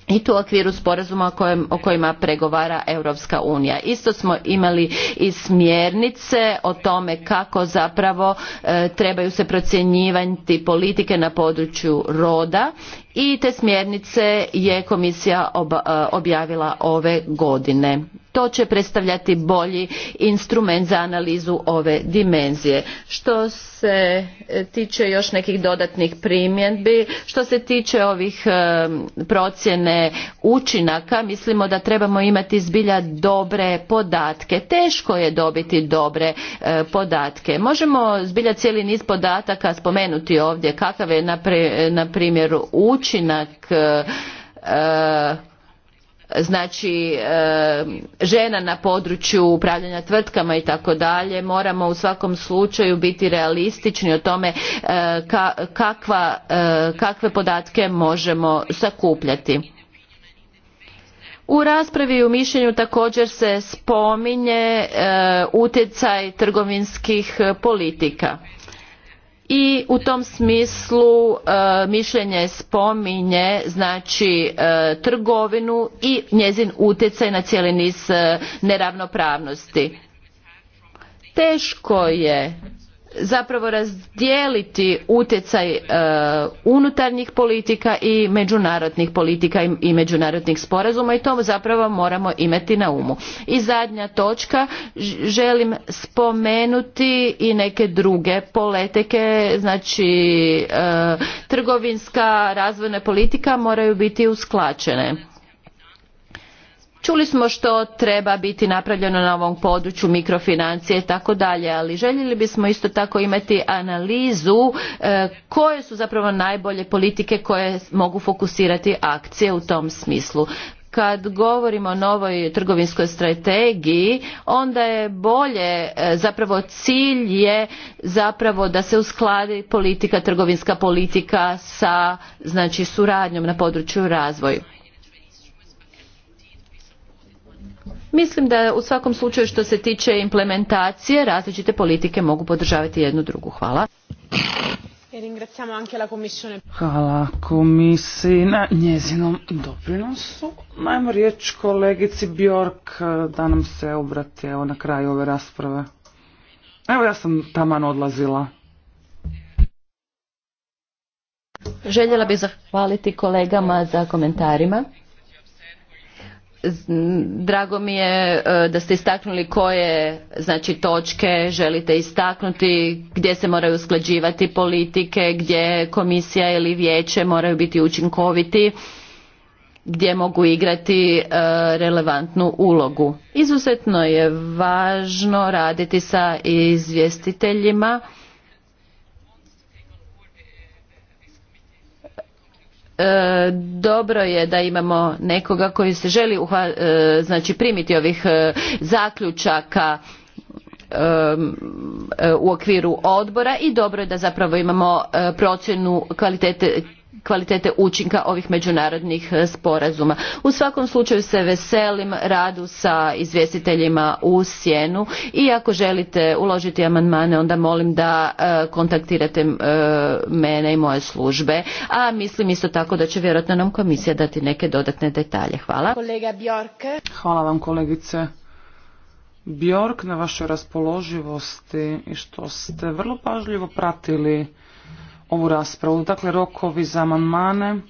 i to u okviru sporazuma o kojima pregovara Europska unija. Isto smo imali i smjernice o tome kako zapravo e, trebaju se procjenjivati politike na području roda i te smjernice je komisija e, objavila ove godine. To će predstavljati bolji instrument za analizu ove dimenzije. Što se e, tiče još nekih dodatnih primjedbi, što se tiče ovih e, procjene učinaka, mislimo da trebamo imati zbilja dobre podatke. Teško je dobiti dobre podatke. Možemo zbilja cijeli niz podataka spomenuti ovdje kakav je na primjer učinak učinak e, e, znači e, žena na području upravljanja tvrtkama i tako dalje moramo u svakom slučaju biti realistični o tome kakva, kakve podatke možemo sakupljati. U raspravi i u mišljenju također se spominje utjecaj trgovinskih politika i u tom smislu e, mišljenje spominje znači e, trgovinu i njezin utjecaj na cijeli niz e, neravnopravnosti teško je zapravo razdijeliti utjecaj e, unutarnjih politika i međunarodnih politika i, međunarodnih sporazuma i to zapravo moramo imati na umu. I zadnja točka, želim spomenuti i neke druge politike, znači e, trgovinska razvojna politika moraju biti usklačene Čuli smo što treba biti napravljeno na ovom području mikrofinancije i tako dalje, ali željeli bismo isto tako imati analizu e, koje su zapravo najbolje politike koje mogu fokusirati akcije u tom smislu kad govorimo o novoj trgovinskoj strategiji onda je bolje e, zapravo cilj je zapravo da se uskladi politika trgovinska politika sa znači suradnjom na području razvoja Mislim da u svakom slučaju što se tiče implementacije različite politike mogu podržavati jednu drugu. Hvala. E, Hvala komisiji na njezinom doprinosu. Najmo riječ kolegici Bjork e, da nam se obrati na kraju ove rasprave. Evo ja sam taman odlazila. Željela bih zahvaliti kolegama za komentarima drago mi je e, da ste istaknuli koje znači točke želite istaknuti gdje se moraju usklađivati politike gdje komisija ili vijeće moraju biti učinkoviti gdje mogu igrati e, relevantnu ulogu izuzetno je važno raditi sa izvjestiteljima E, dobro je da imamo nekoga koji se želi e, znači primiti ovih e, zaključaka e, u okviru odbora i dobro je da zapravo imamo procjenu kvalitete kvalitete učinka ovih međunarodnih e, sporazuma. U svakom slučaju se veselim radu sa izvjestiteljima u sjenu i ako želite uložiti amandmane onda molim da e, kontaktirate e, mene i moje službe, a mislim isto tako da će vjerojatno nam komisija dati neke dodatne detalje. Hvala. Kolega Hvala vam kolegice. Bjork na vašoj raspoloživosti i što ste vrlo pažljivo pratili ovu raspravu. Dakle, rokovi za amandmane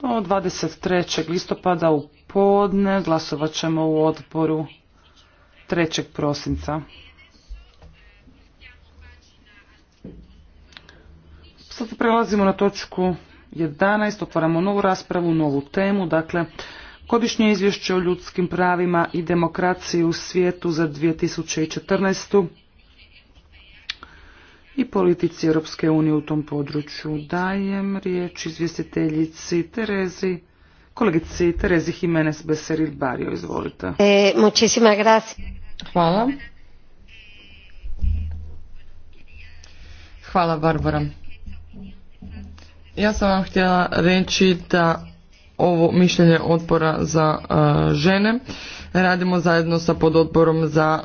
do 23. listopada u podne glasovat ćemo u odboru 3. prosinca. Sad prelazimo na točku 11. Otvaramo novu raspravu, novu temu. Dakle, Godišnje izvješće o ljudskim pravima i demokraciji u svijetu za 2014 i politici Europske unije u tom području. Dajem riječ izvjestiteljici Terezi, kolegici Terezi Jimenez Beseril Barrio, izvolite. E, Hvala. Hvala Barbara. Ja sam vam htjela reći da ovo mišljenje odbora za e, žene radimo zajedno sa pododborom za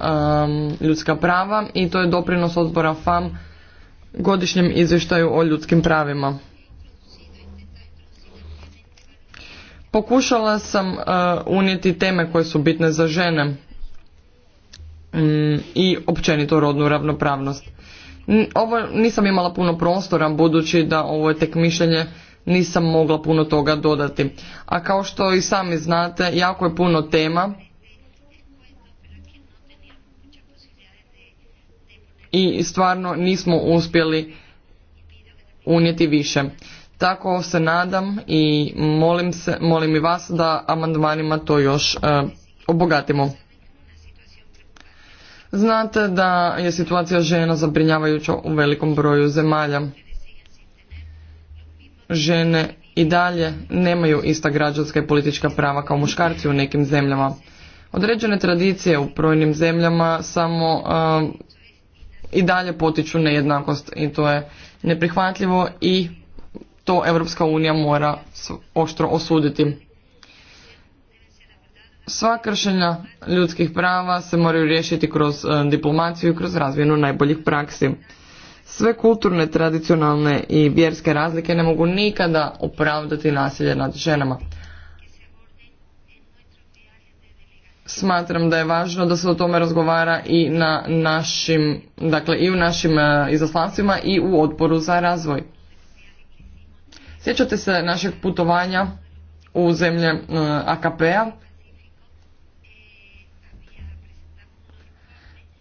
e, ljudska prava i to je doprinos odbora FAM godišnjem izvještaju o ljudskim pravima. Pokušala sam e, unijeti teme koje su bitne za žene mm, i općenito rodnu ravnopravnost. Ovo nisam imala puno prostora budući da ovo je tek mišljenje nisam mogla puno toga dodati. A kao što i sami znate, jako je puno tema i stvarno nismo uspjeli unijeti više. Tako se nadam i molim, se, molim i vas da amandmanima to još e, obogatimo. Znate da je situacija žena zabrinjavajuća u velikom broju zemalja. Žene i dalje nemaju ista građanska i politička prava kao muškarci u nekim zemljama. Određene tradicije u brojnim zemljama samo e, i dalje potiču nejednakost i to je neprihvatljivo i to Europska unija mora oštro osuditi. Sva kršenja ljudskih prava se moraju riješiti kroz e, diplomaciju i kroz razvijenu najboljih praksi. Sve kulturne, tradicionalne i vjerske razlike ne mogu nikada opravdati nasilje nad ženama. smatram da je važno da se o tome razgovara i na našim, dakle i u našim e, izaslanstvima i u odboru za razvoj. Sjećate se našeg putovanja u zemlje e, AKP-a?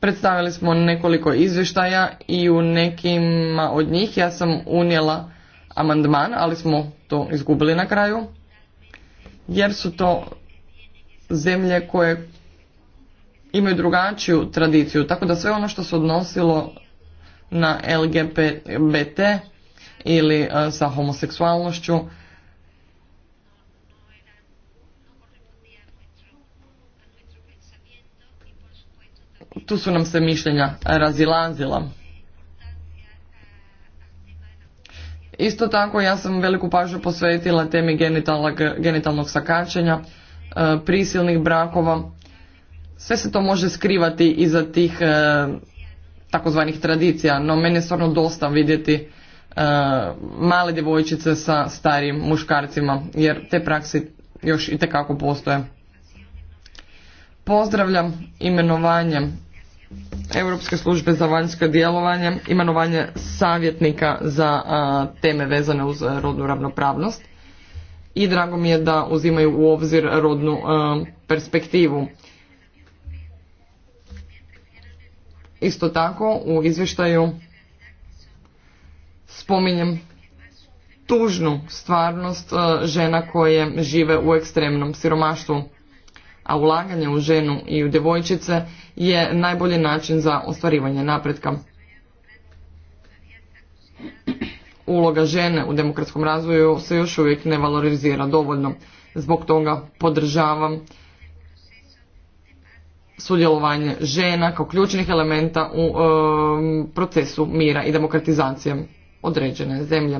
Predstavili smo nekoliko izvještaja i u nekima od njih ja sam unijela amandman, ali smo to izgubili na kraju jer su to zemlje koje imaju drugačiju tradiciju. Tako da sve ono što se odnosilo na LGBT ili e, sa homoseksualnošću tu su nam se mišljenja razilazila. Isto tako ja sam veliku pažnju posvetila temi genitalnog sakačenja E, prisilnih brakova. Sve se to može skrivati iza tih e, takozvanih tradicija, no meni je stvarno dosta vidjeti e, male djevojčice sa starim muškarcima, jer te praksi još i tekako postoje. Pozdravljam imenovanje Europske službe za vanjsko djelovanje, imenovanje savjetnika za teme vezane uz rodnu ravnopravnost i drago mi je da uzimaju u obzir rodnu e, perspektivu. Isto tako u izvještaju spominjem tužnu stvarnost e, žena koje žive u ekstremnom siromaštvu, a ulaganje u ženu i u djevojčice je najbolji način za ostvarivanje napretka uloga žene u demokratskom razvoju se još uvijek ne valorizira dovoljno. Zbog toga podržavam sudjelovanje žena kao ključnih elementa u procesu mira i demokratizacije određene zemlje.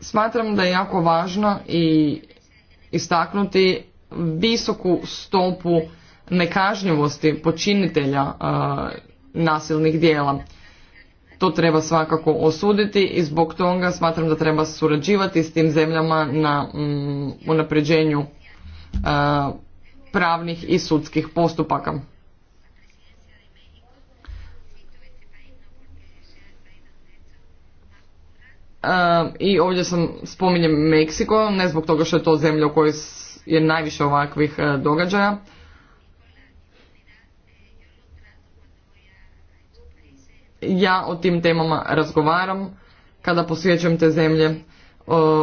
Smatram da je jako važno i istaknuti visoku stopu nekažnjivosti počinitelja nasilnih dijela to treba svakako osuditi i zbog toga smatram da treba surađivati s tim zemljama na mm, unapređenju e, pravnih i sudskih postupaka. E, I ovdje sam spominjem Meksiko, ne zbog toga što je to zemlja u kojoj je najviše ovakvih e, događaja, ja o tim temama razgovaram kada posjećujem te zemlje,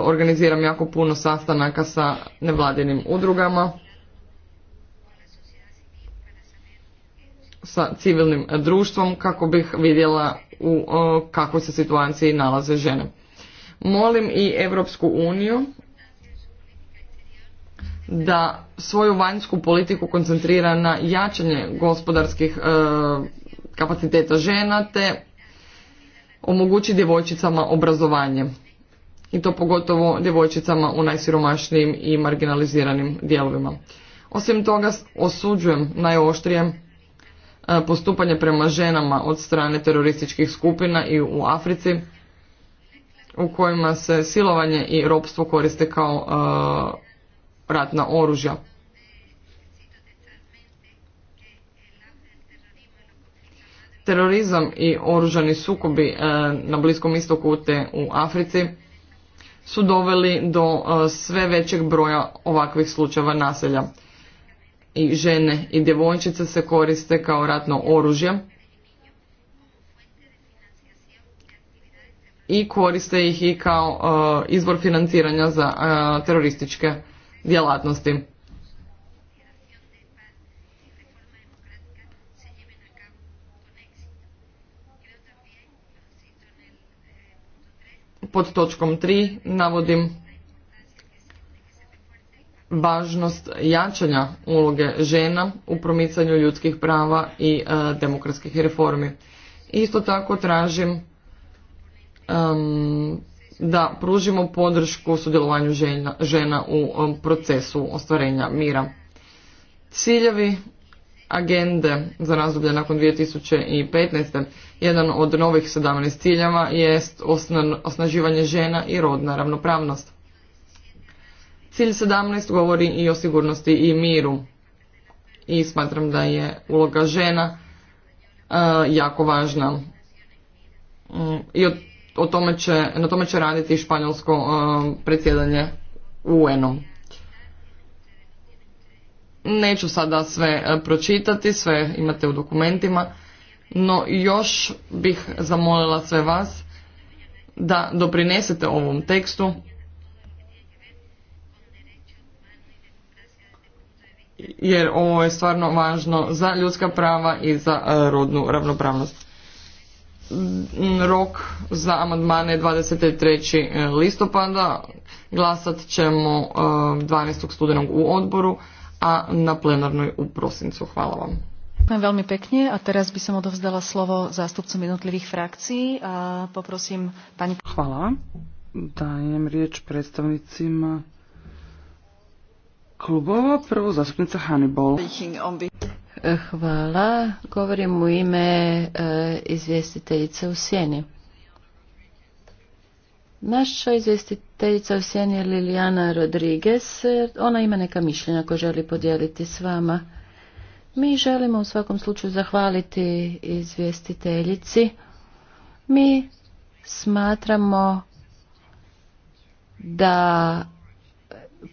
organiziram jako puno sastanaka sa nevladinim udrugama, sa civilnim društvom kako bih vidjela u kakvoj se situaciji nalaze žene. Molim i Europsku uniju da svoju vanjsku politiku koncentrira na jačanje gospodarskih e, kapaciteta žena te omogući djevojčicama obrazovanje. I to pogotovo djevojčicama u najsiromašnijim i marginaliziranim dijelovima. Osim toga osuđujem najoštrije e, postupanje prema ženama od strane terorističkih skupina i u Africi u kojima se silovanje i ropstvo koriste kao e, ratna oružja. Terorizam i oružani sukobi e, na Bliskom istoku te u Africi su doveli do e, sve većeg broja ovakvih slučajeva naselja. I žene i djevojčice se koriste kao ratno oružje i koriste ih i kao e, izvor financiranja za terorističke djelatnosti. pod točkom 3 navodim važnost jačanja uloge žena u promicanju ljudskih prava i e, demokratskih reformi. Isto tako tražim da pružimo podršku sudjelovanju žena, u procesu ostvarenja mira. Ciljevi agende za razdoblje nakon 2015. Jedan od novih 17 ciljeva jest osnaživanje žena i rodna ravnopravnost. Cilj 17 govori i o sigurnosti i miru. I smatram da je uloga žena e, jako važna. Mm, I o, tome će, na tome će raditi španjolsko e, predsjedanje UN-om. Neću sada sve e, pročitati, sve imate u dokumentima, no još bih zamolila sve vas da doprinesete ovom tekstu jer ovo je stvarno važno za ljudska prava i za e, rodnu ravnopravnost. Mm, rok za amandmane 23. E, listopada, glasat ćemo 12. studenog u odboru, a na plenarnoj u prosincu. Hvala vam. Ďakujem veľmi pekne a teraz by som odovzdala slovo zástupcom jednotlivých frakcií a poprosím pani... Hvala. Dajem riječ predstavnicima klubova. Prvo zastupnica Hannibal. Hvala. Govorim u ime e, izvjestiteljice u Sjeni. Naša izvjestiteljica u sjeni je Lilijana Rodriguez. Ona ima neka mišljenja koje želi podijeliti s vama. Mi želimo u svakom slučaju zahvaliti izvjestiteljici. Mi smatramo da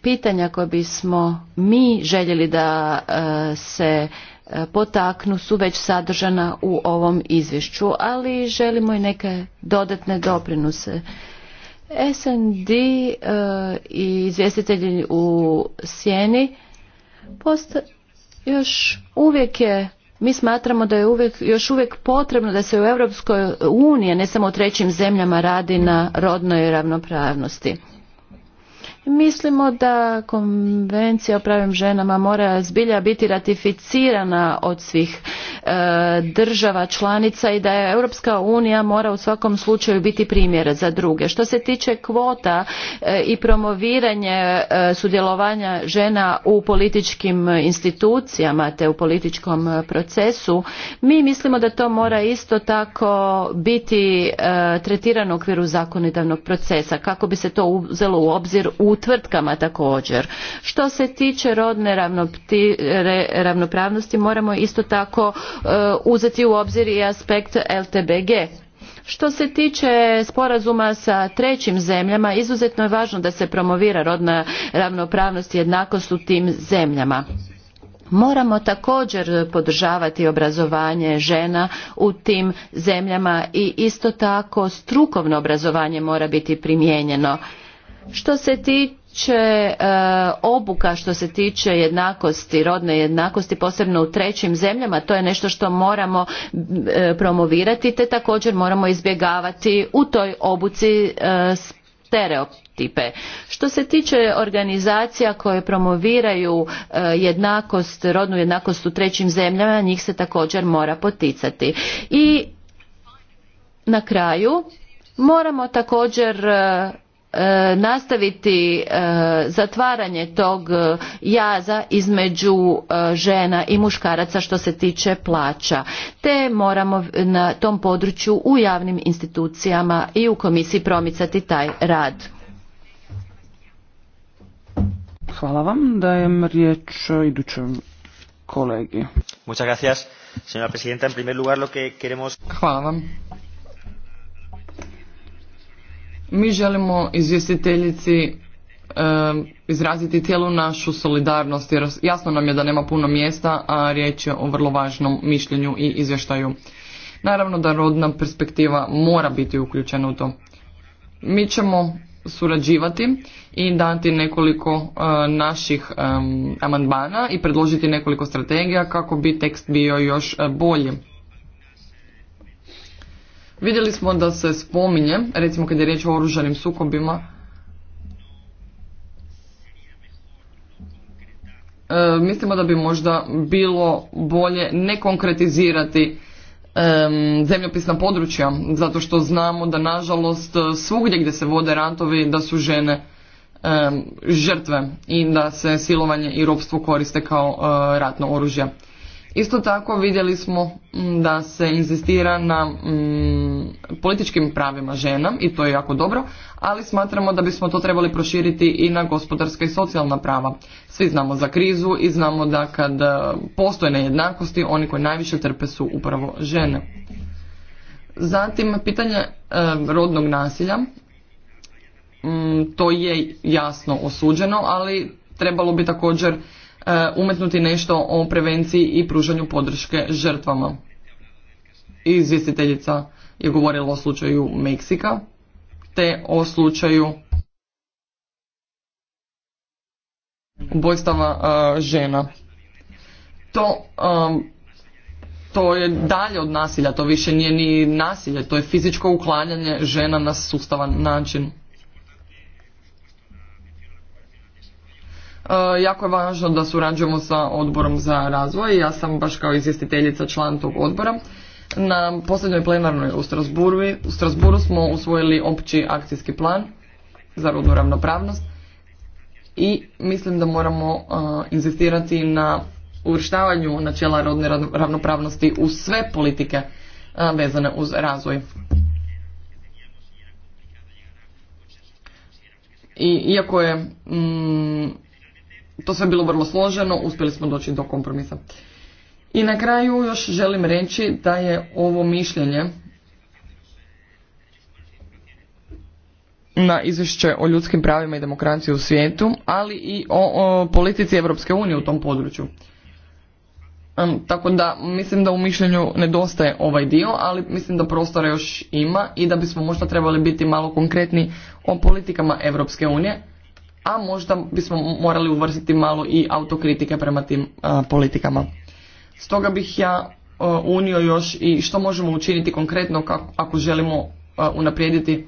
pitanja koje bismo mi željeli da e, se e, potaknu su već sadržana u ovom izvješću, ali želimo i neke dodatne doprinuse. SND e, i izvjestitelji u Sjeni još uvijek je mi smatramo da je uvijek, još uvijek potrebno da se u Europskoj uniji, ne samo u trećim zemljama, radi na rodnoj ravnopravnosti. Mislimo da konvencija o pravim ženama mora zbilja biti ratificirana od svih e, država članica i da je Europska unija mora u svakom slučaju biti primjer za druge. Što se tiče kvota e, i promoviranje e, sudjelovanja žena u političkim institucijama te u političkom procesu, mi mislimo da to mora isto tako biti tretirano u okviru zakonodavnog procesa kako bi se to uzelo u obzir u tvrtkama također. Što se tiče rodne ravnopravnosti moramo isto tako e, uzeti u obzir i aspekt LTBG što se tiče sporazuma sa trećim zemljama, izuzetno je važno da se promovira rodna ravnopravnost i jednakost u tim zemljama. Moramo također podržavati obrazovanje žena u tim zemljama i isto tako strukovno obrazovanje mora biti primijenjeno što se tiče e, obuka, što se tiče jednakosti, rodne jednakosti, posebno u trećim zemljama, to je nešto što moramo e, promovirati, te također moramo izbjegavati u toj obuci e, stereotipe. Što se tiče organizacija koje promoviraju jednakost, rodnu jednakost u trećim zemljama, njih se također mora poticati. I na kraju moramo također E, nastaviti e, zatvaranje tog e, jaza između žena i muškaraca što se tiče plaća te moramo na tom području u javnim institucijama i u komisiji promicati taj rad. Hvala vam. Dajem riječ idućem kolegi. Muchas gracias, Hvala vam. Mi želimo izvjestiteljici izraziti cijelu našu solidarnost jer jasno nam je da nema puno mjesta, a riječ je o vrlo važnom mišljenju i izvještaju. Naravno da rodna perspektiva mora biti uključena u to. Mi ćemo surađivati i dati nekoliko eh, naših amandmana i predložiti nekoliko strategija kako bi tekst bio još eh, bolji. Vidjeli smo da se spominje, recimo kad je riječ o oružanim sukobima, e, mislimo da bi možda bilo bolje ne konkretizirati e, zemljopisna područja, zato što znamo da nažalost svugdje gdje se vode ratovi da su žene e, žrtve i da se silovanje i ropstvo koriste kao ratno oružje. Isto tako vidjeli smo mm, da se inzistira na mm, političkim pravima žena i to je jako dobro, ali smatramo da bismo to trebali proširiti i na gospodarska i socijalna prava. Svi znamo za krizu i znamo da kad e, postoje nejednakosti, oni koji najviše trpe su upravo žene. Zatim, pitanje e, rodnog nasilja. Mm, to je jasno osuđeno, ali trebalo bi također E, umetnuti nešto o prevenciji i pružanju podrške žrtvama. Izvjestiteljica je govorila o slučaju Meksika te o slučaju ubojstava e, žena. To, e, to je dalje od nasilja, to više nije ni nasilje, to je fizičko uklanjanje žena na sustavan način. E, jako je važno da surađujemo sa odborom za razvoj. Ja sam baš kao izvjestiteljica član tog odbora. Na posljednjoj plenarnoj u Strasburu, u Strasburu smo usvojili opći akcijski plan za rodnu ravnopravnost i mislim da moramo uh, inzistirati na uvrštavanju načela rodne ravnopravnosti u sve politike e, vezane uz razvoj. I iako je mm, to sve bilo vrlo složeno, uspjeli smo doći do kompromisa. I na kraju još želim reći da je ovo mišljenje na izvješće o ljudskim pravima i demokraciji u svijetu, ali i o, politici Europske unije u tom području. tako da mislim da u mišljenju nedostaje ovaj dio, ali mislim da prostora još ima i da bismo možda trebali biti malo konkretni o politikama Europske unije a možda bismo morali uvrstiti malo i autokritike prema tim politikama. Stoga bih ja unio još i što možemo učiniti konkretno ako želimo unaprijediti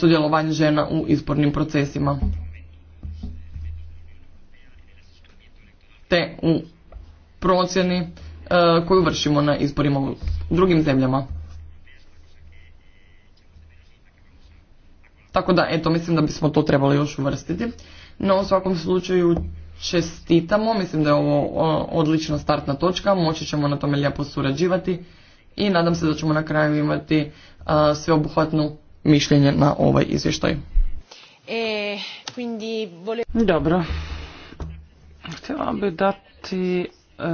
sudjelovanje žena u izbornim procesima. Te u procjeni koju vršimo na izborima u drugim zemljama. Tako da, eto, mislim da bismo to trebali još uvrstiti. No, u svakom slučaju, čestitamo, mislim da je ovo odlična startna točka, moći ćemo na tome lijepo surađivati i nadam se da ćemo na kraju imati sveobuhvatno mišljenje na ovaj izvještaj. E, Dobro. Htjela bi dati e,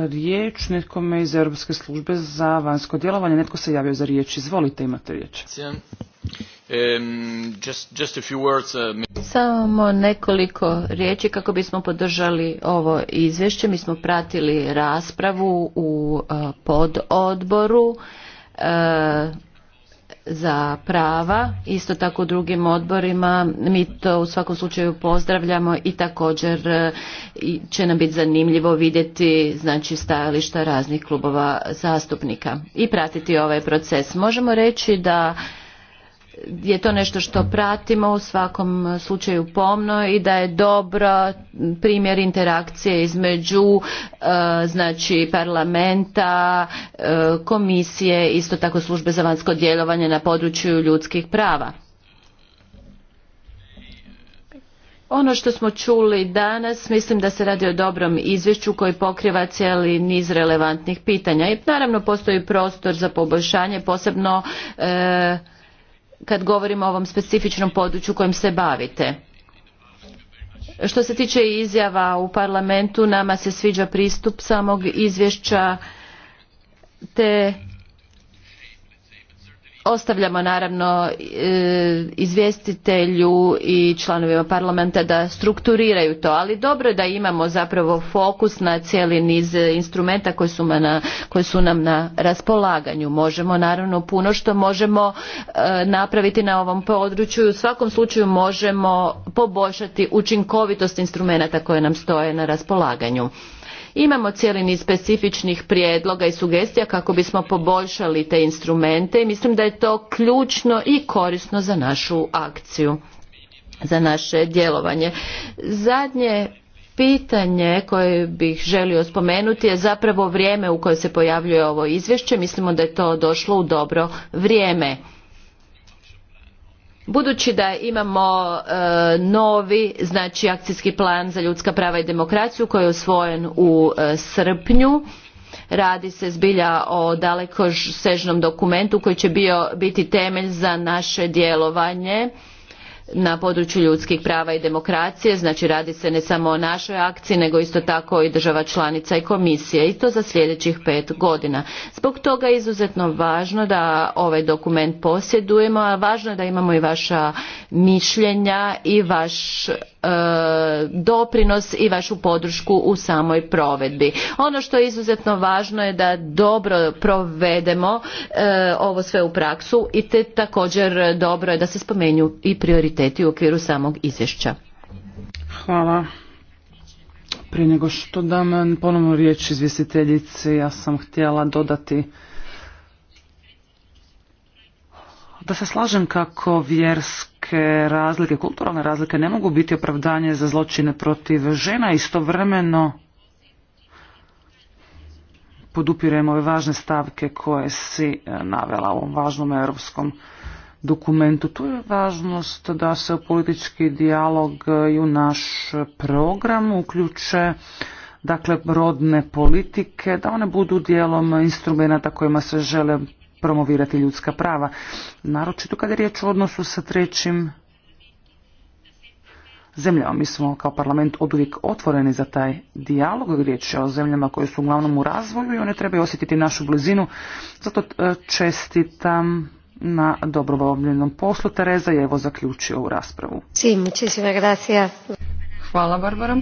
riječ nekome iz Europske službe za vanjsko djelovanje. Netko se javio za riječ. Izvolite, imate riječ. Um, uh, Samo nekoliko riječi kako bismo podržali ovo izvješće. Mi smo pratili raspravu u e, pododboru e, za prava, isto tako u drugim odborima. Mi to u svakom slučaju pozdravljamo i također e, će nam biti zanimljivo vidjeti znači stajališta raznih klubova zastupnika i pratiti ovaj proces. Možemo reći da je to nešto što pratimo u svakom slučaju pomno i da je dobro primjer interakcije između e, znači parlamenta, e, komisije, isto tako službe za vanjsko djelovanje na području ljudskih prava. Ono što smo čuli danas, mislim da se radi o dobrom izvješću koji pokriva cijeli niz relevantnih pitanja. I naravno postoji prostor za poboljšanje, posebno e, kad govorimo o ovom specifičnom području kojim se bavite. Što se tiče izjava u parlamentu, nama se sviđa pristup samog izvješća te Ostavljamo naravno e, izvjestitelju i članovima parlamenta da strukturiraju to, ali dobro je da imamo zapravo fokus na cijeli niz instrumenta koji su, su nam na raspolaganju. Možemo naravno puno što možemo e, napraviti na ovom području. U svakom slučaju možemo poboljšati učinkovitost instrumenata koje nam stoje na raspolaganju. Imamo cijeli niz specifičnih prijedloga i sugestija kako bismo poboljšali te instrumente i mislim da je to ključno i korisno za našu akciju, za naše djelovanje. Zadnje pitanje koje bih želio spomenuti je zapravo vrijeme u koje se pojavljuje ovo izvješće. Mislimo da je to došlo u dobro vrijeme Budući da imamo e, novi znači akcijski plan za ljudska prava i demokraciju koji je usvojen u e, srpnju, radi se zbilja o dalekosežnom dokumentu koji će bio biti temelj za naše djelovanje na području ljudskih prava i demokracije, znači radi se ne samo o našoj akciji, nego isto tako i država članica i komisije i to za sljedećih pet godina. Zbog toga je izuzetno važno da ovaj dokument posjedujemo, a važno je da imamo i vaša mišljenja i vaš e, doprinos i vašu podršku u samoj provedbi. Ono što je izuzetno važno je da dobro provedemo e, ovo sve u praksu i te također dobro je da se spomenju i prioriteti prioriteti u okviru samog izvješća. Hvala. Prije nego što dam ponovno riječ izvjestiteljici, ja sam htjela dodati da se slažem kako vjerske razlike, kulturalne razlike ne mogu biti opravdanje za zločine protiv žena, istovremeno podupirem ove važne stavke koje si eh, navela u ovom važnom europskom dokumentu. Tu je važnost da se u politički dijalog i u naš program uključe dakle rodne politike, da one budu dijelom instrumenta kojima se žele promovirati ljudska prava. Naročito kada je riječ o odnosu sa trećim zemljama. Mi smo kao parlament oduvijek otvoreni za taj dijalog. Riječ je o zemljama koje su uglavnom u razvoju i one trebaju osjetiti našu blizinu. Zato e, čestitam na dobro obavljenom poslu. Tereza je evo zaključio u raspravu. Hvala Barbara.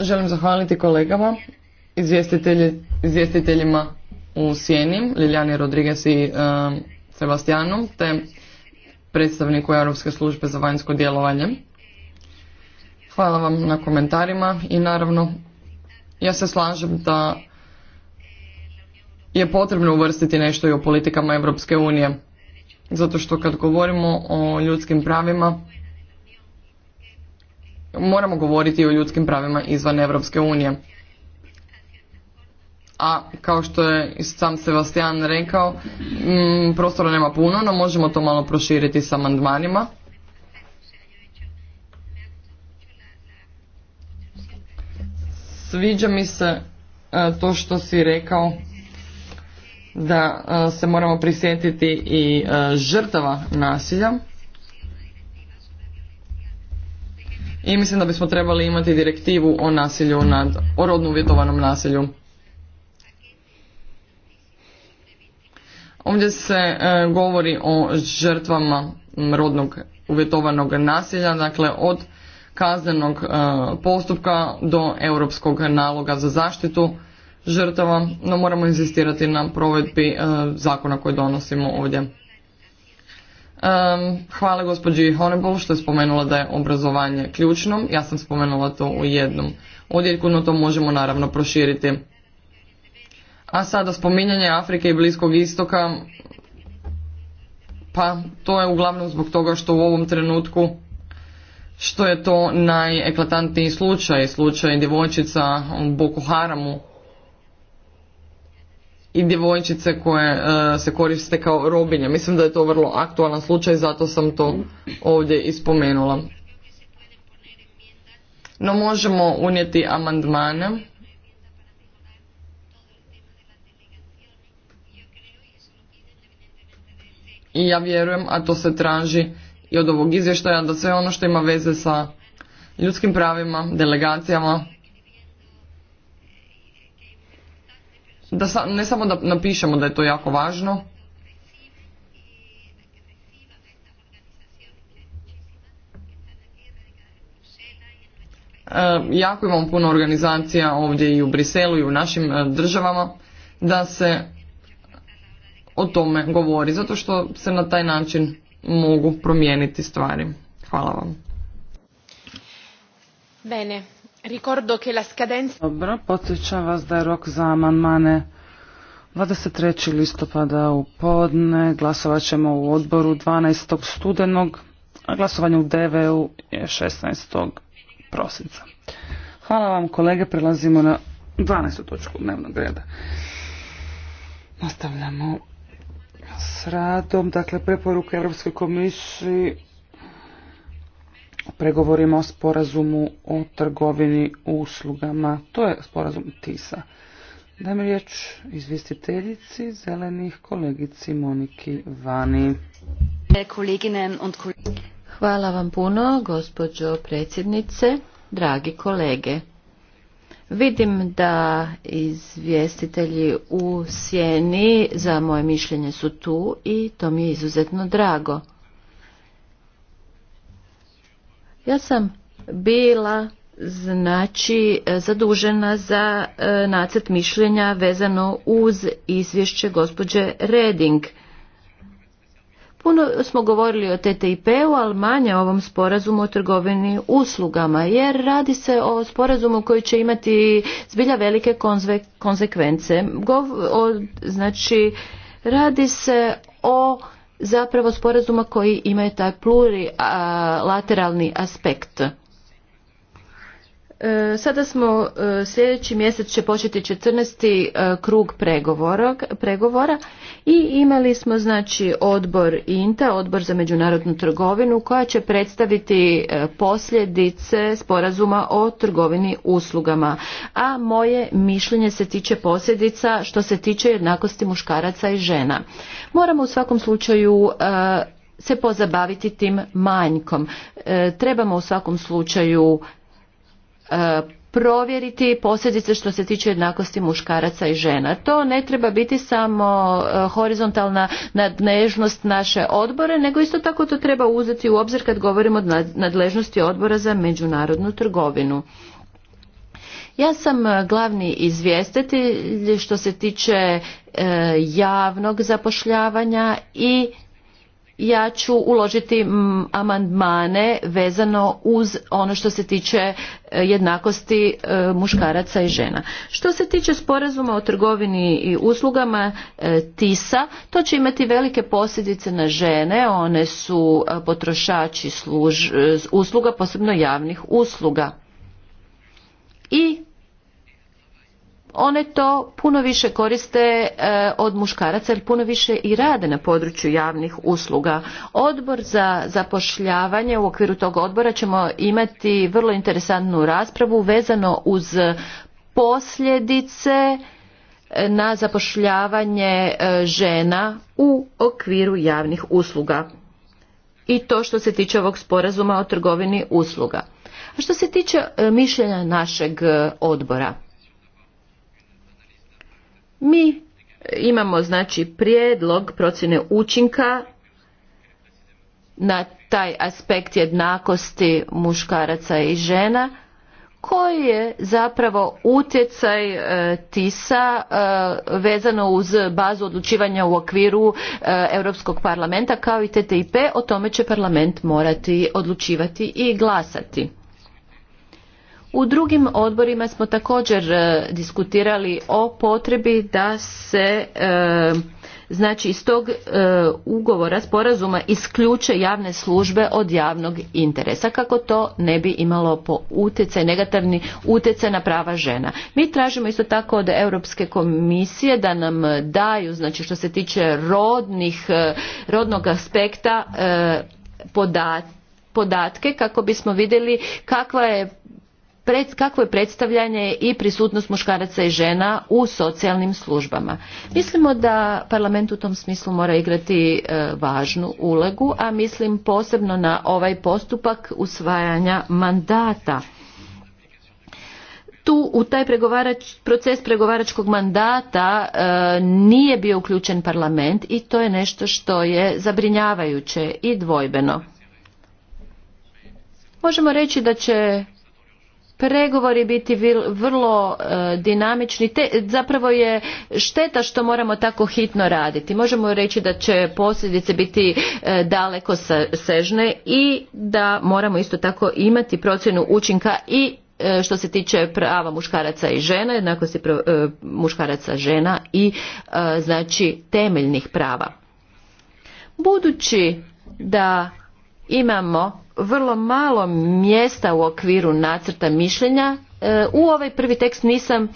Želim zahvaliti kolegama, izvjestiteljima u Sijeni, Liljani Rodriguez i e, Sebastianu, te predstavniku Europske službe za vanjsko djelovanje. Hvala vam na komentarima i naravno ja se slažem da je potrebno uvrstiti nešto i o politikama Europske unije. Zato što kad govorimo o ljudskim pravima, moramo govoriti o ljudskim pravima izvan Europske unije. A kao što je sam Sebastian rekao, mm, prostora nema puno, no možemo to malo proširiti sa amandmanima. Sviđa mi se e, to što si rekao da e, se moramo prisjetiti i e, žrtava nasilja. I mislim da bismo trebali imati direktivu o nasilju nad, rodno uvjetovanom nasilju. Ovdje se e, govori o žrtvama rodnog uvjetovanog nasilja, dakle od kaznenog postupka do europskog naloga za zaštitu žrtava, no moramo inzistirati na provedbi e, zakona koji donosimo ovdje. E, hvala gospođi Honebol što je spomenula da je obrazovanje ključno. Ja sam spomenula to u jednom odjeljku, no to možemo naravno proširiti. A sada spominjanje Afrike i Bliskog istoka, pa to je uglavnom zbog toga što u ovom trenutku što je to najeklatantniji slučaj, slučaj djevojčica Boko Haramu i djevojčice koje e, se koriste kao robinje. Mislim da je to vrlo aktualan slučaj, zato sam to ovdje ispomenula. No možemo unijeti amandmane. I ja vjerujem, a to se traži i od ovog izvještaja, da sve ono što ima veze sa ljudskim pravima, delegacijama, da sa, ne samo da napišemo da je to jako važno, e, jako imamo puno organizacija ovdje i u Briselu i u našim e, državama da se o tome govori zato što se na taj način mogu promijeniti stvari. Hvala vam. Bene. Dobro, podsjećam vas da je rok za amandmane 23. listopada u podne, glasovat ćemo u odboru 12. studenog, a glasovanje u dv je 16. prosinca. Hvala vam kolege, prelazimo na 12. točku dnevnog reda. Nastavljamo s radom, dakle preporuke Europske komisiji pregovorima o sporazumu o trgovini uslugama. To je sporazum TISA. Dajem riječ izvjestiteljici zelenih kolegici Moniki Vani. Hvala vam puno, gospođo predsjednice, dragi kolege. Vidim da izvjestitelji u sjeni za moje mišljenje su tu i to mi je izuzetno drago. Ja sam bila znači e, zadužena za e, nacrt mišljenja vezano uz izvješće gospođe Reding. Puno smo govorili o TTIP-u, ali manje o ovom sporazumu o trgovini uslugama, jer radi se o sporazumu koji će imati zbilja velike konsekvence. znači, radi se o zapravo sporazuma koji imaju taj plurilateralni aspekt. E, sada smo, e, sljedeći mjesec će početi 14. E, krug pregovora i imali smo znači odbor INTA, odbor za međunarodnu trgovinu koja će predstaviti posljedice sporazuma o trgovini uslugama. A moje mišljenje se tiče posljedica što se tiče jednakosti muškaraca i žena. Moramo u svakom slučaju se pozabaviti tim manjkom. Trebamo u svakom slučaju E, provjeriti posljedice što se tiče jednakosti muškaraca i žena. To ne treba biti samo e, horizontalna nadležnost naše odbore, nego isto tako to treba uzeti u obzir kad govorimo o nadležnosti odbora za međunarodnu trgovinu. Ja sam e, glavni izvjestitelj što se tiče javnog zapošljavanja i ja ću uložiti amandmane vezano uz ono što se tiče e, jednakosti e, muškaraca i žena. Što se tiče sporazuma o trgovini i uslugama e, TISA, to će imati velike posljedice na žene, one su potrošači usluga, posebno javnih usluga. I one to puno više koriste e, od muškaraca jer puno više i rade na području javnih usluga. Odbor za zapošljavanje u okviru tog odbora ćemo imati vrlo interesantnu raspravu vezano uz posljedice e, na zapošljavanje e, žena u okviru javnih usluga. I to što se tiče ovog sporazuma o trgovini usluga. A što se tiče mišljenja našeg odbora, mi e, imamo znači prijedlog procjene učinka na taj aspekt jednakosti muškaraca i žena koji je zapravo utjecaj e, TISA e, vezano uz bazu odlučivanja u okviru Europskog parlamenta kao i TTIP, o tome će parlament morati odlučivati i glasati. U drugim odborima smo također e, diskutirali o potrebi da se e, znači iz tog e, ugovora sporazuma isključe javne službe od javnog interesa kako to ne bi imalo po utjecaj negativni utjecaj na prava žena mi tražimo isto tako od europske komisije da nam daju znači što se tiče rodnih rodnog aspekta podatke kako bismo vidjeli kakva je kakvo je predstavljanje i prisutnost muškaraca i žena u socijalnim službama. Mislimo da parlament u tom smislu mora igrati e, važnu ulogu, a mislim posebno na ovaj postupak usvajanja mandata. Tu u taj pregovarač, proces pregovaračkog mandata e, nije bio uključen parlament i to je nešto što je zabrinjavajuće i dvojbeno. Možemo reći da će pregovori biti vrlo e, dinamični zapravo je šteta što moramo tako hitno raditi možemo reći da će posljedice biti e, daleko sežne i da moramo isto tako imati procjenu učinka i e, što se tiče prava muškaraca i žena jednakosti muškaraca žena i znači temeljnih prava budući da imamo vrlo malo mjesta u okviru nacrta mišljenja. E, u ovaj prvi tekst nisam,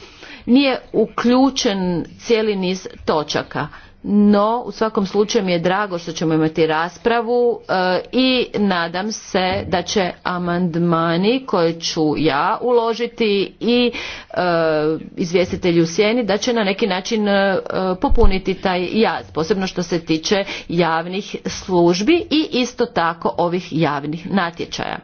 nije uključen cijeli niz točaka no u svakom slučaju mi je drago što ćemo imati raspravu eh, i nadam se da će amandmani koje ću ja uložiti i e, izvjestitelji u sjeni da će na neki način eh, popuniti taj jaz posebno što se tiče javnih službi i isto tako ovih javnih natječaja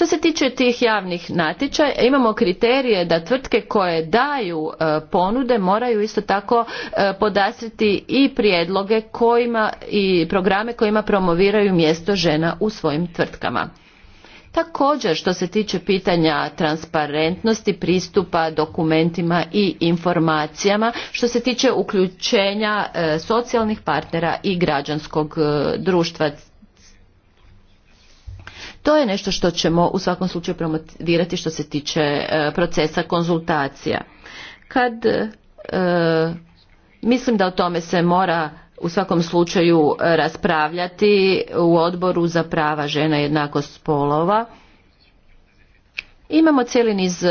što se tiče tih javnih natječaja, imamo kriterije da tvrtke koje daju e, ponude moraju isto tako e, podastriti i prijedloge kojima i programe kojima promoviraju mjesto žena u svojim tvrtkama. Također što se tiče pitanja transparentnosti, pristupa dokumentima i informacijama, što se tiče uključenja e, socijalnih partnera i građanskog društva to je nešto što ćemo u svakom slučaju promovirati što se tiče e, procesa konzultacija. Kad e, mislim da o tome se mora u svakom slučaju raspravljati u odboru za prava žena jednakost spolova. Imamo cijeli niz e,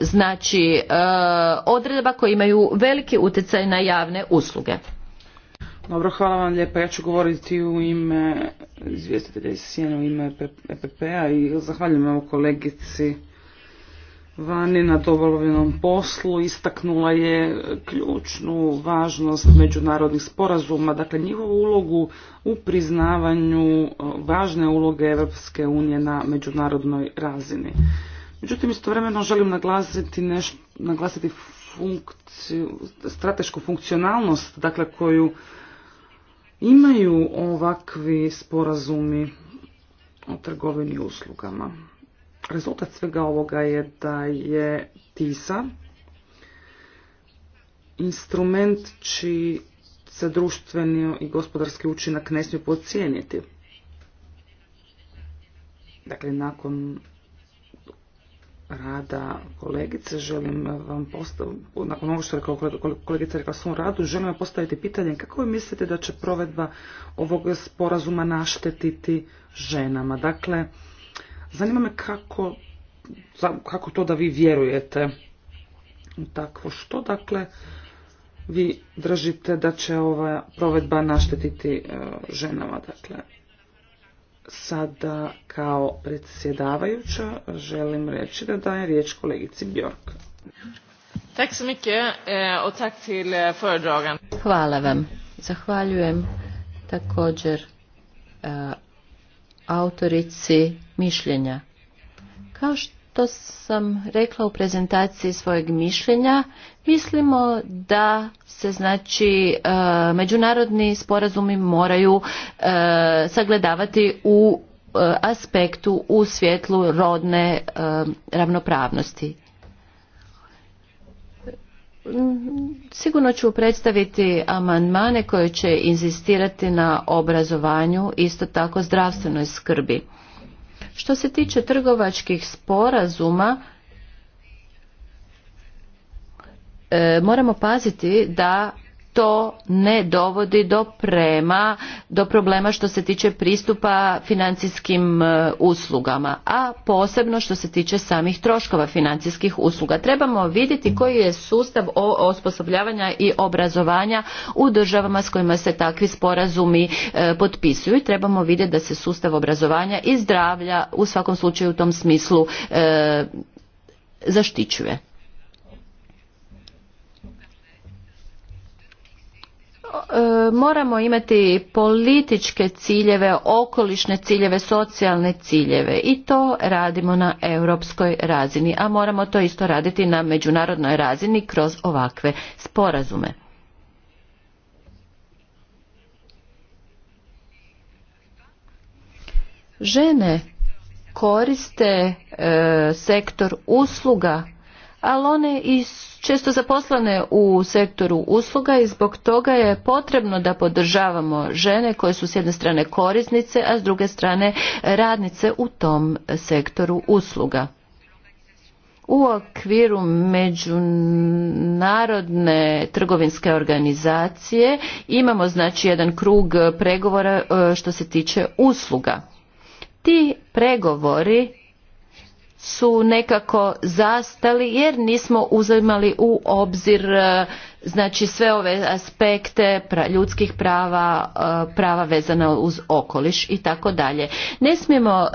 znači odredba koje imaju veliki utjecaj na javne usluge. Dobro, hvala vam lijepa. Ja ću govoriti u ime izvjestitelja da Sijena, u ime EPP-a i zahvaljujem ovo kolegici Vani na dobrovinom poslu. Istaknula je ključnu važnost međunarodnih sporazuma, dakle njihovu ulogu u priznavanju važne uloge Europske unije na međunarodnoj razini. Međutim, istovremeno želim naglasiti, nešto, naglasiti funkciju, stratešku funkcionalnost dakle, koju imaju ovakvi sporazumi o trgovini uslugama. Rezultat svega ovoga je da je TISA instrument čiji se društveni i gospodarski učinak ne smije podcijeniti. Dakle, nakon rada kolegice, želim vam postaviti, nakon ovo što je kolegica rekla svom radu, želim vam postaviti pitanje kako vi mislite da će provedba ovog sporazuma naštetiti ženama? Dakle, zanima me kako, kako to da vi vjerujete u takvo što, dakle, vi držite da će ova provedba naštetiti e, ženama, dakle, Sada kao predsjedavajuća želim reći da daje riječ kolegici Bjork. Tak så mycket eh, och tack till eh, Hvala vam. Zahvaljujem također eh, autorici mišljenja. Kao što što sam rekla u prezentaciji svojeg mišljenja, mislimo da se znači e, međunarodni sporazumi moraju e, sagledavati u e, aspektu u svjetlu rodne ravnopravnosti. Sigurno ću predstaviti amandmane koje će inzistirati na obrazovanju, isto tako zdravstvenoj skrbi. Što se tiče trgovačkih sporazuma, e, moramo paziti da to ne dovodi do prema do problema što se tiče pristupa financijskim e, uslugama a posebno što se tiče samih troškova financijskih usluga trebamo vidjeti koji je sustav osposobljavanja i obrazovanja u državama s kojima se takvi sporazumi e, potpisuju i trebamo vidjeti da se sustav obrazovanja i zdravlja u svakom slučaju u tom smislu e, zaštićuje E, moramo imati političke ciljeve, okolišne ciljeve, socijalne ciljeve i to radimo na europskoj razini, a moramo to isto raditi na međunarodnoj razini kroz ovakve sporazume. Žene koriste e, sektor usluga ali one i često zaposlene u sektoru usluga i zbog toga je potrebno da podržavamo žene koje su s jedne strane korisnice, a s druge strane radnice u tom sektoru usluga. U okviru međunarodne trgovinske organizacije imamo znači jedan krug pregovora e, što se tiče usluga. Ti pregovori su nekako zastali jer nismo uzimali u obzir e, znači sve ove aspekte ljudskih prava, e, prava vezana uz okoliš i tako dalje. Ne smijemo e,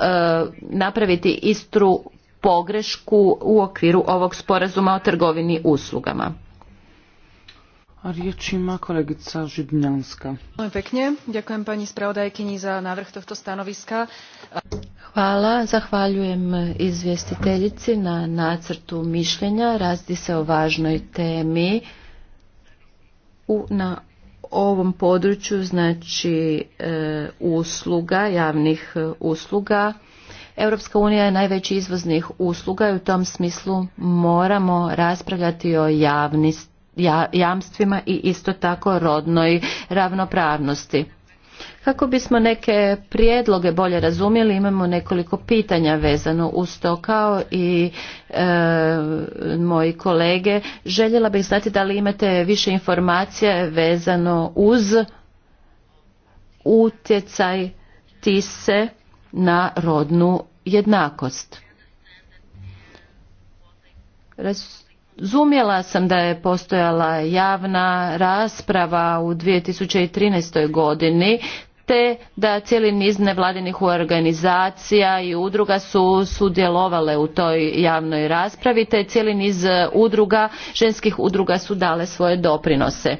napraviti istru pogrešku u okviru ovog sporazuma o trgovini uslugama. A riječ ima kolegica Židnjanska. Pekne, Djekujem pani za navrh tohto stanoviska. Hvala, zahvaljujem izvjestiteljici na nacrtu mišljenja. Razdi se o važnoj temi u, na ovom području, znači e, usluga, javnih usluga. Europska unija je najveći izvoznih usluga i u tom smislu moramo raspravljati o javni, jamstvima i isto tako rodnoj ravnopravnosti. Kako bismo neke prijedloge bolje razumjeli, imamo nekoliko pitanja vezano uz to kao i e, moji kolege. Željela bih znati da li imate više informacija vezano uz utjecaj tise na rodnu jednakost. Razumjela sam da je postojala javna rasprava u 2013. godini te da cijeli niz nevladinih organizacija i udruga su sudjelovale u toj javnoj raspravi te cijeli niz udruga, ženskih udruga su dale svoje doprinose.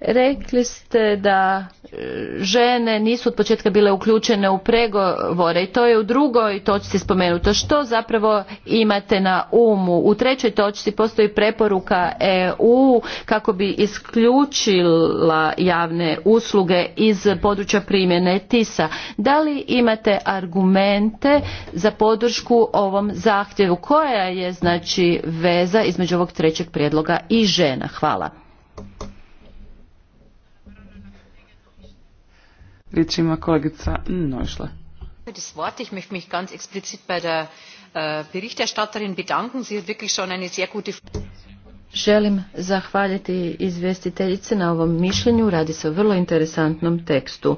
Rekli ste da e, žene nisu od početka bile uključene u pregovore i to je u drugoj točci spomenuto. Što zapravo imate na umu? U trećoj točci postoji preporuka EU kako bi isključila javne usluge iz područja primjene TISA. Da li imate argumente za podršku ovom zahtjevu? Koja je znači veza između ovog trećeg prijedloga i žena? Hvala. Riječ ima kolegica Nojšle. Das Wort. Ich möchte mich ganz explizit bei der äh, Berichterstatterin bedanken. Sie hat wirklich schon eine sehr gute Želim zahvaljati izvjestiteljice na ovom mišljenju, radi se o vrlo interesantnom tekstu.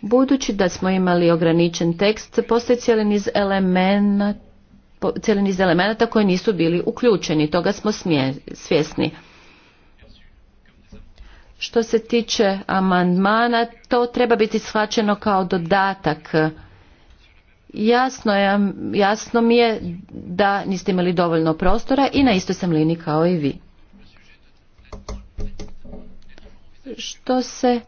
Budući da smo imali ograničen tekst, postoji cijeli niz elemenata cijeli elemenata koji nisu bili uključeni, toga smo smje, svjesni. Što se tiče amandmana, to treba biti shvaćeno kao dodatak. Jasno, jasno mi je da niste imali dovoljno prostora i na istoj sam liniji kao i vi. Što se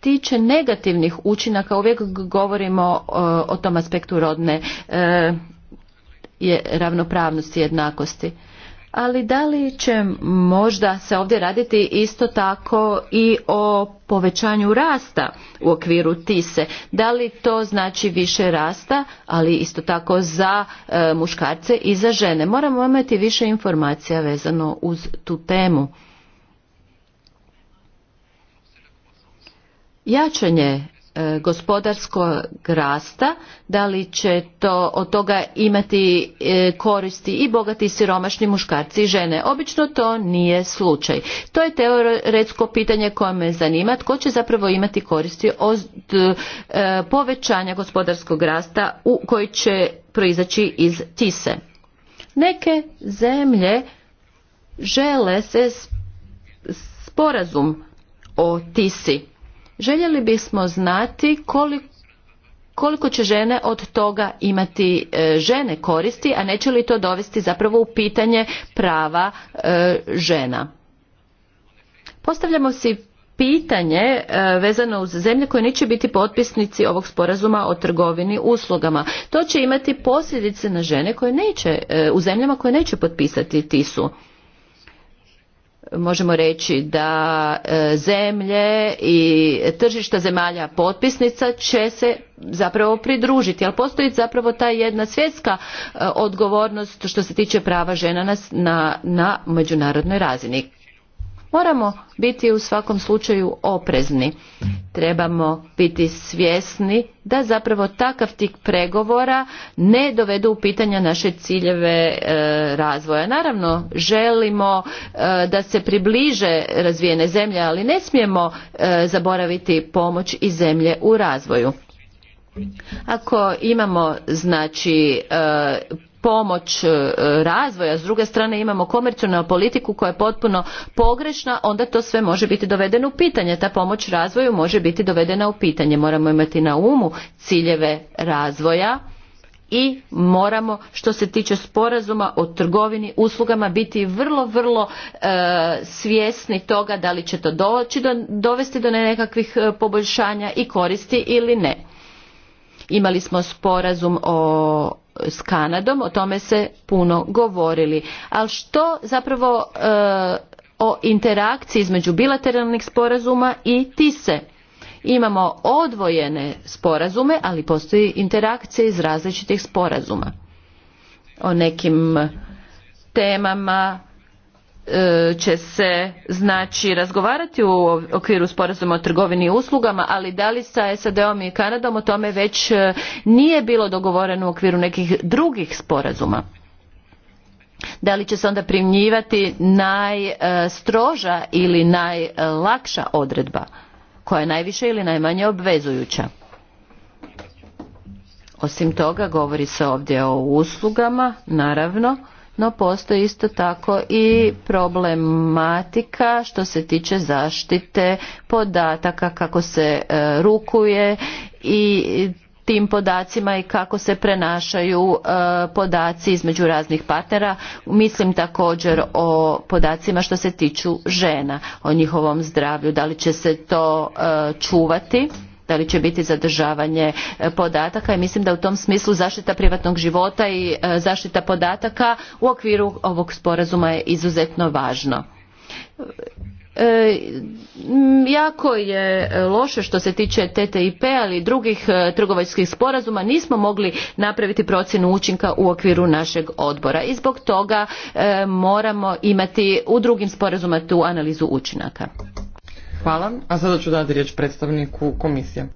tiče negativnih učinaka, uvijek govorimo e, o, tom aspektu rodne e, je ravnopravnosti i jednakosti ali da li će možda se ovdje raditi isto tako i o povećanju rasta u okviru tise da li to znači više rasta ali isto tako za e, muškarce i za žene moramo imati više informacija vezano uz tu temu jačanje E, gospodarskog rasta, da li će to od toga imati e, koristi i bogati i siromašni muškarci i žene. Obično to nije slučaj. To je teoretsko pitanje koje me zanima, tko će zapravo imati koristi od e, povećanja gospodarskog rasta u koji će proizaći iz tise. Neke zemlje žele se sporazum o tisi Željeli bismo znati koliko koliko će žene od toga imati e, žene koristi, a neće li to dovesti zapravo u pitanje prava e, žena. Postavljamo si pitanje e, vezano uz zemlje koje neće biti potpisnici ovog sporazuma o trgovini uslugama. To će imati posljedice na žene koje neće, u zemljama koje neće potpisati TISU možemo reći da e, zemlje i tržišta zemalja potpisnica će se zapravo pridružiti ali postoji zapravo ta jedna svjetska e, odgovornost što se tiče prava žena na, na međunarodnoj razini Moramo biti u svakom slučaju oprezni. Trebamo biti svjesni da zapravo takav tik pregovora ne dovedu u pitanja naše ciljeve e, razvoja. Naravno, želimo e, da se približe razvijene zemlje, ali ne smijemo e, zaboraviti pomoć i zemlje u razvoju. Ako imamo znači pomoć e, razvoja, s druge strane imamo komercijalnu politiku koja je potpuno pogrešna, onda to sve može biti dovedeno u pitanje. Ta pomoć razvoju može biti dovedena u pitanje. Moramo imati na umu ciljeve razvoja i moramo što se tiče sporazuma o trgovini uslugama biti vrlo vrlo e, svjesni toga da li će to doći do, dovesti do nekakvih e, poboljšanja i koristi ili ne imali smo sporazum o s Kanadom, o tome se puno govorili. Ali što zapravo e, o interakciji između bilateralnih sporazuma i TISE? Imamo odvojene sporazume, ali postoji interakcija iz različitih sporazuma. O nekim temama E, će se znači razgovarati u okviru sporazuma o trgovini i uslugama, ali da li sa SAD-om i Kanadom o tome već e, nije bilo dogovoreno u okviru nekih drugih sporazuma? Da li će se onda primjenjivati najstroža ili najlakša odredba koja je najviše ili najmanje obvezujuća? Osim toga govori se ovdje o uslugama, naravno no postoji isto tako i problematika što se tiče zaštite podataka kako se e, rukuje i tim podacima i kako se prenašaju e, podaci između raznih partnera mislim također o podacima što se tiču žena o njihovom zdravlju da li će se to e, čuvati da li će biti zadržavanje e, podataka i mislim da u tom smislu zaštita privatnog života i e, zaštita podataka u okviru ovog sporazuma je izuzetno važno. E, jako je loše što se tiče TTIP ali i drugih trgovačkih sporazuma nismo mogli napraviti procjenu učinka u okviru našeg odbora i zbog toga moramo imati u drugim sporazuma tu analizu učinaka. Hvala. A sada ću dati riječ predstavniku komisije.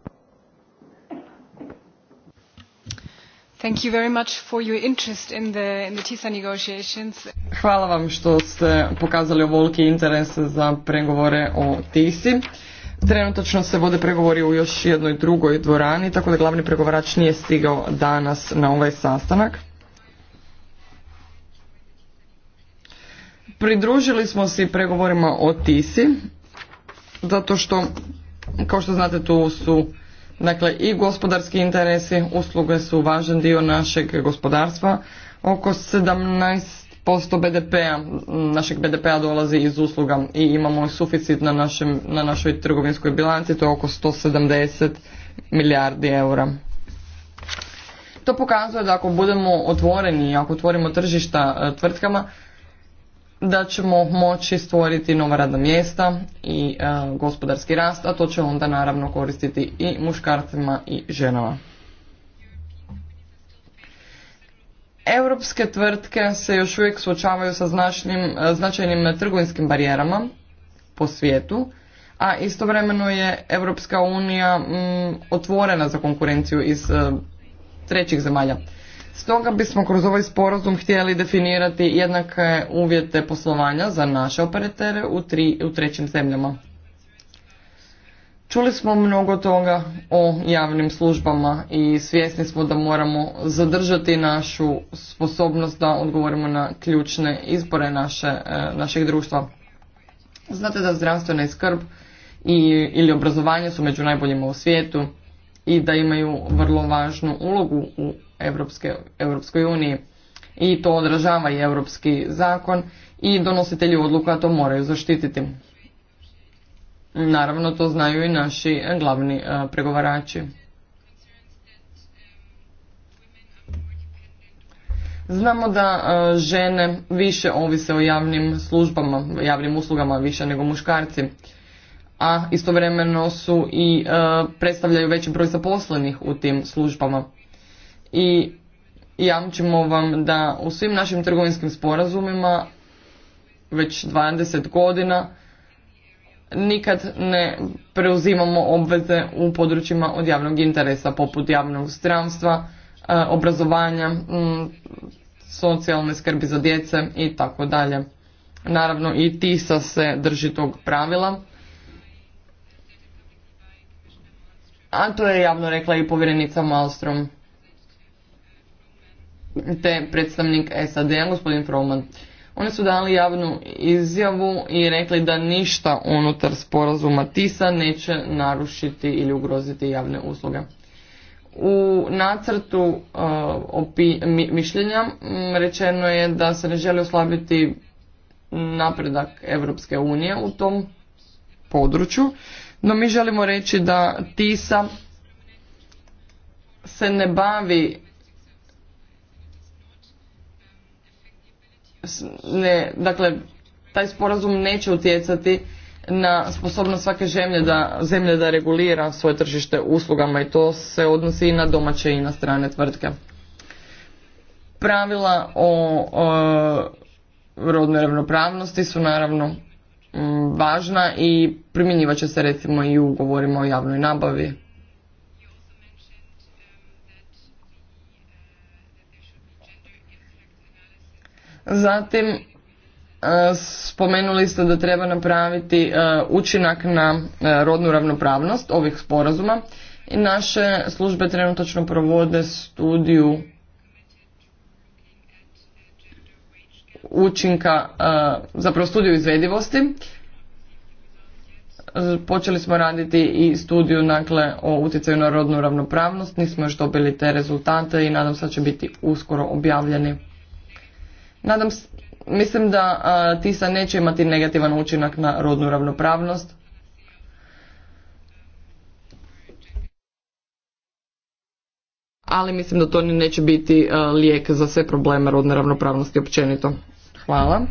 Thank you very much for your interest in the, in the TISA negotiations. Hvala vam što ste pokazali ovoliki interes za pregovore o TISI. Trenutačno se vode pregovori u još jednoj drugoj dvorani, tako da glavni pregovarač nije stigao danas na ovaj sastanak. Pridružili smo se pregovorima o TISI zato što, kao što znate, tu su dakle, i gospodarski interesi, usluge su važan dio našeg gospodarstva. Oko 17% BDP-a, našeg BDP-a dolazi iz usluga i imamo suficit na, našem, na našoj trgovinskoj bilanci, to je oko 170 milijardi eura. To pokazuje da ako budemo otvoreni i ako otvorimo tržišta e, tvrtkama, da ćemo moći stvoriti nova radna mjesta i e, gospodarski rast, a to će onda naravno koristiti i muškarcima i ženama. Europske tvrtke se još uvijek suočavaju sa značnim, e, značajnim trgovinskim barijerama po svijetu, a istovremeno je Europska unija mm, otvorena za konkurenciju iz e, trećih zemalja. Stoga bismo kroz ovaj sporazum htjeli definirati jednake uvjete poslovanja za naše operatere u, tri, u trećim zemljama. Čuli smo mnogo toga o javnim službama i svjesni smo da moramo zadržati našu sposobnost da odgovorimo na ključne izbore naše, e, našeg društva. Znate da zdravstvena skrb i, ili obrazovanje su među najboljima u svijetu i da imaju vrlo važnu ulogu u Europske, Europskoj uniji. I to odražava i europski zakon i donositelji odluka to moraju zaštititi. Naravno to znaju i naši glavni e, pregovarači. Znamo da e, žene više ovise o javnim službama, javnim uslugama više nego muškarci, a istovremeno su i e, predstavljaju veći broj zaposlenih u tim službama i jamčimo vam da u svim našim trgovinskim sporazumima već 20 godina nikad ne preuzimamo obveze u područjima od javnog interesa poput javnog zdravstva, e, obrazovanja, socijalne skrbi za djece i tako dalje. Naravno i TISA se drži tog pravila. A to je javno rekla i povjerenica Malstrom te predstavnik SAD-a, gospodin Froman. Oni su dali javnu izjavu i rekli da ništa unutar sporazuma TISA neće narušiti ili ugroziti javne usluge. U nacrtu uh, opi, mišljenja rečeno je da se ne želi oslabiti napredak Europske unije u tom području, no mi želimo reći da TISA se ne bavi ne, dakle, taj sporazum neće utjecati na sposobnost svake zemlje da, zemlje da regulira svoje tržište uslugama i to se odnosi i na domaće i na strane tvrtke. Pravila o, o rodnoj ravnopravnosti su naravno mm, važna i primjenjivat će se recimo i ugovorima o javnoj nabavi. Zatim, e, spomenuli ste da treba napraviti e, učinak na e, rodnu ravnopravnost ovih sporazuma i naše službe trenutačno provode studiju učinka, zapravo studiju izvedivosti. Počeli smo raditi i studiju nakle o utjecaju na rodnu ravnopravnost, nismo još dobili te rezultate i nadam se da će biti uskoro objavljeni. Nadam se, mislim da TISA neće imati negativan učinak na rodnu ravnopravnost. Ali mislim da to neće biti lijek za sve probleme rodne ravnopravnosti općenito. Hvala.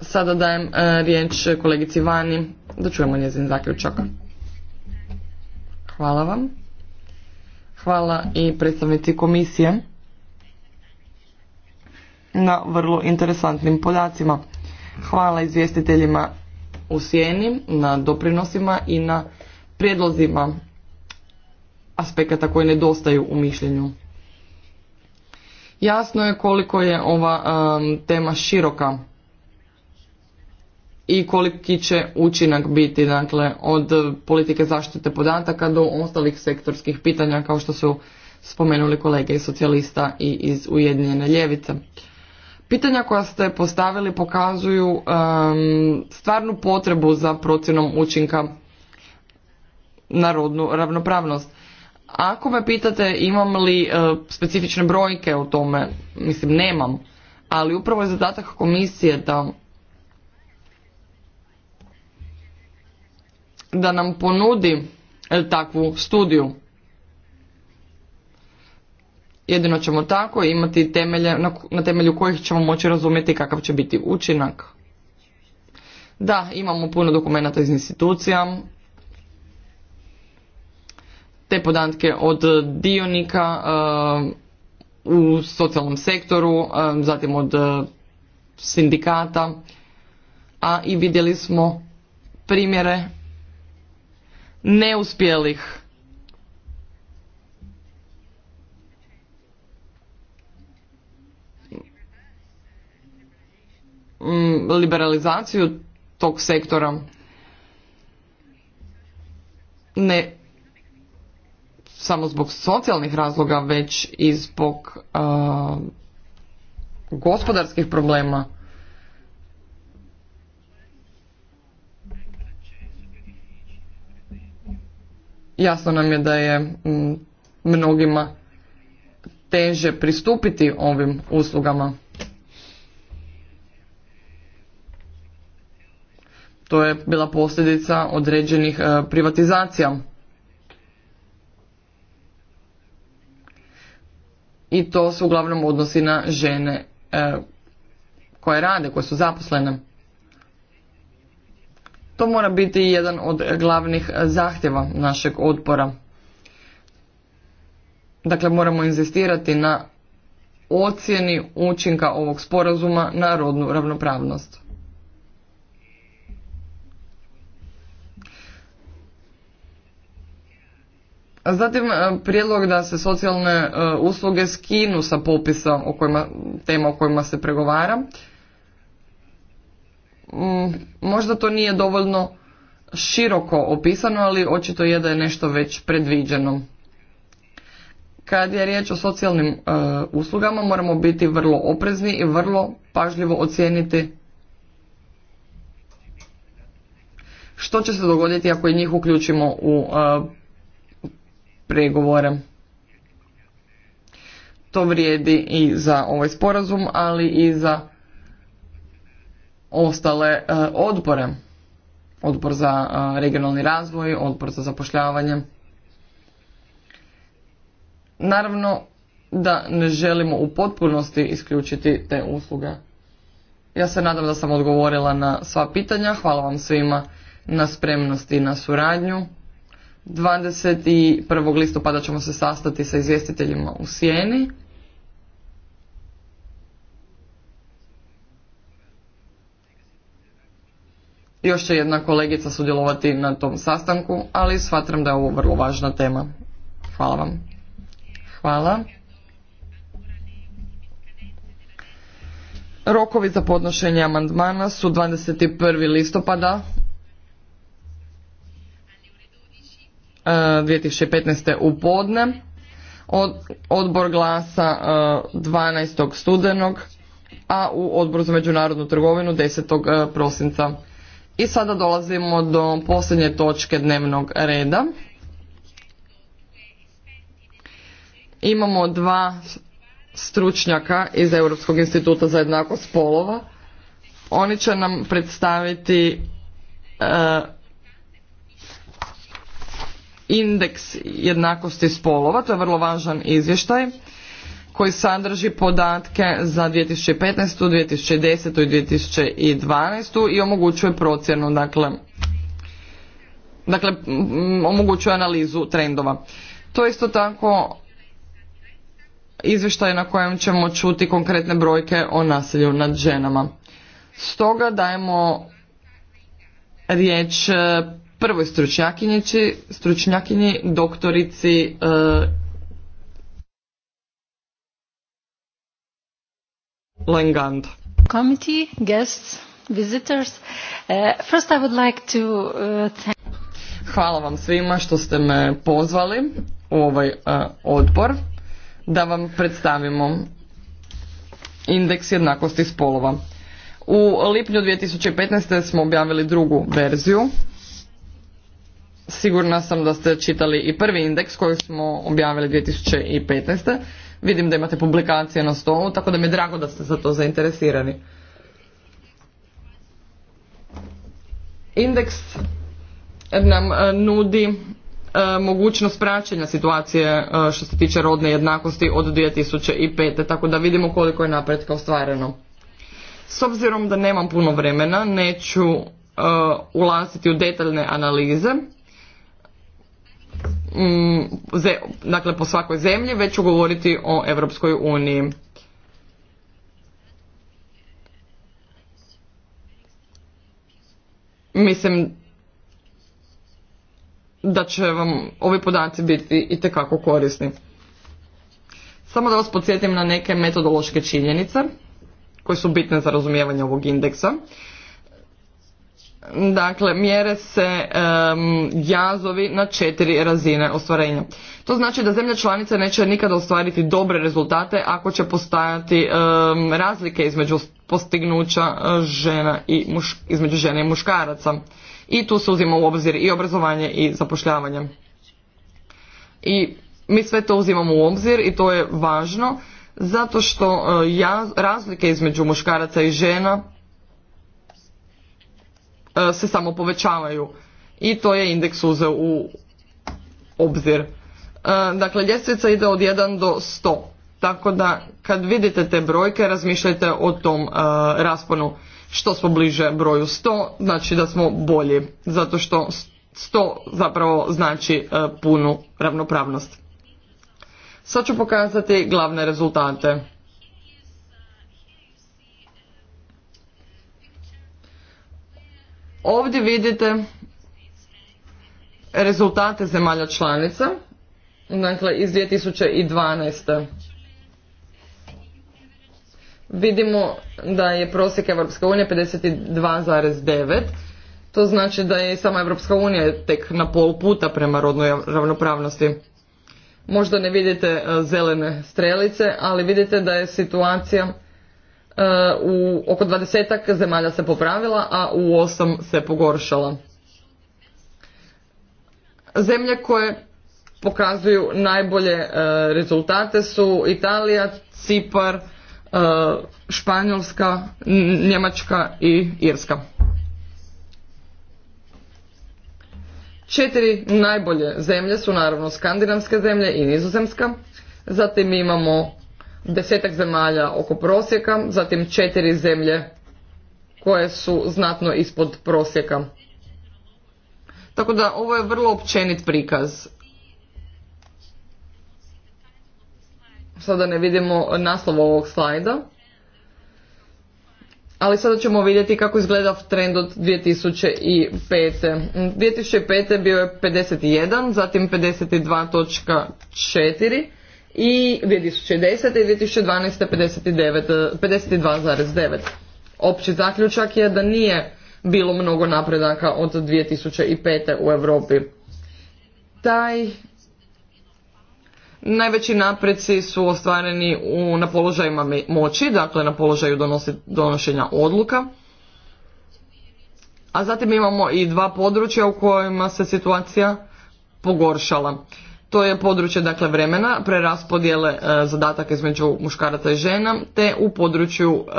Sada dajem riječ kolegici Vani da čujemo njezin zaključak. Hvala vam. Hvala i predstavnici komisije na vrlo interesantnim podacima. Hvala izvjestiteljima u sjeni na doprinosima i na prijedlozima aspekata koji nedostaju u mišljenju. Jasno je koliko je ova tema široka i koliki će učinak biti dakle, od politike zaštite podataka do ostalih sektorskih pitanja kao što su spomenuli kolege iz socijalista i iz Ujedinjene ljevice. Pitanja koja ste postavili pokazuju stvarnu potrebu za procjenom učinka na rodnu ravnopravnost. Ako me pitate imam li e, specifične brojke o tome, mislim nemam, ali upravo je zadatak komisije da da nam ponudi e, takvu studiju. Jedino ćemo tako imati temelje na temelju kojih ćemo moći razumjeti kakav će biti učinak. Da, imamo puno dokumenata iz institucija, te podatke od dionika e, u socijalnom sektoru, e, zatim od e, sindikata, a i vidjeli smo primjere neuspjelih Mm, liberalizaciju tog sektora ne samo zbog socijalnih razloga već i zbog uh, gospodarskih problema jasno nam je da je mm, mnogima teže pristupiti ovim uslugama to je bila posljedica određenih e, privatizacija. I to se uglavnom odnosi na žene e, koje rade, koje su zaposlene. To mora biti jedan od glavnih zahtjeva našeg odpora. Dakle, moramo inzistirati na ocjeni učinka ovog sporazuma na rodnu ravnopravnost. Zatim e, prijedlog da se socijalne e, usluge skinu sa popisa o kojima, tema o kojima se pregovara. Mm, možda to nije dovoljno široko opisano, ali očito je da je nešto već predviđeno. Kad je riječ o socijalnim e, uslugama moramo biti vrlo oprezni i vrlo pažljivo ocijeniti što će se dogoditi ako i njih uključimo u pregovora. To vrijedi i za ovaj sporazum, ali i za ostale e, odbore. Odbor za e, regionalni razvoj, odbor za zapošljavanje. Naravno da ne želimo u potpunosti isključiti te usluge. Ja se nadam da sam odgovorila na sva pitanja. Hvala vam svima na spremnosti i na suradnju. 21. listopada ćemo se sastati sa izvjestiteljima u Sijeni. Još će jedna kolegica sudjelovati na tom sastanku, ali smatram da je ovo vrlo važna tema. Hvala vam. Hvala. Rokovi za podnošenje amandmana su 21. listopada 2015. E, u podne. Odbor glasa 12. E, studenog, a u odboru za međunarodnu trgovinu 10. E, prosinca. I sada dolazimo do posljednje točke dnevnog reda. Imamo dva stručnjaka iz Europskog instituta za jednakost spolova. Oni će nam predstaviti indeks jednakosti spolova, to je vrlo važan izvještaj koji sadrži podatke za 2015., 2010. i 2012. i omogućuje procjenu, dakle, dakle omogućuje analizu trendova. To isto tako izvještaj na kojem ćemo čuti konkretne brojke o nasilju nad ženama. Stoga dajemo riječ prvoj stručnjakinjići, stručnjakinji doktorici e, Lengand. Committee, visitors. E, first I would like to e, thank... Hvala vam svima što ste me pozvali u ovaj odbor da vam predstavimo indeks jednakosti spolova. U lipnju 2015. smo objavili drugu verziju Sigurna sam da ste čitali i prvi indeks koji smo objavili 2015. Vidim da imate publikacije na stolu, tako da mi je drago da ste za to zainteresirani. Indeks nam e, nudi e, mogućnost praćenja situacije e, što se tiče rodne jednakosti od 2005. Tako da vidimo koliko je napretka ostvareno. S obzirom da nemam puno vremena, neću ulaziti u detaljne analize Mm, dakle po svakoj zemlji, već ću govoriti o Europskoj uniji. Mislim da će vam ovi podaci biti i tekako korisni. Samo da vas podsjetim na neke metodološke činjenice koje su bitne za razumijevanje ovog indeksa. Dakle, mjere se jazovi na četiri razine ostvarenja. To znači da zemlja članice neće nikada ostvariti dobre rezultate ako će postajati razlike između postignuća e, žena i između žene i muškaraca. I tu se uzima u obzir i obrazovanje i zapošljavanje. I mi sve to uzimamo u obzir i to je važno zato što e, razlike između muškaraca i žena E, se samo povećavaju i to je indeks uzeo u obzir. E, dakle, ljestvica ide od 1 do 100. Tako da kad vidite te brojke razmišljajte o tom e, rasponu. Što smo bliže broju 100, znači da smo bolji, zato što 100 zapravo znači punu ravnopravnost. Sad ću pokazati glavne rezultate. Ovdje vidite rezultate zemalja članica, dakle iz 2012. Vidimo da je prosjek Evropske unije 52,9, to znači da je i sama Evropska unija tek na pol puta prema rodnoj ravnopravnosti. Možda ne vidite e, zelene strelice, ali vidite da je situacija E, u oko dvadesetak zemalja se popravila, a u osam se pogoršala. Zemlje koje pokazuju najbolje e, rezultate su Italija, Cipar, e, Španjolska, Njemačka i Irska. Četiri najbolje zemlje su naravno skandinavske zemlje i nizozemska. Zatim imamo desetak zemalja oko prosjeka, zatim četiri zemlje koje su znatno ispod prosjeka. Tako da ovo je vrlo općenit prikaz. Sada ne vidimo naslov ovog slajda. Ali sada ćemo vidjeti kako izgleda trend od 2005. 2005. bio je 51, zatim 52.4 i 2010. i 2012. 52,9. Opći zaključak je da nije bilo mnogo napredaka od 2005. u Europi. Taj Najveći napreci su ostvareni u, na položajima moći, dakle na položaju donošenja odluka. A zatim imamo i dva područja u kojima se situacija pogoršala. To je područje dakle vremena, preraspodjele e, zadataka između muškaraca i žena, te u području e,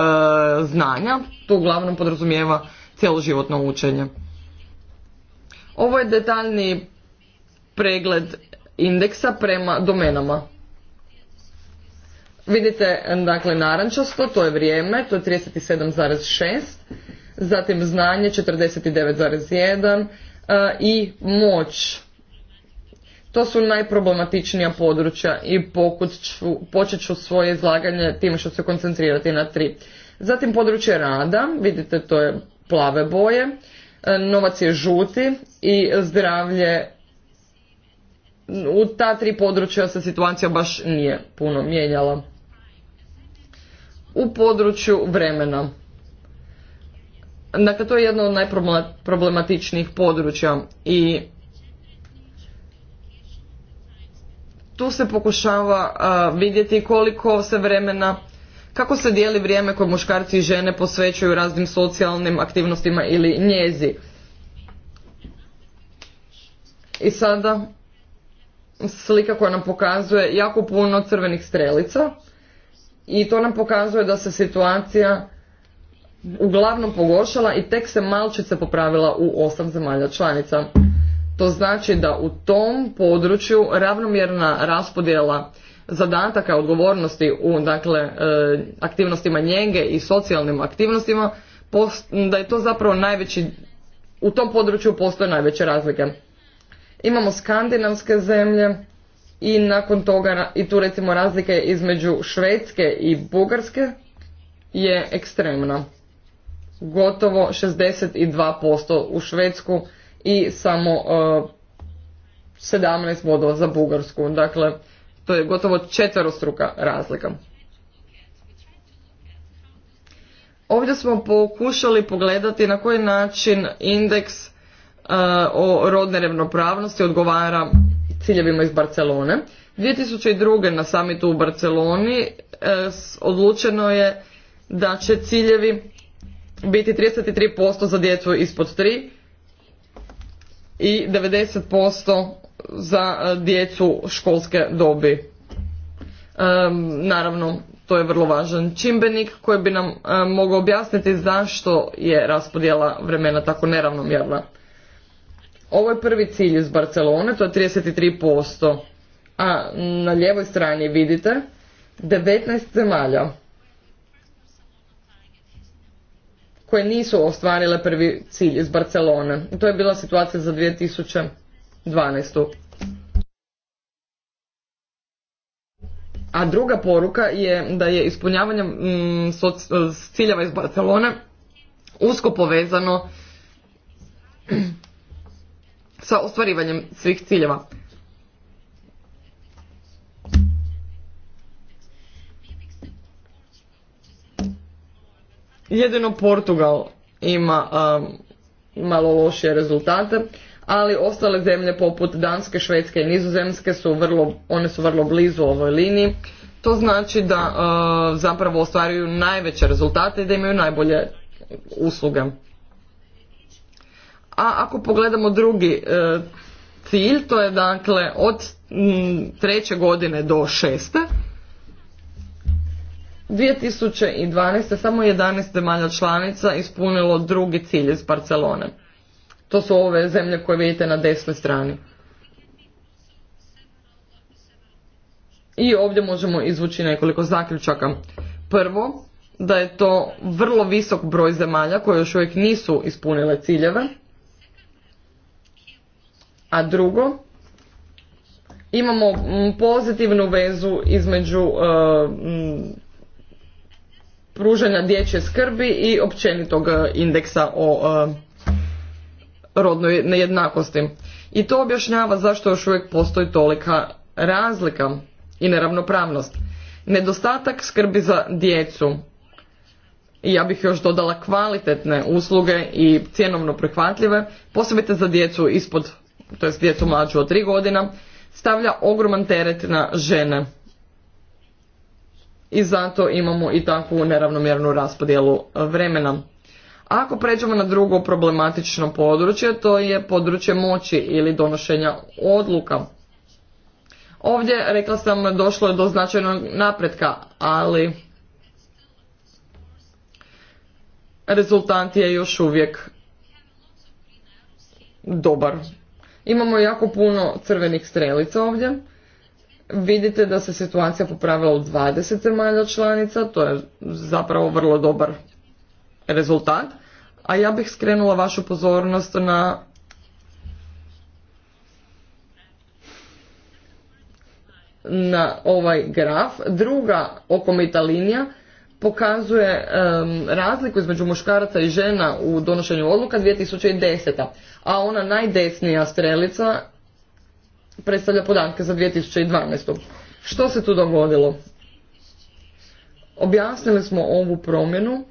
znanja, to uglavnom podrazumijeva cjeloživotno učenje. Ovo je detaljni pregled indeksa prema domenama. Vidite, dakle, narančasto, to je vrijeme, to je 37,6, zatim znanje 49,1 e, i moć to su najproblematičnija područja i počet ću svoje izlaganje time što se koncentrirati na tri. Zatim područje rada, vidite to je plave boje, e, novac je žuti i zdravlje u ta tri područja se situacija baš nije puno mijenjala. U području vremena. Dakle, to je jedno od najproblematičnijih područja i tu se pokušava vidjeti koliko se vremena, kako se dijeli vrijeme koje muškarci i žene posvećuju raznim socijalnim aktivnostima ili njezi. I sada slika koja nam pokazuje jako puno crvenih strelica i to nam pokazuje da se situacija uglavnom pogoršala i tek se malčice popravila u osam zemalja članica. To znači da u tom području ravnomjerna raspodjela zadataka odgovornosti u dakle e, aktivnostima njenge i socijalnim aktivnostima da je to zapravo najveći u tom području postoje najveće razlike. Imamo skandinavske zemlje i nakon toga i tu recimo razlike između Švedske i Bugarske je ekstremna. Gotovo 62% u Švedsku i samo 17 e, bodova za Bugarsku. Dakle, to je gotovo četverostruka razlika. Ovdje smo pokušali pogledati na koji način indeks e, o rodne ravnopravnosti odgovara ciljevima iz Barcelone. 2002. na samitu u Barceloni e, odlučeno je da će ciljevi biti 33% za djecu ispod 3, i 90% za e, djecu školske dobi. Naravno, to je vrlo važan čimbenik koji bi nam e, mogao objasniti zašto je raspodjela vremena tako neravnomjerna. Ovo je prvi cilj iz Barcelone, to je 33%, a na lijevoj strani vidite 19 zemalja koje nisu ostvarile prvi cilj iz Barcelone. To je bila situacija za 2012. A druga poruka je da je ispunjavanje mm, e, ciljeva iz Barcelone usko povezano sa ostvarivanjem svih ciljeva. Jedino Portugal ima um, malo lošije rezultate, ali ostale zemlje poput Danske, Švedske i Nizozemske su vrlo, one su vrlo blizu ovoj liniji. To znači da uh, zapravo ostvaruju najveće rezultate i da imaju najbolje usluge. A ako pogledamo drugi uh, cilj, to je dakle od mm, treće godine do šeste, 2012. samo 11 zemalja članica ispunilo drugi cilj iz Barcelone. To su ove zemlje koje vidite na desnoj strani. I ovdje možemo izvući nekoliko zaključaka. Prvo, da je to vrlo visok broj zemalja koje još uvijek nisu ispunile ciljeve. A drugo, imamo pozitivnu vezu između e, pružanja dječje skrbi i općenitog e, indeksa o e, rodnoj nejednakosti. I to objašnjava zašto još uvijek postoji tolika razlika i neravnopravnost. Nedostatak skrbi za djecu, i ja bih još dodala kvalitetne usluge i cjenovno prihvatljive, posebite za djecu ispod, to djecu mlađu od tri godina, stavlja ogroman teret na žene i zato imamo i takvu neravnomjernu raspodjelu e, vremena. Ako pređemo na drugo problematično područje, to je područje moći ili donošenja odluka. Ovdje, rekla sam, došlo je do značajnog napretka, ali rezultat je još uvijek dobar. Imamo jako puno crvenih strelica ovdje vidite da se situacija popravila u 20 zemalja članica, to je zapravo vrlo dobar rezultat, a ja bih skrenula vašu pozornost na na ovaj graf. Druga okomita linija pokazuje razliku između muškaraca i žena u donošenju odluka 2010. A ona najdesnija strelica predstavlja podatke za 2012. Što se tu dogodilo? Objasnili smo ovu promjenu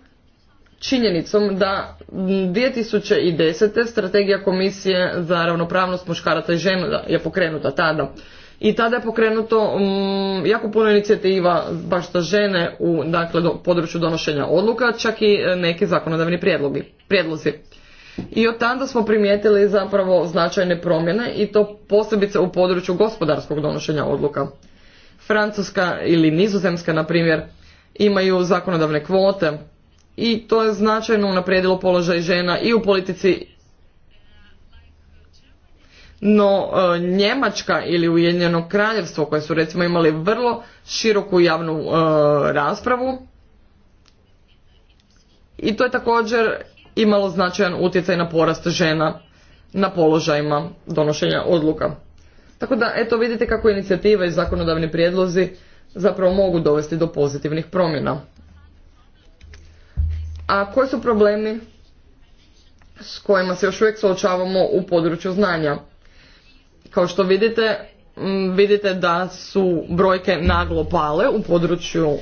činjenicom da 2010. strategija komisije za ravnopravnost muškaraca i žena je pokrenuta tada. I tada je pokrenuto mm, jako puno inicijativa baš za žene u dakle, području donošenja odluka, čak i e, neki zakonodavni prijedlozi. I od tada smo primijetili zapravo značajne promjene i to posebice u području gospodarskog donošenja odluka. Francuska ili Nizozemska, na primjer, imaju zakonodavne kvote i to je značajno unaprijedilo položaj žena i u politici no e, Njemačka ili Ujedinjeno kraljevstvo koje su recimo imali vrlo široku javnu e, raspravu i to je također imalo značajan utjecaj na porast žena na položajima donošenja odluka. Tako da, eto, vidite kako inicijativa i zakonodavni prijedlozi zapravo mogu dovesti do pozitivnih promjena. A koji su problemi s kojima se još uvijek suočavamo u području znanja? Kao što vidite, vidite da su brojke naglo pale u području e,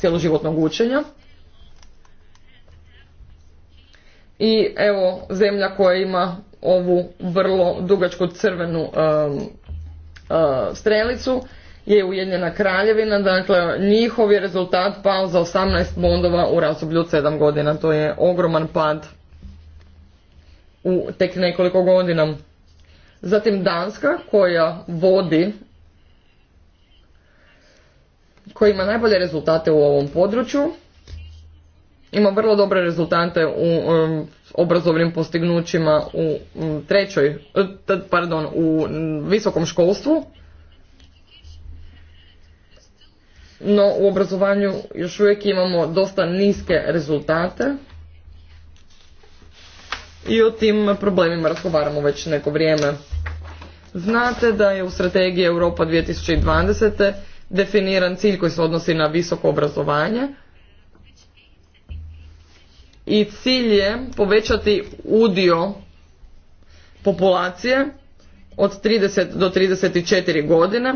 cjeloživotnog učenja i evo zemlja koja ima ovu vrlo dugačku crvenu e, strelicu je Ujedinjena kraljevina, dakle njihov je rezultat pao za 18 bondova u razdoblju 7 godina, to je ogroman pad u tek nekoliko godina. Zatim Danska koja vodi koja ima najbolje rezultate u ovom području ima vrlo dobre rezultate u obrazovnim postignućima u trećoj, e, pardon, u visokom školstvu. No u obrazovanju još uvijek imamo dosta niske rezultate i o tim problemima razgovaramo već neko vrijeme. Znate da je u strategiji Europa 2020. definiran cilj koji se odnosi na visoko obrazovanje, i cilj je povećati udio populacije od 30 do 34 godine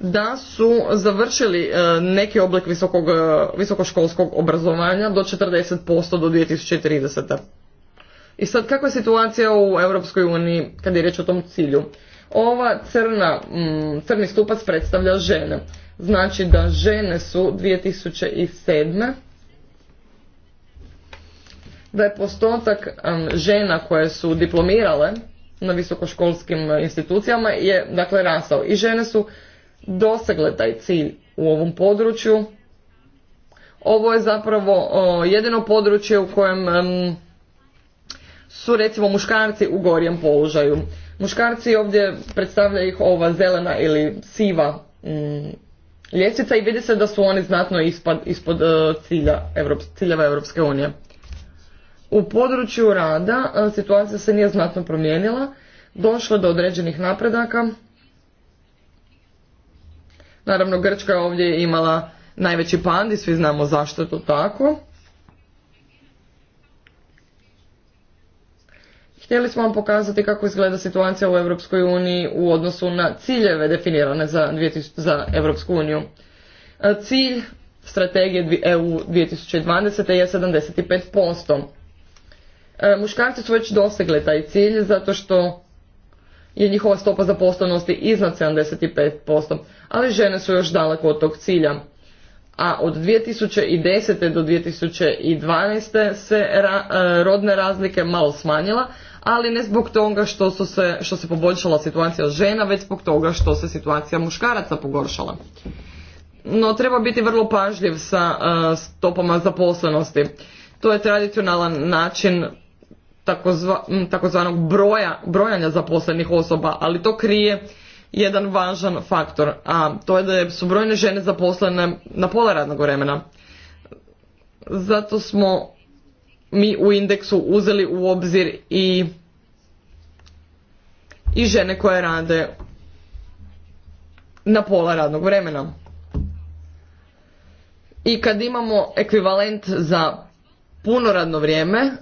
da su završili e, neki oblik visokog, e, visokoškolskog obrazovanja do 40% do 2030. I sad kakva je situacija u Europskoj uniji kad je riječ o tom cilju? Ova crna, mm, crni stupac predstavlja žene. Znači da žene su 2007 da je postotak žena koje su diplomirale na visokoškolskim institucijama je dakle rastao i žene su dosegle taj cilj u ovom području. Ovo je zapravo jedino područje u kojem su recimo muškarci u gorijem položaju. Muškarci ovdje predstavlja ih ova zelena ili siva ljestvica i vidi se da su oni znatno ispod, e, cilja, ciljeva Europske unije. U području rada e, situacija se nije znatno promijenila, došlo do određenih napredaka. Naravno, Grčka je ovdje imala najveći pandi, svi znamo zašto je to tako. Htjeli smo vam pokazati kako izgleda situacija u Europskoj uniji u odnosu na ciljeve definirane za, EU. za Europsku uniju. E, cilj strategije EU 2020. je 75%. E, muškarci su već dosegli taj cilj zato što je njihova stopa zaposlenosti iznad 75%, ali žene su još daleko od tog cilja. A od 2010. do 2012. se e, rodne razlike malo smanjila, ali ne zbog toga što, se, što se poboljšala situacija žena, već zbog toga što se situacija muškaraca pogoršala. No treba biti vrlo pažljiv sa e, stopama zaposlenosti. To je tradicionalan način takozvanog broja, brojanja zaposlenih osoba, ali to krije jedan važan faktor, a to je da su brojne žene zaposlene na pola radnog vremena. Zato smo mi u indeksu uzeli u obzir i, i žene koje rade na pola radnog vremena. I kad imamo ekvivalent za puno radno vrijeme,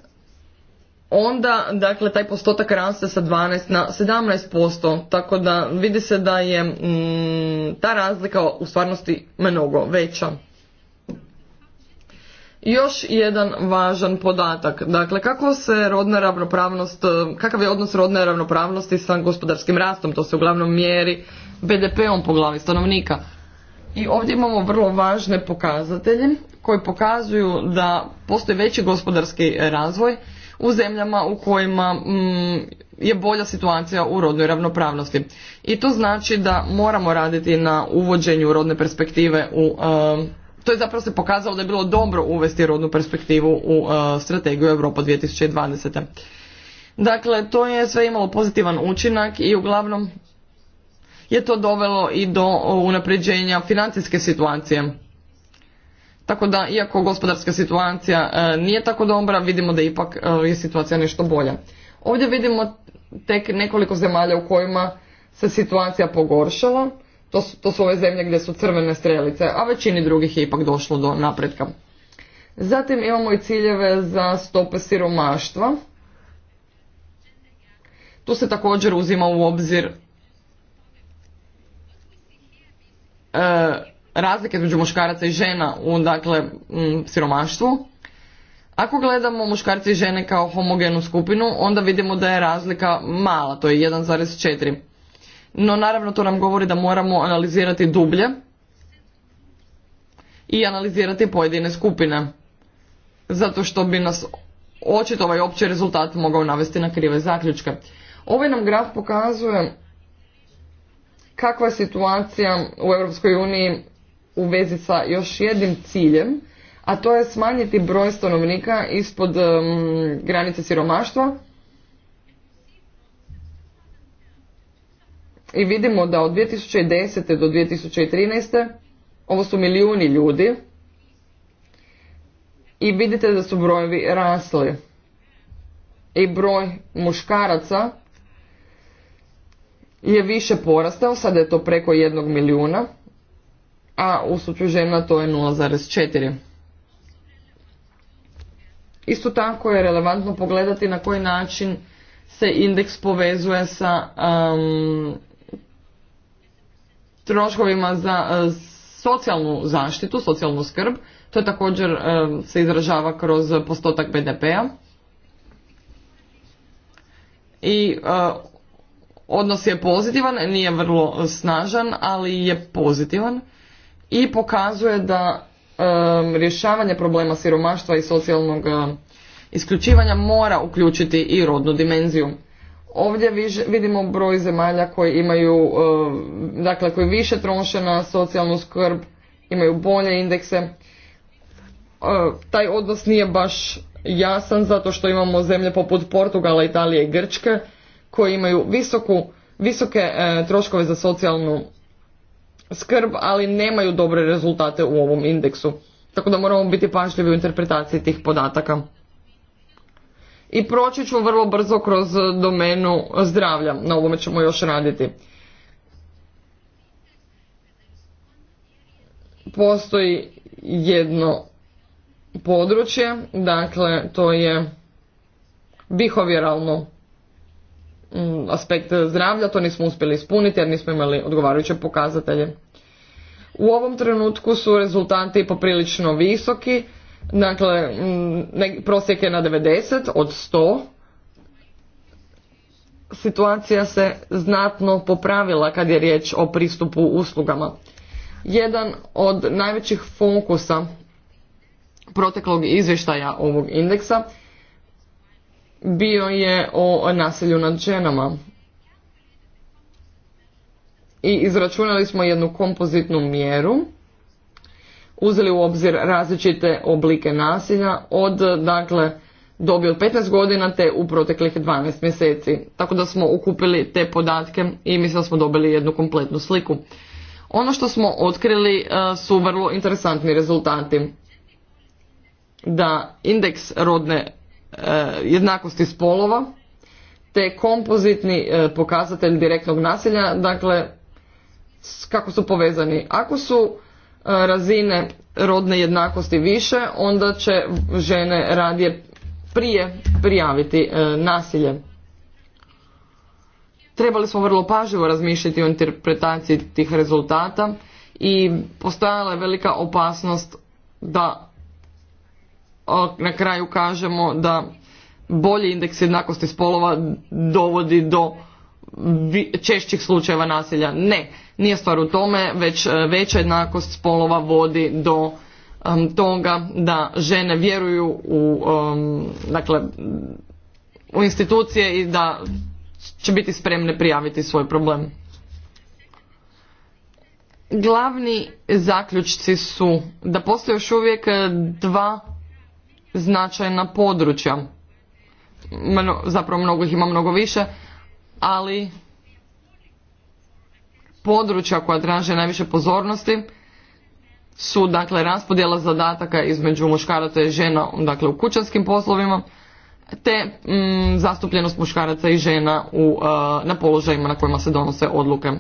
onda dakle taj postotak raste sa 12 na 17%, tako da vidi se da je mm, ta razlika u stvarnosti mnogo veća. Još jedan važan podatak, dakle kako se rodna ravnopravnost, kakav je odnos rodne ravnopravnosti sa gospodarskim rastom, to se uglavnom mjeri BDP-om po glavi stanovnika. I ovdje imamo vrlo važne pokazatelje koji pokazuju da postoji veći gospodarski razvoj, u zemljama u kojima mm, je bolja situacija u rodnoj ravnopravnosti. I to znači da moramo raditi na uvođenju rodne perspektive u... to je zapravo se pokazalo da je bilo dobro uvesti rodnu perspektivu u e, strategiju Europa 2020. Dakle, to je sve imalo pozitivan učinak i uglavnom je to dovelo i do unapređenja financijske situacije tako da, iako gospodarska situacija e, nije tako dobra, vidimo da ipak e, je situacija nešto bolja. Ovdje vidimo tek nekoliko zemalja u kojima se situacija pogoršala. To su, to su ove zemlje gdje su crvene strelice, a većini drugih je ipak došlo do napretka. Zatim imamo i ciljeve za stope siromaštva. Tu se također uzima u obzir e, razlike između muškaraca i žena u dakle mm, siromaštvu. Ako gledamo muškarce i žene kao homogenu skupinu, onda vidimo da je razlika mala, to je 1,4. No naravno to nam govori da moramo analizirati dublje i analizirati pojedine skupine. Zato što bi nas očito ovaj opći rezultat mogao navesti na krive zaključke. Ovaj nam graf pokazuje kakva je situacija u Europskoj uniji u vezi sa još jednim ciljem, a to je smanjiti broj stanovnika ispod granice siromaštva. I vidimo da od 2010. do 2013. ovo su milijuni ljudi i vidite da su brojevi rasli. I broj muškaraca je više porastao, sada je to preko jednog milijuna a u slučaju žena to je 0,4. Isto tako je relevantno pogledati na koji način se indeks povezuje sa um, troškovima za e, socijalnu zaštitu, socijalnu skrb. To je također e, se izražava kroz postotak BDP-a. I e, odnos je pozitivan, nije vrlo snažan, ali je pozitivan i pokazuje da rješavanje problema siromaštva i socijalnog isključivanja mora uključiti i rodnu dimenziju. Ovdje vidimo broj zemalja koji imaju, dakle koji više troše na socijalnu skrb, imaju bolje indekse. Taj odnos nije baš jasan zato što imamo zemlje poput Portugala, Italije i Grčke koji imaju visoku, visoke troškove za socijalnu skrb, ali nemaju dobre rezultate u ovom indeksu. Tako da moramo biti pažljivi u interpretaciji tih podataka. I proći ću vrlo brzo kroz domenu zdravlja, na ovome ćemo još raditi. Postoji jedno područje, dakle to je bihovjeralno mm, aspekt zdravlja, to nismo uspjeli ispuniti jer nismo imali odgovarajuće pokazatelje. U ovom trenutku su rezultanti poprilično visoki, dakle prosjek je na 90 od 100. Situacija se znatno popravila kad je riječ o pristupu uslugama. Jedan od najvećih fokusa proteklog izvještaja ovog indeksa bio je o nasilju nad ženama i izračunali smo jednu kompozitnu mjeru, uzeli u obzir različite oblike nasilja od dakle dobi od 15 godina te u proteklih 12 mjeseci. Tako da smo ukupili te podatke i mislim da smo dobili jednu kompletnu sliku. Ono što smo otkrili e, su vrlo interesantni rezultati. Da indeks rodne e, jednakosti spolova te kompozitni e, pokazatelj direktnog nasilja, dakle kako su povezani. Ako su e, razine rodne jednakosti više, onda će žene radije prije prijaviti e, nasilje. Trebali smo vrlo pažljivo razmišljati o interpretaciji tih rezultata i postojala je velika opasnost da na kraju kažemo da bolji indeks jednakosti spolova dovodi do češćih slučajeva nasilja. Ne, nije stvar u tome, već e, veća jednakost spolova vodi do toga da žene vjeruju u, dakle, u institucije i da će biti spremne prijaviti svoj problem. Glavni zaključci su da postoje još uvijek e, dva značajna područja. Zapravo mnogo ih ima mnogo više, ali područja koja traže najviše pozornosti su dakle raspodjela zadataka između muškaraca i žena dakle u kućanskim poslovima te mm, zastupljenost muškaraca i žena u, e, na položajima na kojima se donose odluke.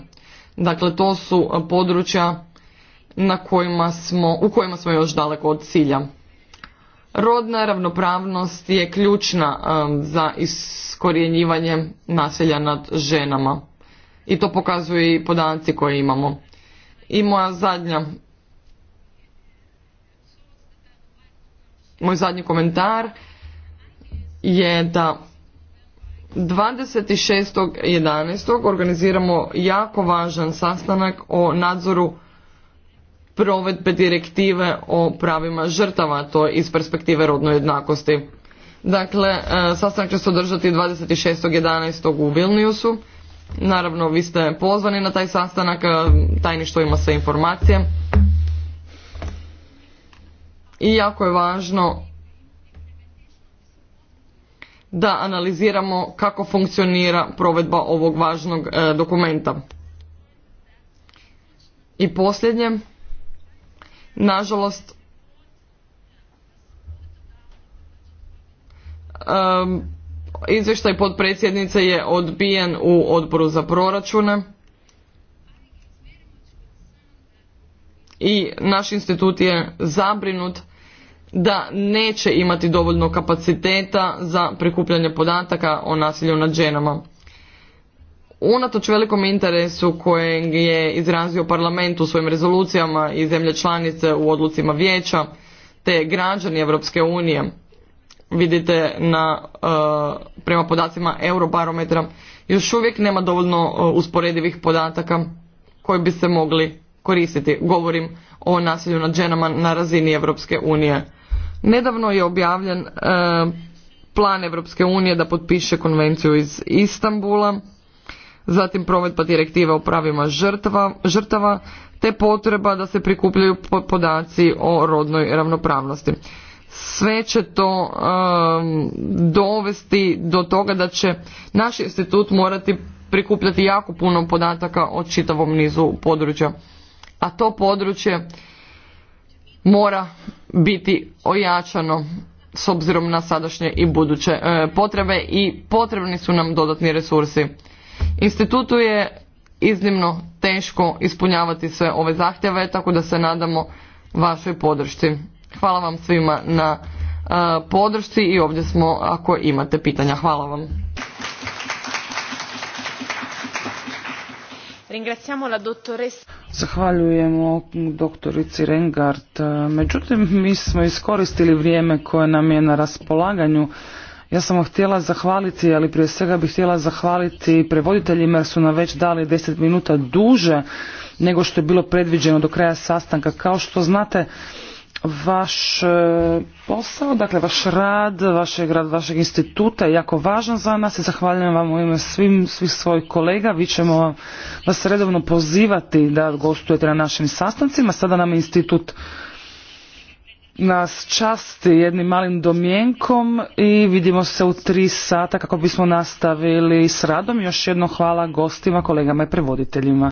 Dakle, to su područja na kojima smo, u kojima smo još daleko od cilja. Rodna ravnopravnost je ključna e, za iskorjenjivanje nasilja nad ženama i to pokazuju i podaci koje imamo. I moja zadnja moj zadnji komentar je da 26.11. organiziramo jako važan sastanak o nadzoru provedbe direktive o pravima žrtava, to je iz perspektive rodnoj jednakosti. Dakle, e, sastanak će se održati 26.11. u Vilniusu Naravno, vi ste pozvani na taj sastanak, e, tajništvo ima sve informacije. I jako je važno da analiziramo kako funkcionira provedba ovog važnog e, dokumenta. I posljednje, nažalost, e, izvještaj potpredsjednice je odbijen u odboru za proračune i naš institut je zabrinut da neće imati dovoljno kapaciteta za prikupljanje podataka o nasilju nad ženama. Unatoč velikom interesu kojeg je izrazio parlament u svojim rezolucijama i zemlje članice u odlucima vijeća te građani Europske unije, vidite na, e, prema podacima Eurobarometra, još uvijek nema dovoljno e, usporedivih podataka koji bi se mogli koristiti. Govorim o nasilju nad ženama na razini Europske unije. Nedavno je objavljen e, plan Europske unije da potpiše konvenciju iz Istambula, zatim provedba direktive o pravima žrtava, te potreba da se prikupljaju podaci o rodnoj ravnopravnosti sve će to um, dovesti do toga da će naš institut morati prikupljati jako puno podataka o čitavom nizu područja. A to područje mora biti ojačano s obzirom na sadašnje i buduće e, potrebe i potrebni su nam dodatni resursi. Institutu je iznimno teško ispunjavati sve ove zahtjeve, tako da se nadamo vašoj podršci. Hvala vam svima na podršci i ovdje smo ako imate pitanja. Hvala vam. Zahvaljujemo doktorici Rengard. Međutim, mi smo iskoristili vrijeme koje nam je na raspolaganju. Ja sam vam htjela zahvaliti, ali prije svega bih htjela zahvaliti prevoditeljima jer su nam već dali 10 minuta duže nego što je bilo predviđeno do kraja sastanka. Kao što znate, Vaš e, posao, dakle vaš rad, vašeg rad, vašeg instituta je jako važan za nas i zahvaljujem vam u ime svim, svih svojih kolega. Vi ćemo vas redovno pozivati da gostujete na našim sastancima. Sada nam institut nas časti jednim malim domjenkom i vidimo se u tri sata kako bismo nastavili s radom. Još jedno hvala gostima, kolegama i prevoditeljima.